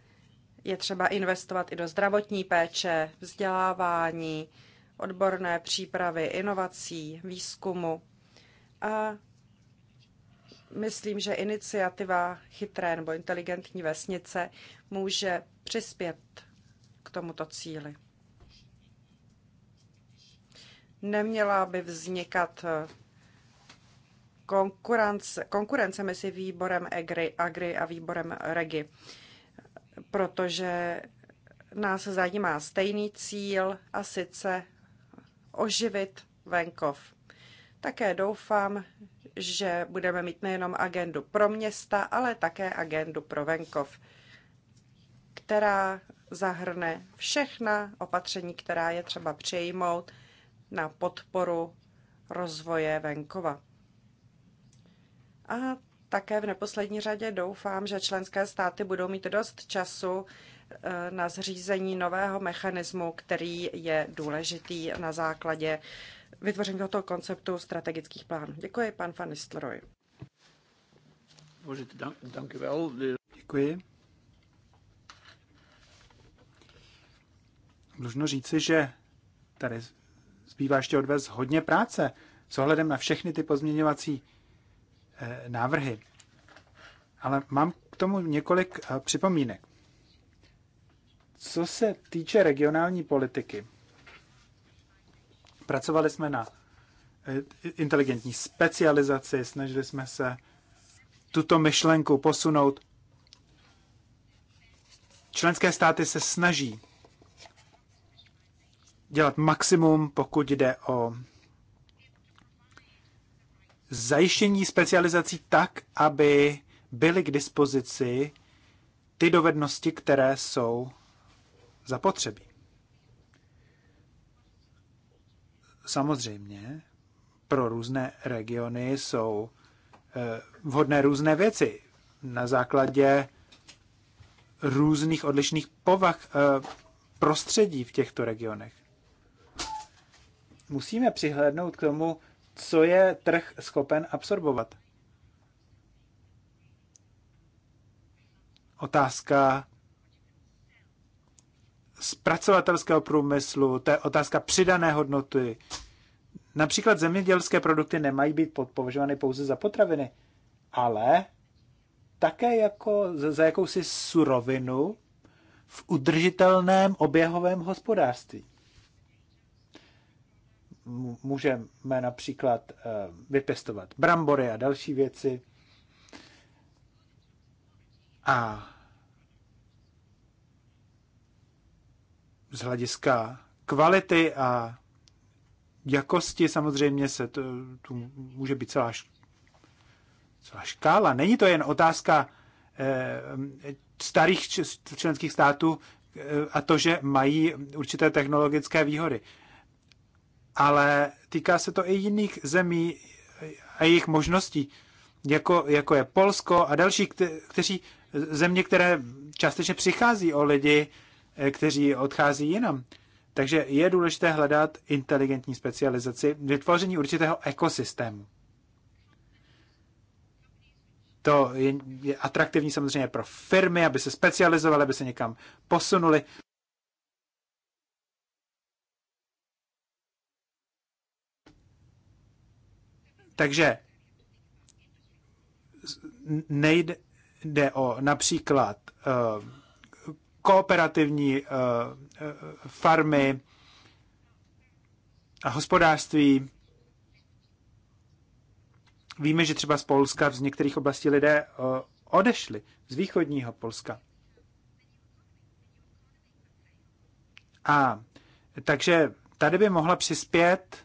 S1: je třeba investovat i do zdravotní péče, vzdělávání, odborné přípravy, inovací, výzkumu. A myslím, že iniciativa chytré nebo inteligentní vesnice může přispět k tomuto cíli. Neměla by vznikat eh, konkurence, konkurence mezi výborem EGRI, AGRI a výborem REGI, protože nás zajímá stejný cíl a sice oživit venkov. Také doufám, že budeme mít nejenom agendu pro města, ale také agendu pro venkov, která zahrne všechna opatření, která je třeba přejmout na podporu rozvoje venkova. A také v neposlední řadě doufám, že členské státy budou mít dost času eh, na zřízení nového mechanismu, který je důležitý na základě vytvoření tohoto konceptu strategických plánů. Děkuji, pan Van Nistelrooy.
S3: Děkuji. Dlužno říci, že tady zbývá ještě odvez hodně práce s ohledem na všechny ty pozměňovací eh, návrhy. Ale mám k tomu několik eh, připomínek. Co se týče regionální politiky, Pracovali jsme na eh, inteligentní specializaci, snažili jsme se tuto myšlenku posunout. Členské státy se snaží dělat maximum, pokud jde o zajištění specializací tak, aby byly k dispozici ty dovednosti, které jsou zapotřebí. samozřejmě pro různé regiony jsou eh, vhodné různé věci na základě různých odlišných povah eh, prostředí v těchto regionech. Musíme přihlédnout k tomu, co je trh schopen absorbovat. Otázka zpracovatelského průmyslu, to je otázka přidané hodnoty. Například zemědělské produkty nemají být považovány pouze za potraviny, ale také jako za jakousi surovinu v udržitelném oběhovém hospodářství. Můžeme například eh, vypěstovat brambory a další věci. A z hlediska kvality a jakosti samozřejmě se to, tu může být celá, celá škála. Není to jen otázka eh, starých členských států eh, a to, že mají určité technologické výhody. Ale týká se to i jiných zemí eh, a jejich možností, jako, jako je Polsko a další, kte, kteří eh, země, které částečně přichází o lidi, eh, kteří odchází jinam. Takže je důležité hledat inteligentní specializaci, vytvoření určitého ekosystému. To je, je atraktivní samozřejmě pro firmy, aby se specializovaly, aby se někam posunuli. Takže nejde o například uh, kooperativní eh, eh, farmy a hospodářství. Víme, že třeba z Polska z některých oblastí lidé eh, odešli, z východního Polska. A takže tady by mohla přispět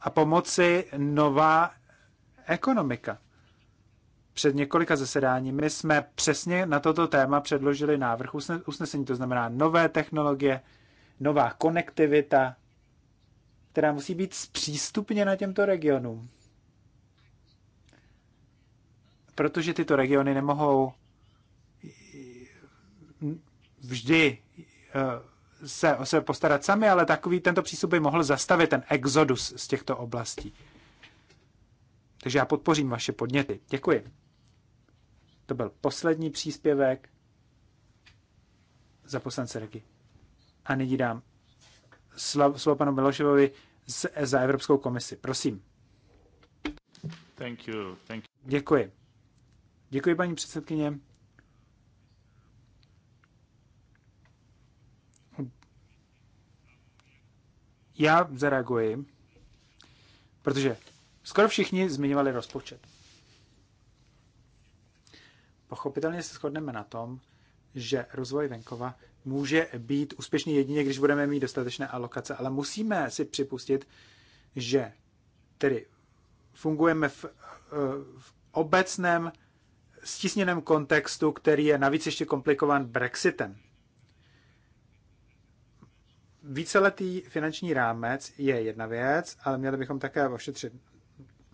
S3: a pomoci nová ekonomika před několika zasedáními jsme přesně na toto téma předložili návrh usnesení, to znamená nové technologie, nová konektivita, která musí být zpřístupněna těmto regionům. Protože tyto regiony nemohou eh, vždy eh, se o sebe postarat sami, ale takový tento přístup by mohl zastavit ten exodus z těchto oblastí. Takže já podpořím vaše podněty. Děkuji. To byl poslední příspěvek za poslance Regi. A nyní dám slovo panu Miloševovi z, za Evropskou komisi. Prosím.
S4: Thank you, thank you.
S3: Děkuji. Děkuji, paní předsedkyně. Já zareaguji, protože skoro všichni zmiňovali rozpočet. Pochopitelně se shodneme na tom, že rozvoj venkova může být úspěšný jedině, když budeme mít dostatečné alokace, ale musíme si připustit, že tedy fungujeme v, eh, v obecném stisněném kontextu, který je navíc ještě komplikovan Brexitem. Víceletý finanční rámec je jedna věc, ale měli bychom také ošetřit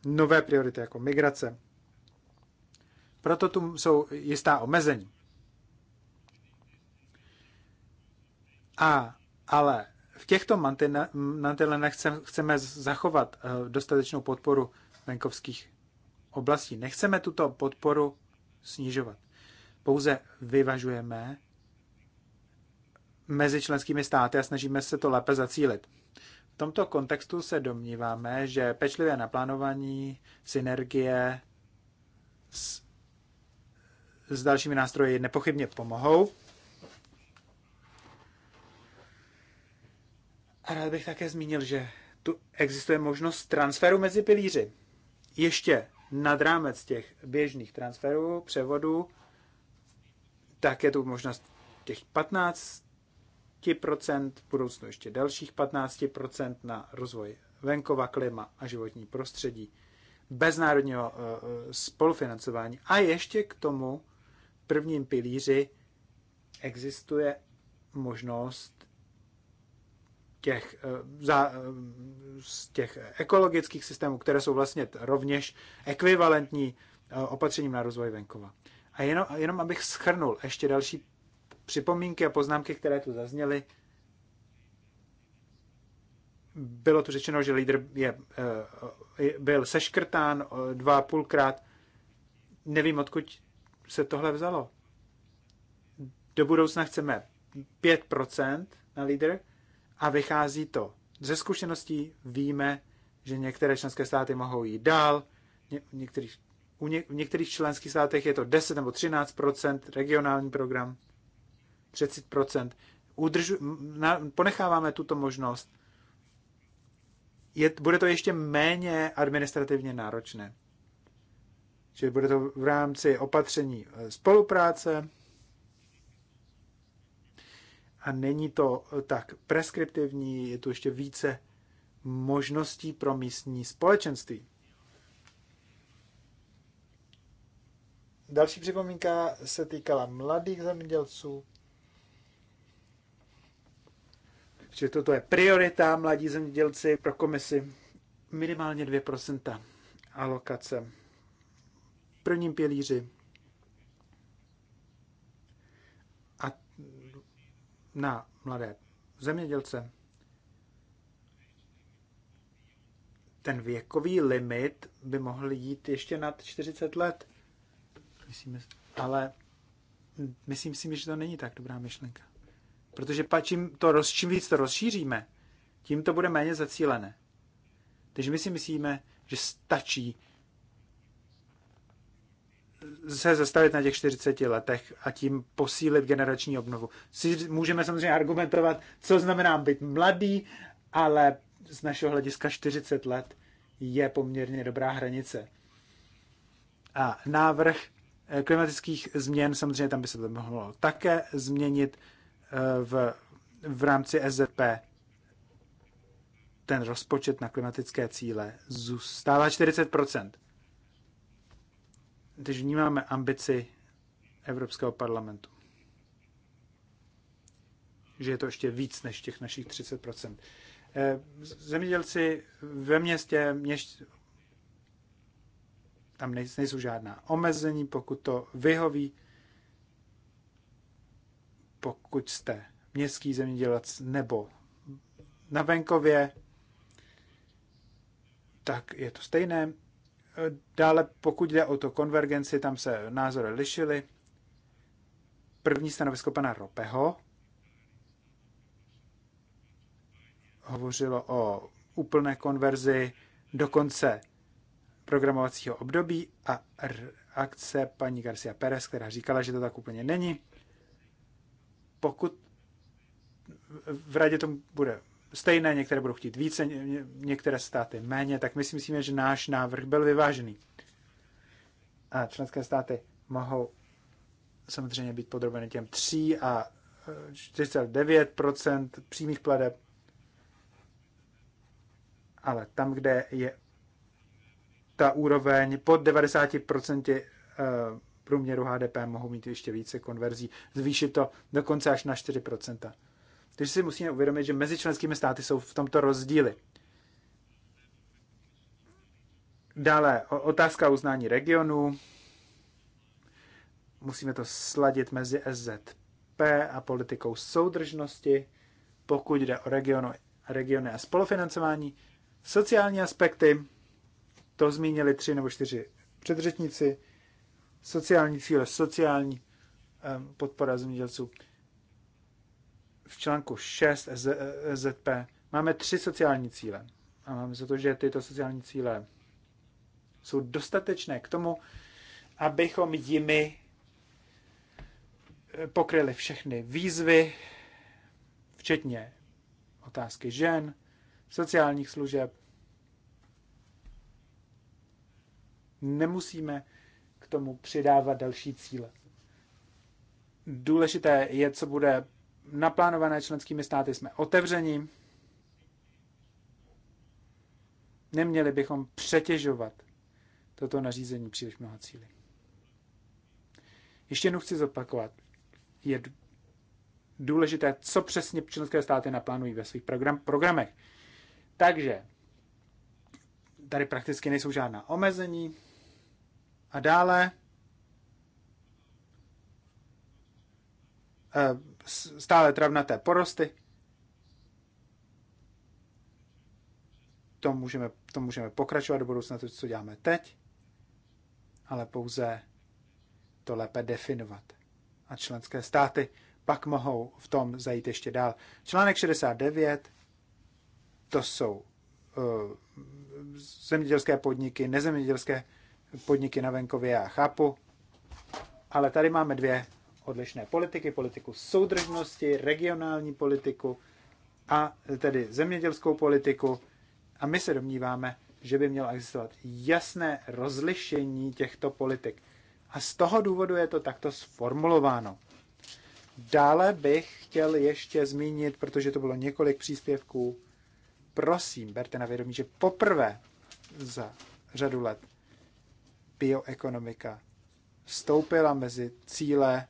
S3: nové priority jako migrace, proto tu jsou jistá omezení. A, ale v těchto mantinelenech chceme, chceme zachovat eh, dostatečnou podporu venkovských oblastí. Nechceme tuto podporu snižovat. Pouze vyvažujeme mezi členskými státy a snažíme se to lépe zacílit. V tomto kontextu se domníváme, že pečlivé naplánování, synergie s s dalšími nástroji nepochybně pomohou. A rád bych také zmínil, že tu existuje možnost transferu mezi pilíři. Ještě nad rámec těch běžných transferů, převodů, tak je tu možnost těch 15%, v budoucnu ještě dalších 15% na rozvoj venkova, klima a životní prostředí bez národního eh, eh, spolufinancování. A ještě k tomu prvním pilíři existuje možnost těch, eh, za, eh, z těch ekologických systémů, které jsou vlastně rovněž ekvivalentní eh, opatřením na rozvoj venkova. A jenom, jenom abych schrnul ještě další připomínky a poznámky, které tu zazněly. Bylo tu řečeno, že lídr je, byl seškrtán dva a půlkrát. Nevím, odkud se tohle vzalo. Do budoucna chceme 5% na lídr a vychází to. Ze zkušeností víme, že některé členské státy mohou jít dál, ně, některých, u ně, v některých členských státech je to 10 nebo 13 regionální program 30 Udržu, na, ponecháváme tuto možnost. Je, bude to ještě méně administrativně náročné že bude to v rámci opatření eh, spolupráce a není to eh, tak preskriptivní, je tu ještě více možností pro místní společenství. Další připomínka se týkala mladých zemědělců. Že toto je priorita mladí zemědělci pro komisi minimálně 2% alokace prvním pilíři. A na mladé zemědělce. Ten věkový limit by mohl jít ještě nad 40 let. Myslím, ale myslím si, že to není tak dobrá myšlenka. Protože čím, to roz, čím víc to rozšíříme, tím to bude méně zacílené. Takže my si myslíme, že stačí se zastavit na těch 40 letech a tím posílit generační obnovu. Můžeme samozřejmě argumentovat, co znamená být mladý, ale z našeho hlediska 40 let je poměrně dobrá hranice. A návrh eh, klimatických změn, samozřejmě tam by se to mohlo také změnit eh, v, v rámci SZP. Ten rozpočet na klimatické cíle zůstává 40 když vnímáme ambici Evropského parlamentu, že je to ještě víc než těch našich 30 eh, Zemědělci ve městě, měšť, tam nejsou žádná omezení, pokud to vyhoví, pokud jste městský zemědělec nebo na venkově, tak je to stejné. Dále, pokud jde o to konvergenci, tam se názory lišily. První stanovisko pana Ropeho hovořilo o úplné konverzi do konce programovacího období a akce paní Garcia Perez, která říkala, že to tak úplně není. Pokud v radě to bude stejné, některé budou chtít více, některé státy méně, tak my si myslíme, že náš návrh byl vyvážený. A členské státy mohou samozřejmě být podrobeny těm 3 a 49% e, přímých pladeb, ale tam, kde je ta úroveň pod 90% e, průměru HDP, mohou mít ještě více konverzí, zvýšit to dokonce až na 4%. Takže si musíme uvědomit, že mezi členskými státy jsou v tomto rozdíly. Dále otázka uznání regionu. Musíme to sladit mezi SZP a politikou soudržnosti, pokud jde o regionu, regiony a spolufinancování. Sociální aspekty, to zmínili tři nebo čtyři předřečníci. Sociální cíle, sociální eh, podpora zemědělců v článku 6 e, ZP máme tři sociální cíle. A máme za to, že tyto sociální cíle jsou dostatečné k tomu, abychom jimi eh, pokryli všechny výzvy, včetně otázky žen, sociálních služeb. Nemusíme k tomu přidávat další cíle. Důležité je, co bude naplánované členskými státy jsme otevření. Neměli bychom přetěžovat toto nařízení příliš mnoha cíly. Ještě jednou chci zopakovat. Je důležité, co přesně členské státy naplánují ve svých program, programech. Takže tady prakticky nejsou žádná omezení. A dále eh, stále travnaté porosty. To můžeme, to můžeme pokračovat do budoucna, to, co děláme teď, ale pouze to lépe definovat. A členské státy pak mohou v tom zajít ještě dál. Článek 69, to jsou uh, zemědělské podniky, nezemědělské podniky na venkově, já chápu, ale tady máme dvě odlišné politiky, politiku soudržnosti, regionální politiku a tedy zemědělskou politiku. A my se domníváme, že by mělo existovat jasné rozlišení těchto politik. A z toho důvodu je to takto sformulováno. Dále bych chtěl ještě zmínit, protože to bylo několik příspěvků, prosím, berte na vědomí, že poprvé za řadu let bioekonomika vstoupila mezi cíle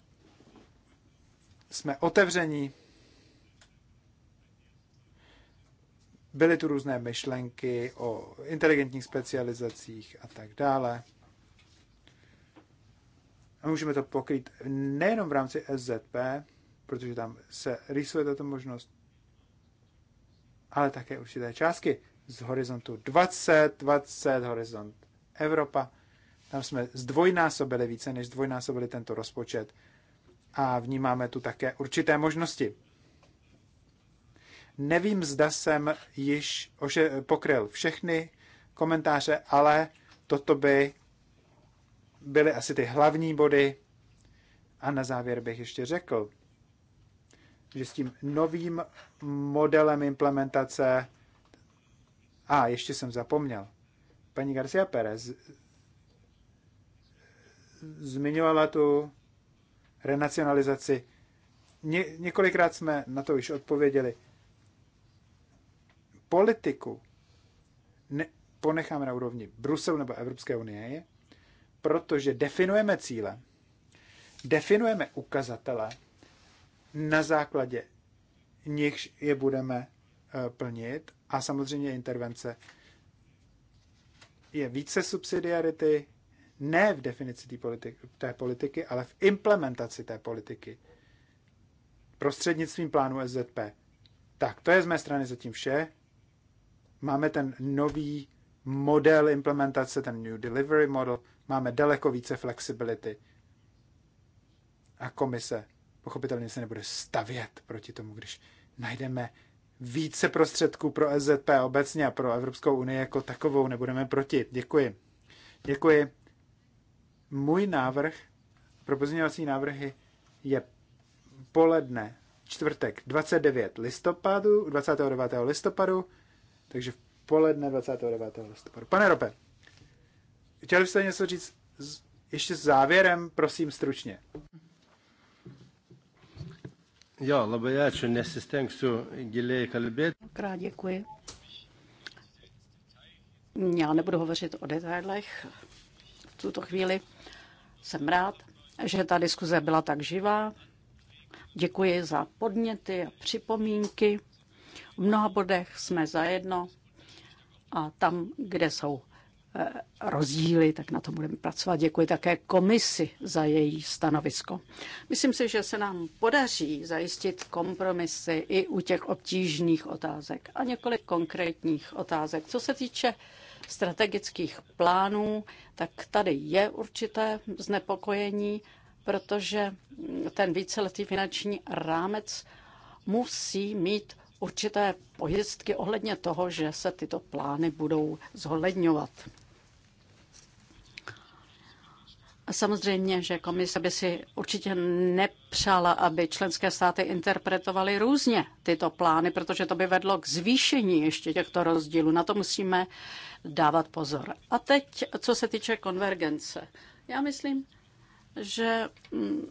S3: jsme otevření. Byly tu různé myšlenky o inteligentních specializacích a tak dále. A můžeme to pokrýt nejenom v rámci SZP, protože tam se rýsuje tato možnost, ale také určité částky z horizontu 20, 20, horizont Evropa. Tam jsme zdvojnásobili více, než zdvojnásobili tento rozpočet a vnímáme tu také určité možnosti. Nevím, zda jsem již ože- pokryl všechny komentáře, ale toto by byly asi ty hlavní body. A na závěr bych ještě řekl, že s tím novým modelem implementace. A ještě jsem zapomněl. Paní Garcia Perez zmiňovala tu renacionalizaci. Ně, několikrát jsme na to již odpověděli. Politiku ne, ponecháme na úrovni Bruselu nebo Evropské unie, protože definujeme cíle, definujeme ukazatele, na základě nichž je budeme eh, plnit a samozřejmě intervence je více subsidiarity, ne v definici té politiky, té politiky, ale v implementaci té politiky. Prostřednictvím plánu SZP. Tak, to je z mé strany zatím vše. Máme ten nový model implementace, ten new delivery model. Máme daleko více flexibility. A komise pochopitelně se nebude stavět proti tomu, když najdeme více prostředků pro SZP obecně a pro Evropskou unii jako takovou nebudeme proti. Děkuji. Děkuji. Můj návrh pro pozměňovací návrhy je poledne čtvrtek 29 listopadu, 29. listopadu, takže v poledne 29. listopadu. Pane Rope, chtěl byste něco říct ještě s závěrem, prosím, stručně. Jo, já ačiū, nesistengsiu giliai kalbět.
S2: Krát děkuji. Já nebudu hovořit o detailech, tuto chvíli. Jsem rád, že ta diskuze byla tak živá. Děkuji za podněty a připomínky. V mnoha bodech jsme zajedno a tam, kde jsou eh, rozdíly, tak na to budeme pracovat. Děkuji také komisi za její stanovisko. Myslím si, že se nám podaří zajistit kompromisy i u těch obtížných otázek a několik konkrétních otázek. Co se týče strategických plánů, tak tady je určité znepokojení, protože ten víceletý finanční rámec musí mít určité pojistky ohledně toho, že se tyto plány budou zohledňovat. A samozřejmě, že komise by si určitě nepřála, aby členské státy interpretovaly různě tyto plány, protože to by vedlo k zvýšení ještě těchto rozdílů. Na to musíme dávat pozor. A teď, co se týče konvergence. Já myslím, že mm,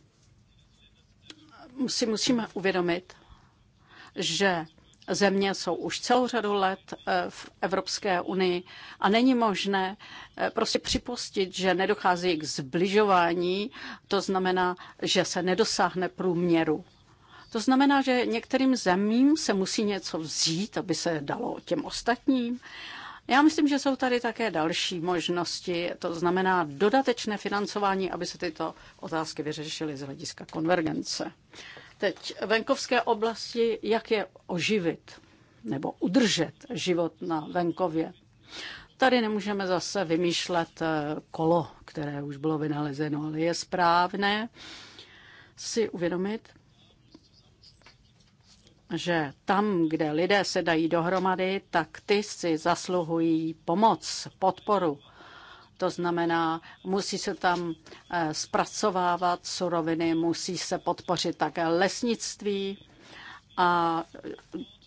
S2: si musíme uvědomit, že země jsou už celou řadu let eh, v Evropské unii a není možné eh, prostě připustit, že nedochází k zbližování, to znamená, že se nedosáhne průměru. To znamená, že některým zemím se musí něco vzít, aby se dalo těm ostatním. Já myslím, že jsou tady také další možnosti, to znamená dodatečné financování, aby se tyto otázky vyřešily z hlediska konvergence. Teď venkovské oblasti, jak je oživit nebo udržet život na venkově. Tady nemůžeme zase vymýšlet eh, kolo, které už bylo vynalezeno, ale je správné si uvědomit, že tam, kde lidé se dají dohromady, tak ty si zasluhují pomoc, podporu to znamená, musí se tam eh, zpracovávat suroviny, musí se podpořit také lesnictví a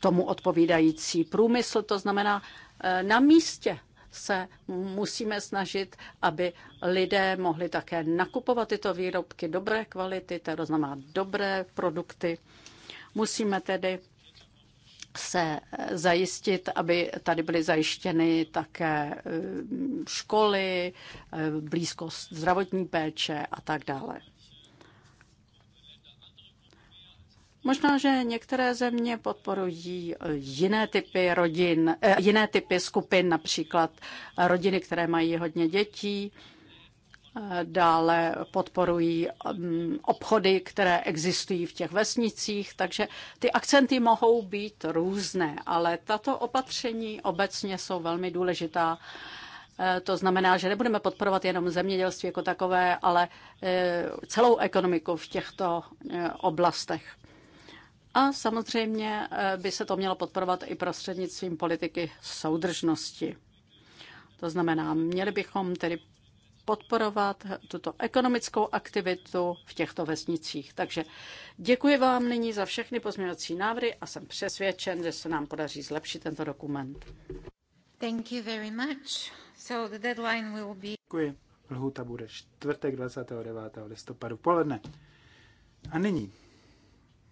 S2: tomu odpovídající průmysl. To znamená, eh, na místě se musíme snažit, aby lidé mohli také nakupovat tyto výrobky dobré kvality, to znamená dobré produkty. Musíme tedy se eh, zajistit, aby tady byly zajištěny také eh, školy, eh, blízkost zdravotní péče a tak dále. Možná, že některé země podporují jiné typy rodin, jiné typy skupin, například rodiny, které mají hodně dětí dále podporují mm, obchody, které existují v těch vesnicích, takže ty akcenty mohou být různé, ale tato opatření obecně jsou velmi důležitá. Eh, to znamená, že nebudeme podporovat jenom zemědělství jako takové, ale eh, celou ekonomiku v těchto eh, oblastech. A samozřejmě by se to mělo podporovat i prostřednictvím politiky soudržnosti. To znamená, měli bychom tedy podporovat tuto ekonomickou aktivitu v těchto vesnicích. Takže děkuji vám nyní za všechny pozměňovací návrhy a jsem přesvědčen, že se nám podaří zlepšit tento dokument. Thank you very much. So the deadline will be...
S3: Děkuji. Lhuta bude čtvrtek 29. listopadu poledne. A nyní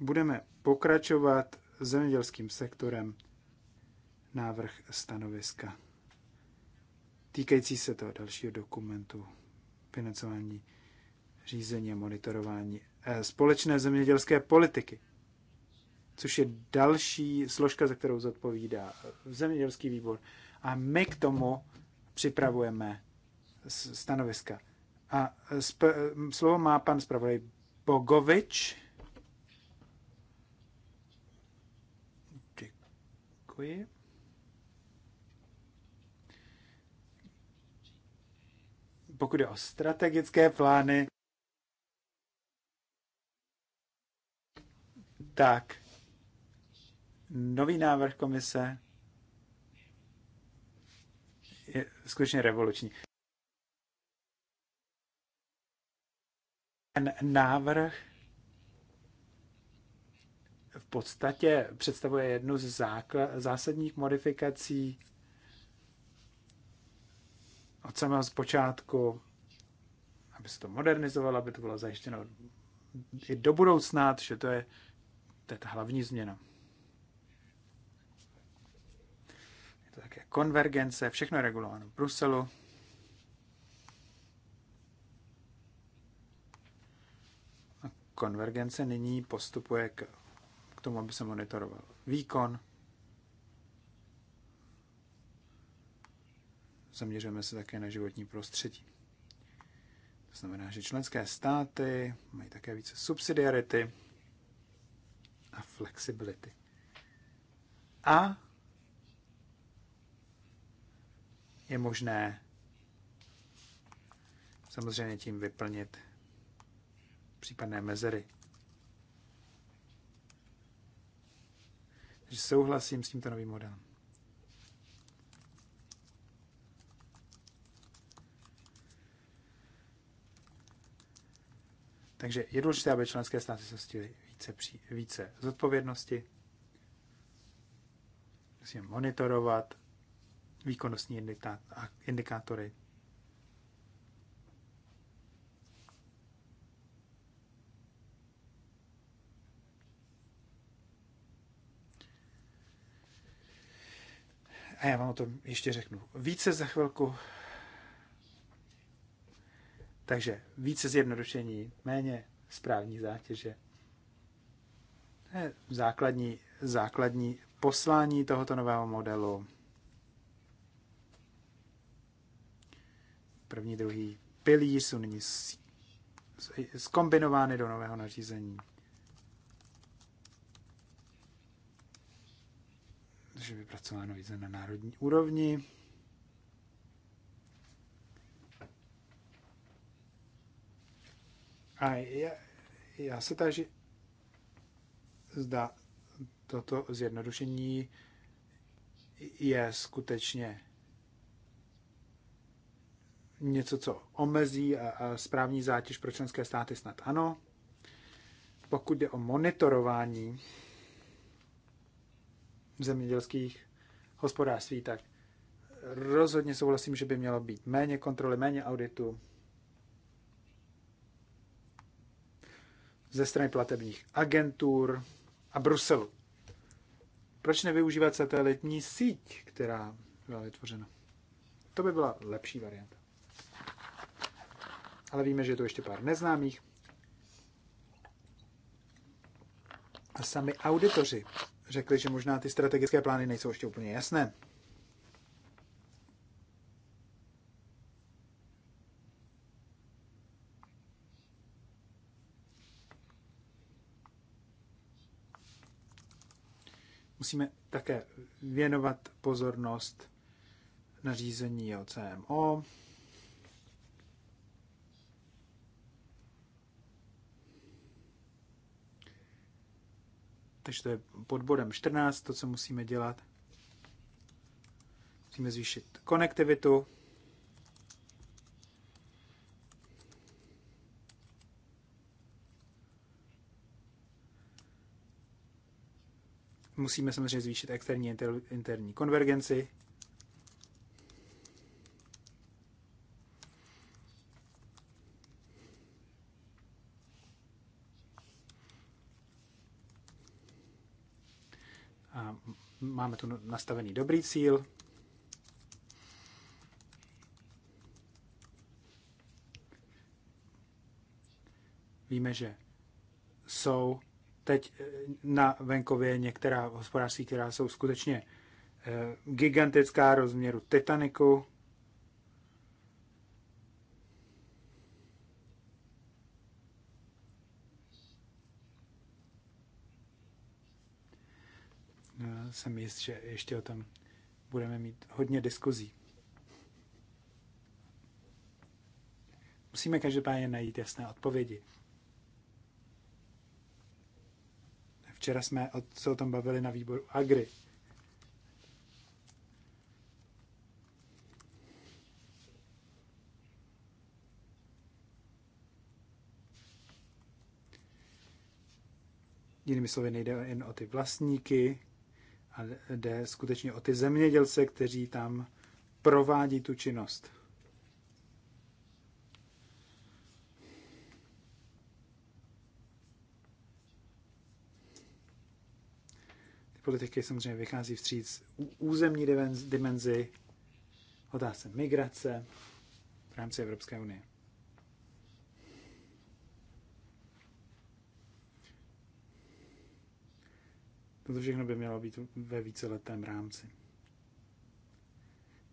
S3: budeme pokračovat zemědělským sektorem návrh stanoviska týkající se toho dalšího dokumentu financování, řízení a monitorování eh, společné zemědělské politiky, což je další složka, za kterou zodpovídá zemědělský výbor. A my k tomu připravujeme stanoviska. A eh, eh, slovo má pan zpravodaj Bogovič. Děkuji. pokud je o strategické plány, tak nový návrh komise je skutečně revoluční. Ten návrh v podstatě představuje jednu z zásadních modifikací od samého zpočátku, aby se to modernizovalo, aby to bylo zajištěno i do budoucna, že to je, to je ta hlavní změna. Je to také konvergence, všechno je regulováno v Bruselu. A konvergence nyní postupuje k, k tomu, aby se monitoroval výkon. zaměřujeme se také na životní prostředí. To znamená, že členské státy mají také více subsidiarity a flexibility. A je možné samozřejmě tím vyplnit případné mezery. Takže souhlasím s tímto novým modelem. Takže je důležité, aby členské státy se stily více, pří, více zodpovědnosti, musíme monitorovat výkonnostní indikátory. A já vám o tom ještě řeknu více za chvilku. Takže více zjednodušení, méně správní zátěže. To je základní, základní poslání tohoto nového modelu. První, druhý pilíř jsou nyní zkombinovány do nového nařízení. Takže vypracováno více na národní úrovni. A já, já se takže zda toto zjednodušení je skutečně něco, co omezí a, a správní zátěž pro členské státy snad ano. Pokud jde o monitorování zemědělských hospodářství, tak rozhodně souhlasím, že by mělo být méně kontroly, méně auditu, ze strany platebních agentur a Bruselu. Proč nevyužívat satelitní síť, která byla vytvořena? To by byla lepší varianta. Ale víme, že je to ještě pár neznámých. A sami auditoři řekli, že možná ty strategické plány nejsou ještě úplně jasné. musíme také věnovat pozornost nařízení o CMO. Takže to je pod bodem 14, to, co musíme dělat. Musíme zvýšit konektivitu musíme samozřejmě zvýšit externí inter, interní konvergenci. A máme tu nastavený dobrý cíl. Víme, že jsou teď eh, na venkově některá hospodářství, která jsou skutečně eh, gigantická rozměru Titaniku. No, jsem jist, že ještě o tom budeme mít hodně diskuzí. Musíme každopádně najít jasné odpovědi. Včera jsme se o tom bavili na výboru Agri. Jinými slovy, nejde jen o ty vlastníky, ale jde skutečně o ty zemědělce, kteří tam provádí tu činnost. politiky samozřejmě vychází vstříc územní dimenzi, otázce migrace v rámci Evropské unie. Toto všechno by mělo být ve víceletém rámci.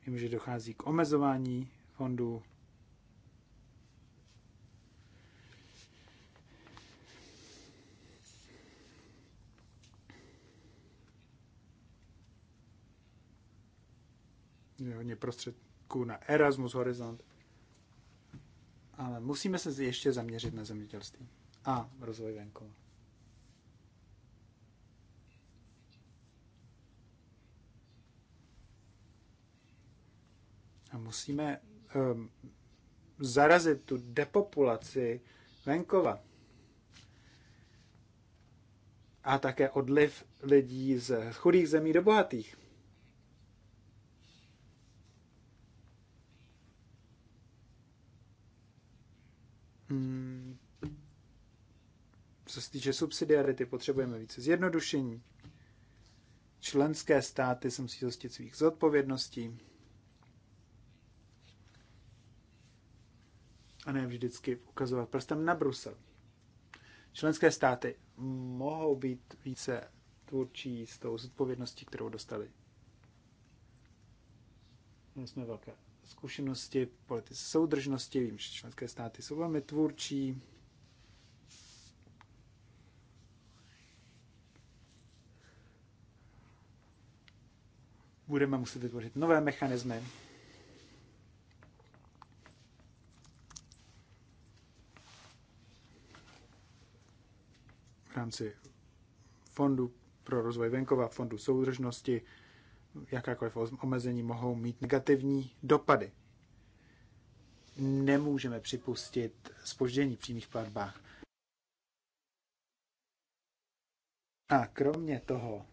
S3: Vím, že dochází k omezování fondů hodně prostředků na Erasmus Horizont, ale musíme se ještě zaměřit na zemědělství a rozvoj venkova. A musíme um, zarazit tu depopulaci venkova. A také odliv lidí z chudých zemí do bohatých. Hmm. Co se týče subsidiarity, potřebujeme více zjednodušení. Členské státy se musí zhostit svých zodpovědností. A ne vždycky ukazovat prstem na Brusel. Členské státy mohou být více tvůrčí s tou zodpovědností, kterou dostali. My jsme velké zkušenosti politice soudržnosti, vím, že členské státy jsou velmi tvůrčí. Budeme muset vytvořit nové mechanismy. V rámci fondu pro rozvoj venkova, fondu soudržnosti, jakákoliv omezení mohou mít negativní dopady. Nemůžeme připustit spoždění v přímých platbách. A kromě toho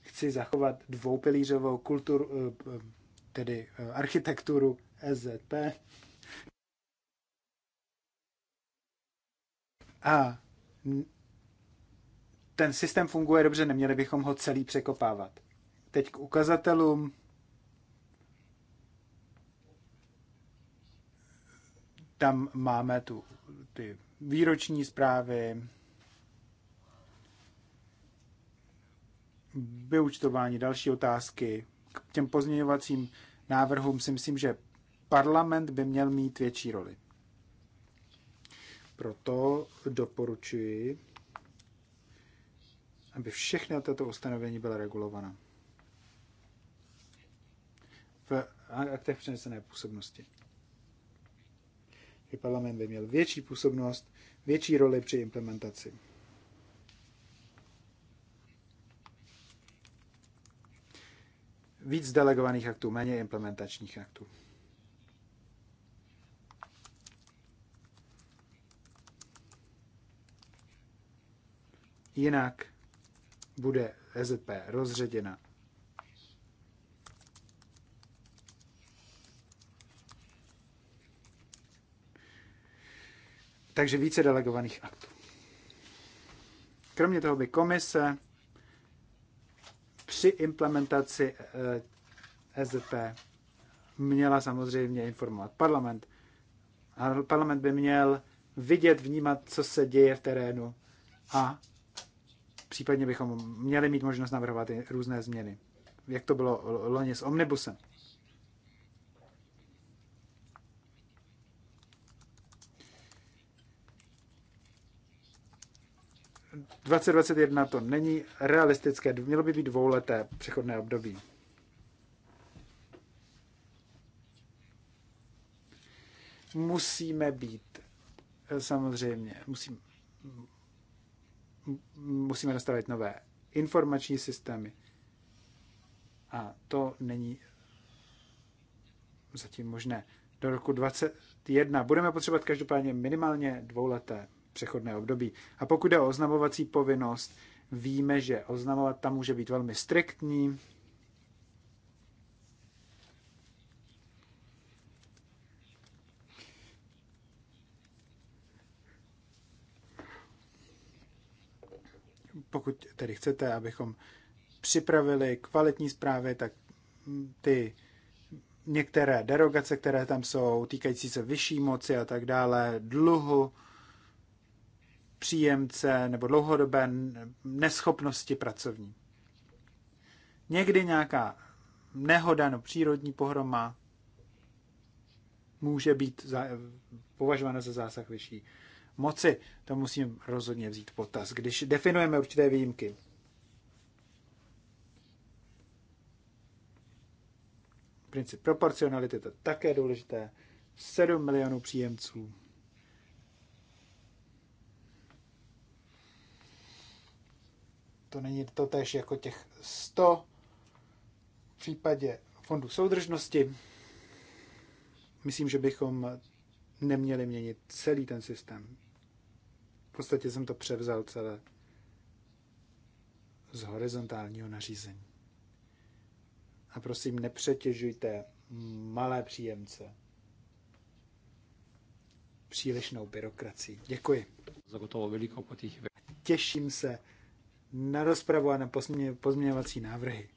S3: chci zachovat dvoupilířovou kulturu, eh, tedy eh, architekturu SZP. E A ten systém funguje dobře, neměli bychom ho celý překopávat. Teď k ukazatelům. Tam máme tu ty výroční zprávy, vyučtování, další otázky. K těm pozměňovacím návrhům si myslím, že parlament by měl mít větší roli. Proto doporučuji aby všechny tato ustanovení byla regulována v aktech přenesené působnosti. I parlament by měl větší působnost, větší roli při implementaci. Víc delegovaných aktů, méně implementačních aktů. Jinak bude EZP rozředěna. Takže více delegovaných aktů. Kromě toho by komise při implementaci EZP eh, měla samozřejmě informovat parlament. A parlament by měl vidět, vnímat, co se děje v terénu a Případně bychom měli mít možnost navrhovat i různé změny, jak to bylo loni s omnibusem. ...2021 to není realistické, mělo by být dvouleté přechodné období. Musíme být, eh, samozřejmě, musím, musíme nastavit nové informační systémy. A to není zatím možné. Do roku 2021 budeme potřebovat každopádně minimálně dvouleté přechodné období. A pokud je o oznamovací povinnost, víme, že oznamovat tam může být velmi striktní, pokud tedy chcete, abychom připravili kvalitní zprávy, tak ty některé derogace, které tam jsou, týkající se vyšší moci a tak dále, dluhu, příjemce nebo dlouhodobé neschopnosti pracovní. Někdy nějaká nehoda nebo přírodní pohroma může být považována za zásah vyšší moci. To musím rozhodně vzít potaz, když definujeme určité výjimky. Princip proporcionality to je také důležité. 7 milionů příjemců. To není to tež jako těch 100 v případě fondu soudržnosti. Myslím, že bychom neměli měnit celý ten systém podstatě jsem to převzal celé z horizontálního nařízení. A prosím, nepřetěžujte malé příjemce přílišnou byrokracií. Děkuji. Zagotovo velikou potích. Těším se na rozpravu a na pozměňovací návrhy.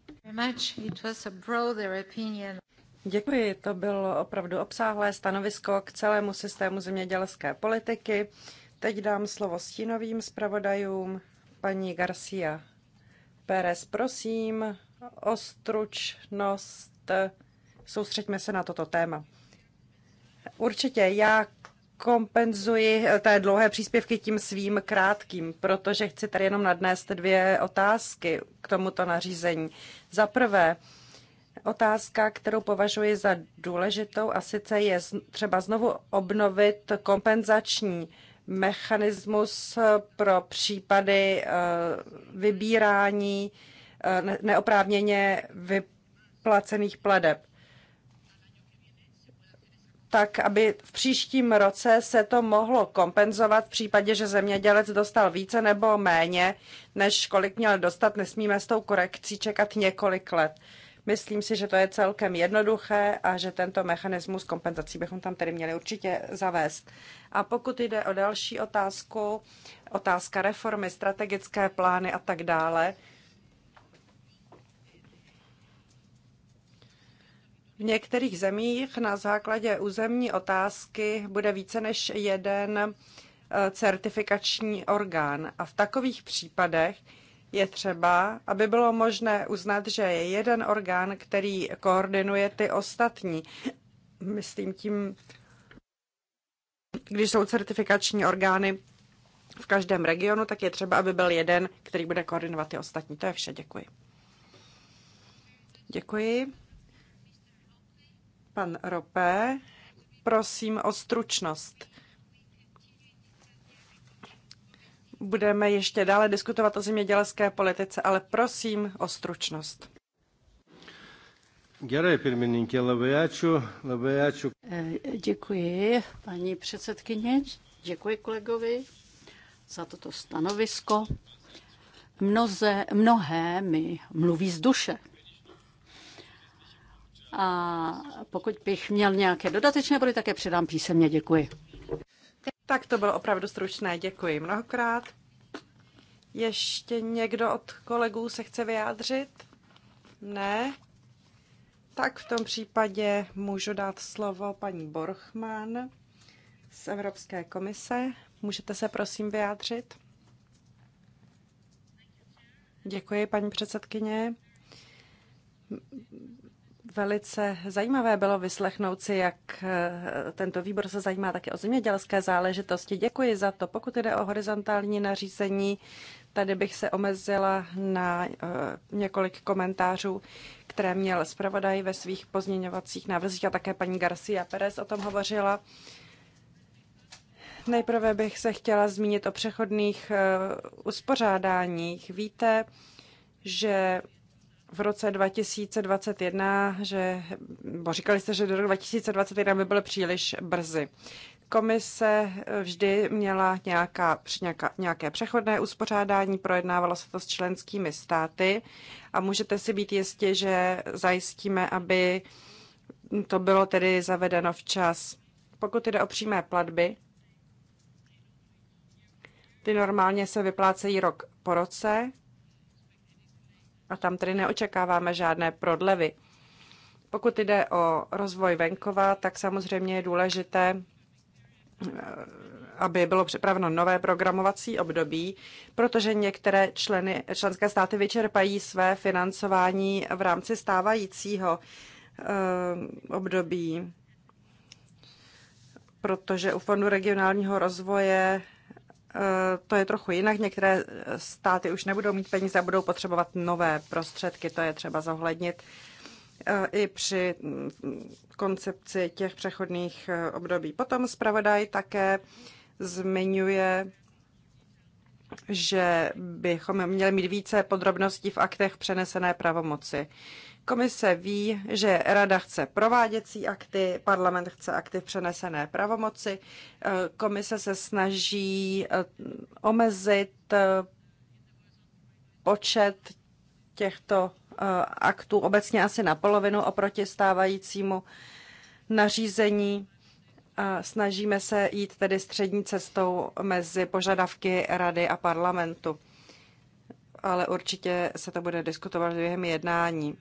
S1: Děkuji, to bylo opravdu obsáhlé stanovisko k celému systému zemědělské politiky. Teď dám slovo stínovým zpravodajům. Paní Garcia Pérez, prosím o stručnost. Soustřeďme se na toto téma. Určitě já kompenzuji eh, té dlouhé příspěvky tím svým krátkým, protože chci tady jenom nadnést dvě otázky k tomuto nařízení. Za prvé, otázka, kterou považuji za důležitou, a sice je třeba znovu obnovit kompenzační mechanismus eh, pro případy eh, vybírání eh, neoprávněně vyplacených pladeb. Tak, aby v příštím roce se to mohlo kompenzovat v případě, že zemědělec dostal více nebo méně, než kolik měl dostat, nesmíme s tou korekcí čekat několik let. Myslím si, že to je celkem jednoduché a že tento mechanismus kompenzací bychom tam tedy měli určitě zavést. A pokud jde o další otázku, otázka reformy, strategické plány a tak dále, V některých zemích na základě územní otázky bude více než jeden eh, certifikační orgán. A v takových případech je třeba, aby bylo možné uznat, že je jeden orgán, který koordinuje ty ostatní. Myslím tím, když jsou certifikační orgány v každém regionu, tak je třeba, aby byl jeden, který bude koordinovat ty ostatní. To je vše, děkuji. Děkuji. Pan Rope, prosím o stručnost. budeme ještě dále diskutovat o zemědělské politice, ale prosím o stručnost.
S2: Gerai,
S3: pirmininkė, labai ačiū, labai ačiū. E,
S2: děkuji, paní předsedkyně, děkuji kolegovi za toto stanovisko. Mnoze, mnohé mi mluví z duše. A pokud bych měl nějaké dodatečné body, také předám písemně. Děkuji.
S1: Tak to bylo opravdu stručné, děkuji mnohokrát. Ještě někdo od kolegů se chce vyjádřit? Ne? Tak v tom případě můžu dát slovo paní Borchman z Evropské komise. Můžete se prosím vyjádřit? Děkuji, paní předsedkyně. Velice zajímavé bylo vyslechnout si, jak eh, tento výbor se zajímá také o zemědělské záležitosti. Děkuji za to. Pokud jde o horizontální nařízení, tady bych se omezila na eh, několik komentářů, které měl zpravodaj ve svých pozměňovacích návrzích a také paní Garcia Perez o tom hovořila. Nejprve bych se chtěla zmínit o přechodných eh, uspořádáních. Víte, že v roce 2021, že, bo říkali jste, že do roku 2021 by byl příliš brzy. Komise eh, vždy měla nějaká, nějaká, nějaké přechodné uspořádání, projednávalo se to s členskými státy a můžete si být jistě, že zajistíme, aby to bylo tedy zavedeno včas. Pokud jde o přímé platby, ty normálně se vyplácejí rok po roce, a tam tedy neočekáváme žádné prodlevy. Pokud jde o rozvoj venkova, tak samozřejmě je důležité, eh, aby bylo připraveno nové programovací období, protože některé členy, členské státy vyčerpají své financování v rámci stávajícího eh, období, protože u Fondu regionálního rozvoje Eh, to je trochu jinak. Některé eh, státy už nebudou mít peníze a budou potřebovat nové prostředky. To je třeba zohlednit eh, i při mm, koncepci těch přechodných období. Potom zpravodaj také zmiňuje, že bychom měli mít více podrobností v aktech přenesené pravomoci. Komise ví, že rada chce prováděcí akty, parlament chce akty v přenesené pravomoci. Eh, komise se snaží eh, omezit eh, počet těchto aktů obecně asi na polovinu oproti stávajícímu nařízení. A snažíme se jít tedy střední cestou mezi požadavky rady a parlamentu. Ale určitě se to bude diskutovat během jednání.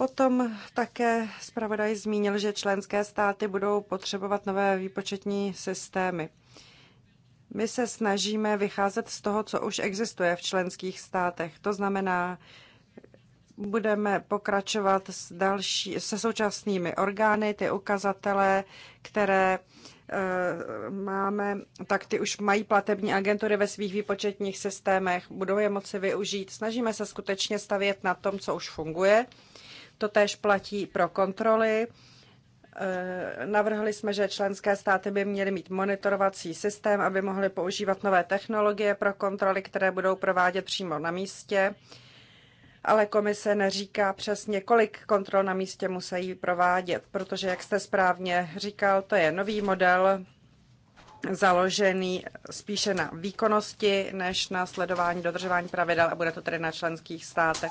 S1: Potom také zpravodaj zmínil, že členské státy budou potřebovat nové výpočetní systémy. My se snažíme vycházet z toho, co už existuje v členských státech. To znamená, budeme pokračovat s další, se současnými orgány, ty ukazatele, které eh, máme, tak ty už mají platební agentury ve svých výpočetních systémech, budou je moci využít. Snažíme se skutečně stavět na tom, co už funguje to též platí pro kontroly. E, navrhli jsme, že členské státy by měly mít monitorovací systém, aby mohly používat nové technologie pro kontroly, které budou provádět přímo na místě. Ale komise neříká přesně, kolik kontrol na místě musí provádět, protože, jak jste správně říkal, to je nový model založený spíše na výkonnosti než na sledování dodržování pravidel a bude to tedy na členských státech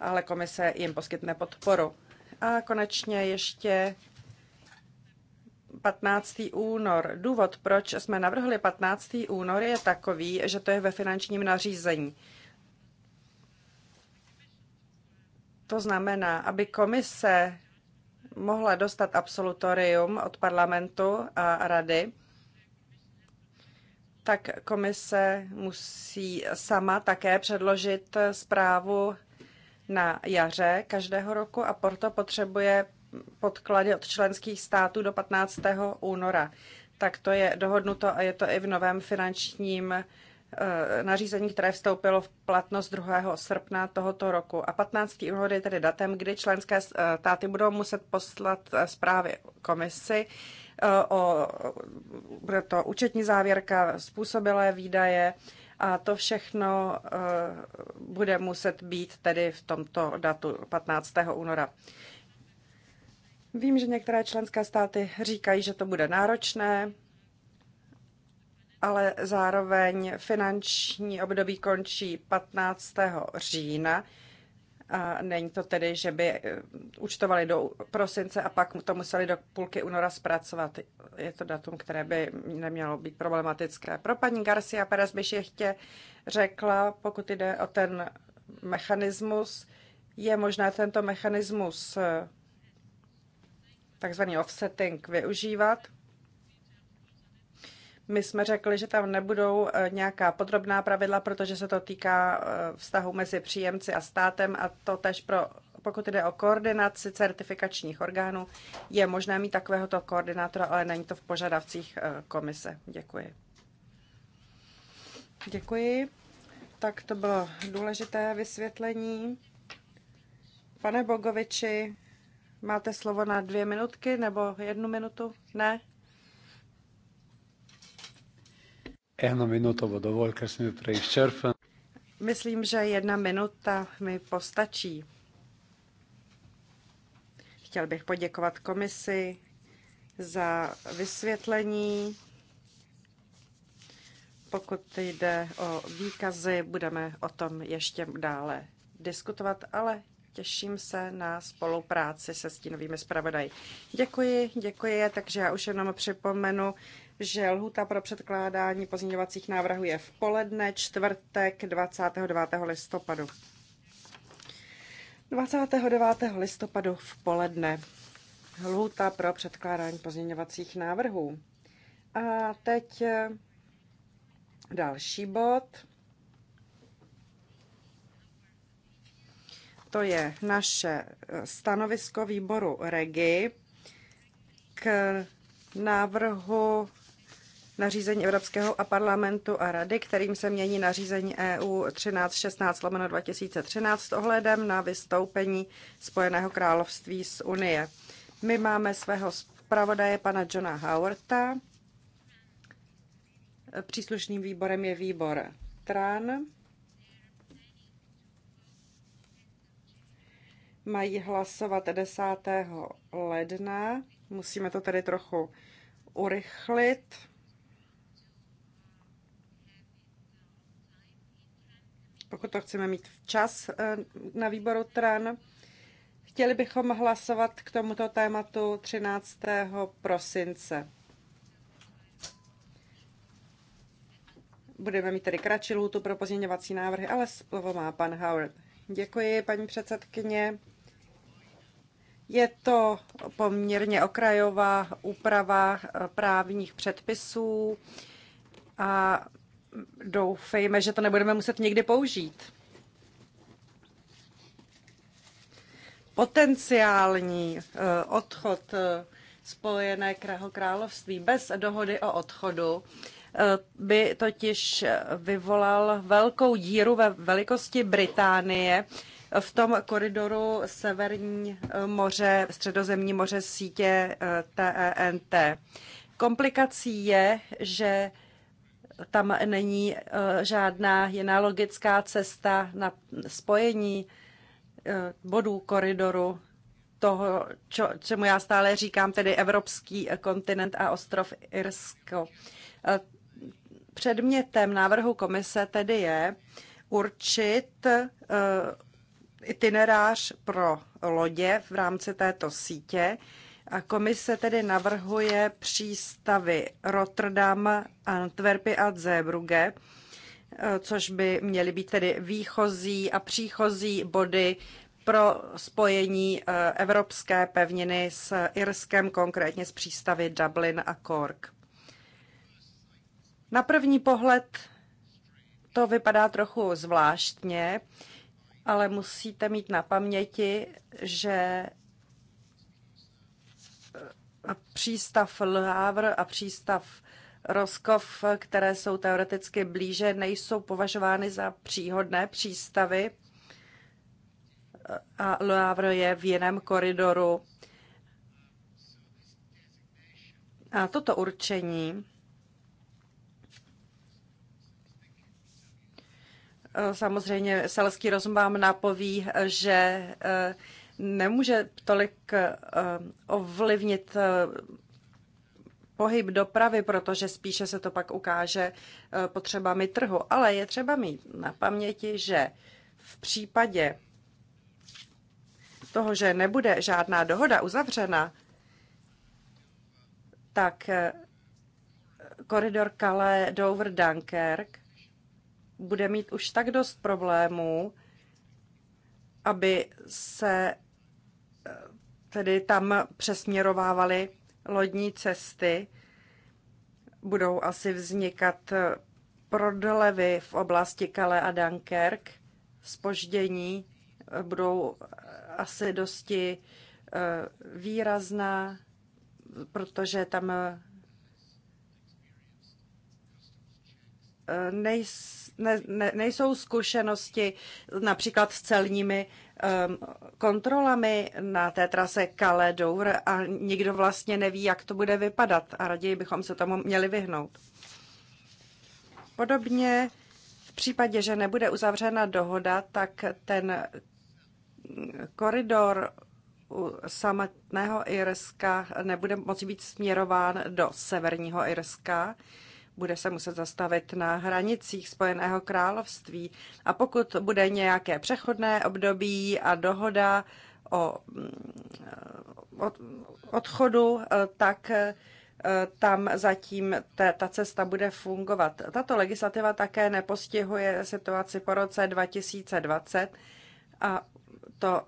S1: ale komise jim poskytne podporu. A konečně ještě 15. únor. Důvod, proč jsme navrhli 15. únor, je takový, že to je ve finančním nařízení. To znamená, aby komise mohla dostat absolutorium od parlamentu a rady, tak komise musí sama také předložit zprávu na jaře každého roku a Porto potřebuje podklady od členských států do 15. února. Tak to je dohodnuto a je to i v novém finančním eh, nařízení, které vstoupilo v platnost 2. srpna tohoto roku. A 15. únor je tedy datem, kdy členské eh, státy budou muset poslat eh, zprávy komisi o, bude to účetní závěrka, způsobilé výdaje a to všechno eh, bude muset být tedy v tomto datu 15. února. Vím, že některé členské státy říkají, že to bude náročné, ale zároveň finanční období končí 15. října. A není to tedy, že by eh, účtovali do prosince a pak to museli do půlky února zpracovat. Je to datum, které by nemělo být problematické. Pro paní Garcia Perez bych ještě řekla, pokud jde o ten mechanismus, je možné tento mechanismus eh, takzvaný offsetting využívat. My jsme řekli, že tam nebudou eh, nějaká podrobná pravidla, protože se to týká eh, vztahu mezi příjemci a státem a to tež pro pokud jde o koordinaci certifikačních orgánů, je možné mít takovéhoto koordinátora, ale není to v požadavcích eh, komise. Děkuji. Děkuji. Tak to bylo důležité vysvětlení. Pane Bogoviči, máte slovo na dvě minutky nebo jednu minutu? Ne?
S3: Eno minuto bo dovolj, ker sem bil preizčrpen.
S1: Myslím, že jedna minuta mi postačí. Chtěl bych poděkovat komisi za vysvětlení. Pokud jde o výkazy, budeme o tom ještě dále diskutovat, ale těším se na spolupráci se stínovými zpravodaji. Děkuji, děkuji, takže já už jenom připomenu, že lhuta pro předkládání pozměňovacích návrhů je v poledne čtvrtek 29. listopadu. 29. listopadu v poledne. Lhuta pro předkládání pozměňovacích návrhů. A teď eh, další bod. To je naše eh, stanovisko výboru REGI k návrhu nařízení Evropského a parlamentu a rady, kterým se mění nařízení EU 1316 lomeno 2013 s ohledem na vystoupení Spojeného království z Unie. My máme svého zpravodaje pana Johna Howarta. Příslušným výborem je výbor TRAN. Mají hlasovat 10. ledna. Musíme to tedy trochu urychlit. pokud to chceme mít včas eh, na výboru TRAN. Chtěli bychom hlasovat k tomuto tématu 13. prosince. Budeme mít tedy kratší lůtu pro pozměňovací návrhy, ale slovo má pan Howard. Děkuji, paní předsedkyně. Je to poměrně okrajová úprava eh, právních předpisů a doufejme, že to nebudeme muset někdy použít. Potenciální eh, odchod eh, Spojené království bez dohody o odchodu eh, by totiž vyvolal velkou díru ve velikosti Británie v tom koridoru Severní moře, Středozemní moře sítě TENT. E Komplikací je, že tam není eh, žádná jiná logická cesta na spojení eh, bodů koridoru toho, čo, čemu já stále říkám, tedy evropský eh, kontinent a ostrov Irsko. Předmětem návrhu komise tedy je určit itinerář pro lodě v rámci této sítě, a komise tedy navrhuje přístavy Rotterdam, Antwerpy a Zeebrugge, e, což by měly být tedy výchozí a příchozí body pro spojení e, evropské pevniny s Irskem, konkrétně s přístavy Dublin a Cork. Na první pohled to vypadá trochu zvláštně, ale musíte mít na paměti, že a přístav Lhávr a přístav Roskov, které jsou teoreticky blíže, nejsou považovány za příhodné přístavy a Lhávr je v jiném koridoru. A toto určení samozřejmě selský rozum vám napoví, že eh, nemůže tolik eh, ovlivnit eh, pohyb dopravy, protože spíše se to pak ukáže eh, potřebami trhu. Ale je třeba mít na paměti, že v případě toho, že nebude žádná dohoda uzavřena, tak koridor Calais Dover Dunkirk bude mít už tak dost problémů, aby se tedy tam přesměrovávaly lodní cesty. Budou asi vznikat prodlevy v oblasti Kale a Dunkerque, spoždění eh, budou eh, asi dosti eh, výrazná, protože tam nejsou zkušenosti například s celními Ehm, kontrolami na té trase Calais-Dour a nikdo vlastně neví, jak to bude vypadat a raději bychom se tomu měli vyhnout. Podobně v případě, že nebude uzavřena dohoda, tak ten koridor u samotného Irska nebude moci být směrován do severního Irska, bude se muset zastavit na hranicích Spojeného království. A pokud bude nějaké přechodné období a dohoda o mm, odchodu, tak e, tam zatím ta, ta cesta bude fungovat. Tato legislativa také nepostihuje situaci po roce 2020 a to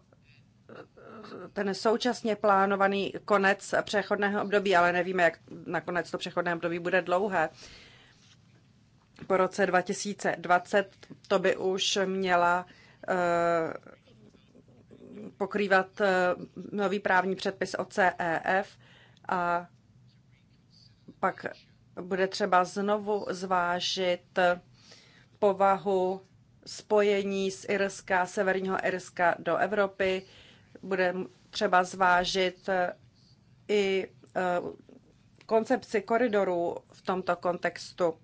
S1: ten současně plánovaný konec přechodného období, ale nevíme, jak nakonec to přechodné období bude dlouhé po roce 2020 to by už měla eh, pokrývat eh, nový právní předpis o CEF a pak bude třeba znovu zvážit povahu spojení z Irska, severního Irska do Evropy. Bude třeba zvážit eh, i koncepci koridorů v tomto kontextu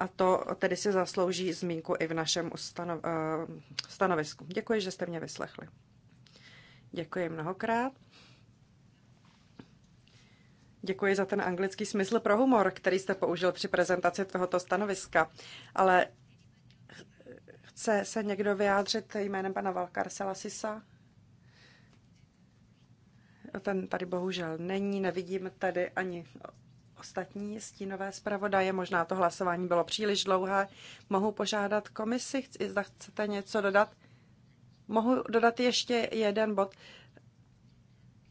S1: a to tedy si zaslouží zmínku i v našem stano, eh, stanovisku. Děkuji, že jste mě vyslechli. Děkuji mnohokrát. Děkuji za ten anglický smysl pro humor, který jste použil při prezentaci tohoto stanoviska. Ale chce se někdo vyjádřit jménem pana Valkarsela Sisa? Ten tady bohužel není, nevidím tady ani ostatní stínové zpravodaje. Možná to hlasování bylo příliš dlouhé. Mohu požádat komisi, zda chcete něco dodat. Mohu dodat ještě jeden bod.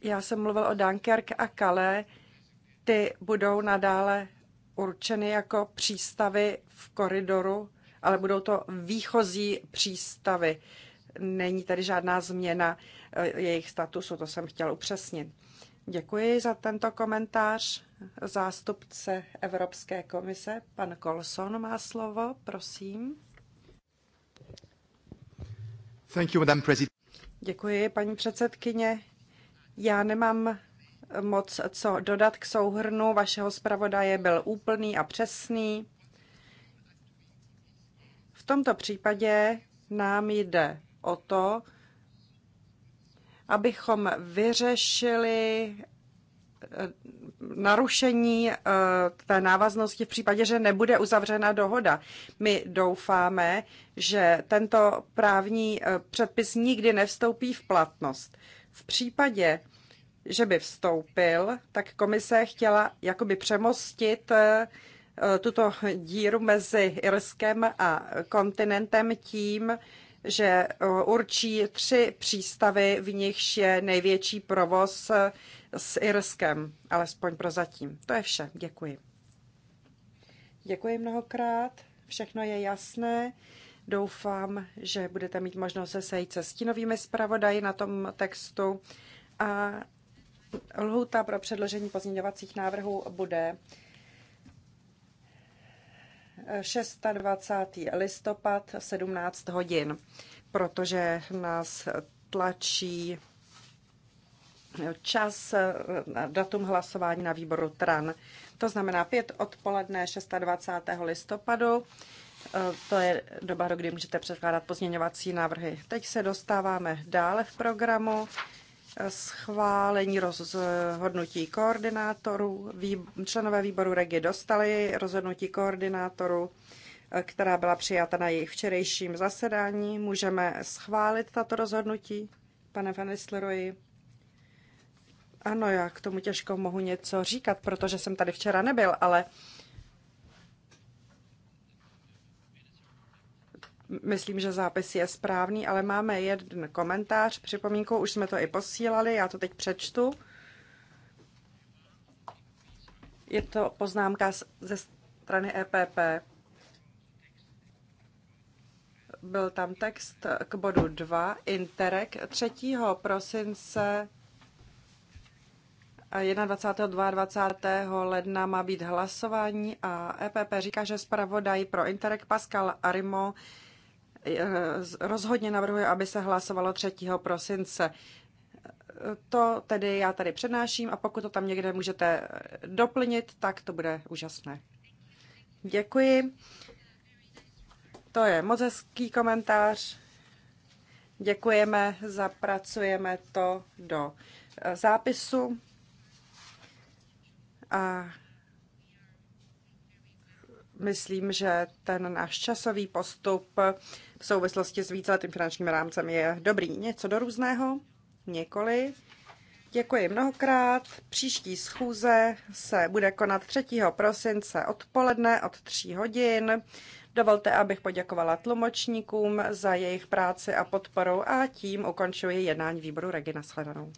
S1: Já jsem mluvil o Dunkerque a Kale. Ty budou nadále určeny jako přístavy v koridoru, ale budou to výchozí přístavy. Není tady žádná změna eh, jejich statusu, to jsem chtěl upřesnit. Děkuji za tento komentář. Zástupce Evropské komise, pan Colson, má slovo, prosím.
S3: Thank you, Madam President.
S1: Děkuji, paní předsedkyně. Já nemám moc co dodat k souhrnu. Vašeho zpravodaje byl úplný a přesný. V tomto případě nám jde o to, abychom vyřešili eh, narušení eh, té návaznosti v případě, že nebude uzavřena dohoda. My doufáme, že tento právní eh, předpis nikdy nevstoupí v platnost. V případě, že by vstoupil, tak komise chtěla jakoby přemostit tuto díru mezi Irskem a kontinentem tím, že eh, určí tři přístavy, v nichž je největší provoz eh, s Irskem, alespoň zatím. To je vše. Děkuji. Děkuji mnohokrát. Všechno je jasné. Doufám, že budete mít možnost se sejít se stínovými zpravodaji na tom textu. A lhůta pro předložení pozměňovacích návrhů bude 26. listopad 17 hodin, protože nás tlačí čas na datum hlasování na výboru TRAN. To znamená pět odpoledne 26. listopadu. To je doba, do kdy můžete předkládat pozměňovací návrhy. Teď se dostáváme dále v programu schválení rozhodnutí koordinátorů. Členové výboru Regi dostali rozhodnutí koordinátorů, která byla přijata na jejich včerejším zasedání. Můžeme schválit tato rozhodnutí, pane Van Ano, já k tomu těžko mohu něco říkat, protože jsem tady včera nebyl, ale uh, Myslím, že zápis je správný, ale máme jeden komentář, připomínku, už jsme to i posílali, já to teď přečtu. Je to poznámka ze strany EPP. Byl tam text k bodu 2, Interreg 3. prosince 21. 22. ledna má být hlasování a EPP říká, že zpravodaj pro Interreg Pascal Arimo Eh, rozhodně navrhuje, aby se hlasovalo 3. prosince. To tedy já tady přednáším a pokud to tam někde můžete doplnit, tak to bude úžasné. Děkuji. To je moc hezký komentář. Děkujeme, zapracujeme to do eh, zápisu. A myslím, že ten náš časový postup v souvislosti s víceletým finančním rámcem je dobrý. Něco do různého? Nikoliv. Děkuji mnohokrát. Příští schůze se bude konat 3. prosince odpoledne od 3 hodin. Dovolte, abych poděkovala tlumočníkům za jejich práci a podporu a tím ukončuji jednání výboru Regina. Sledanou.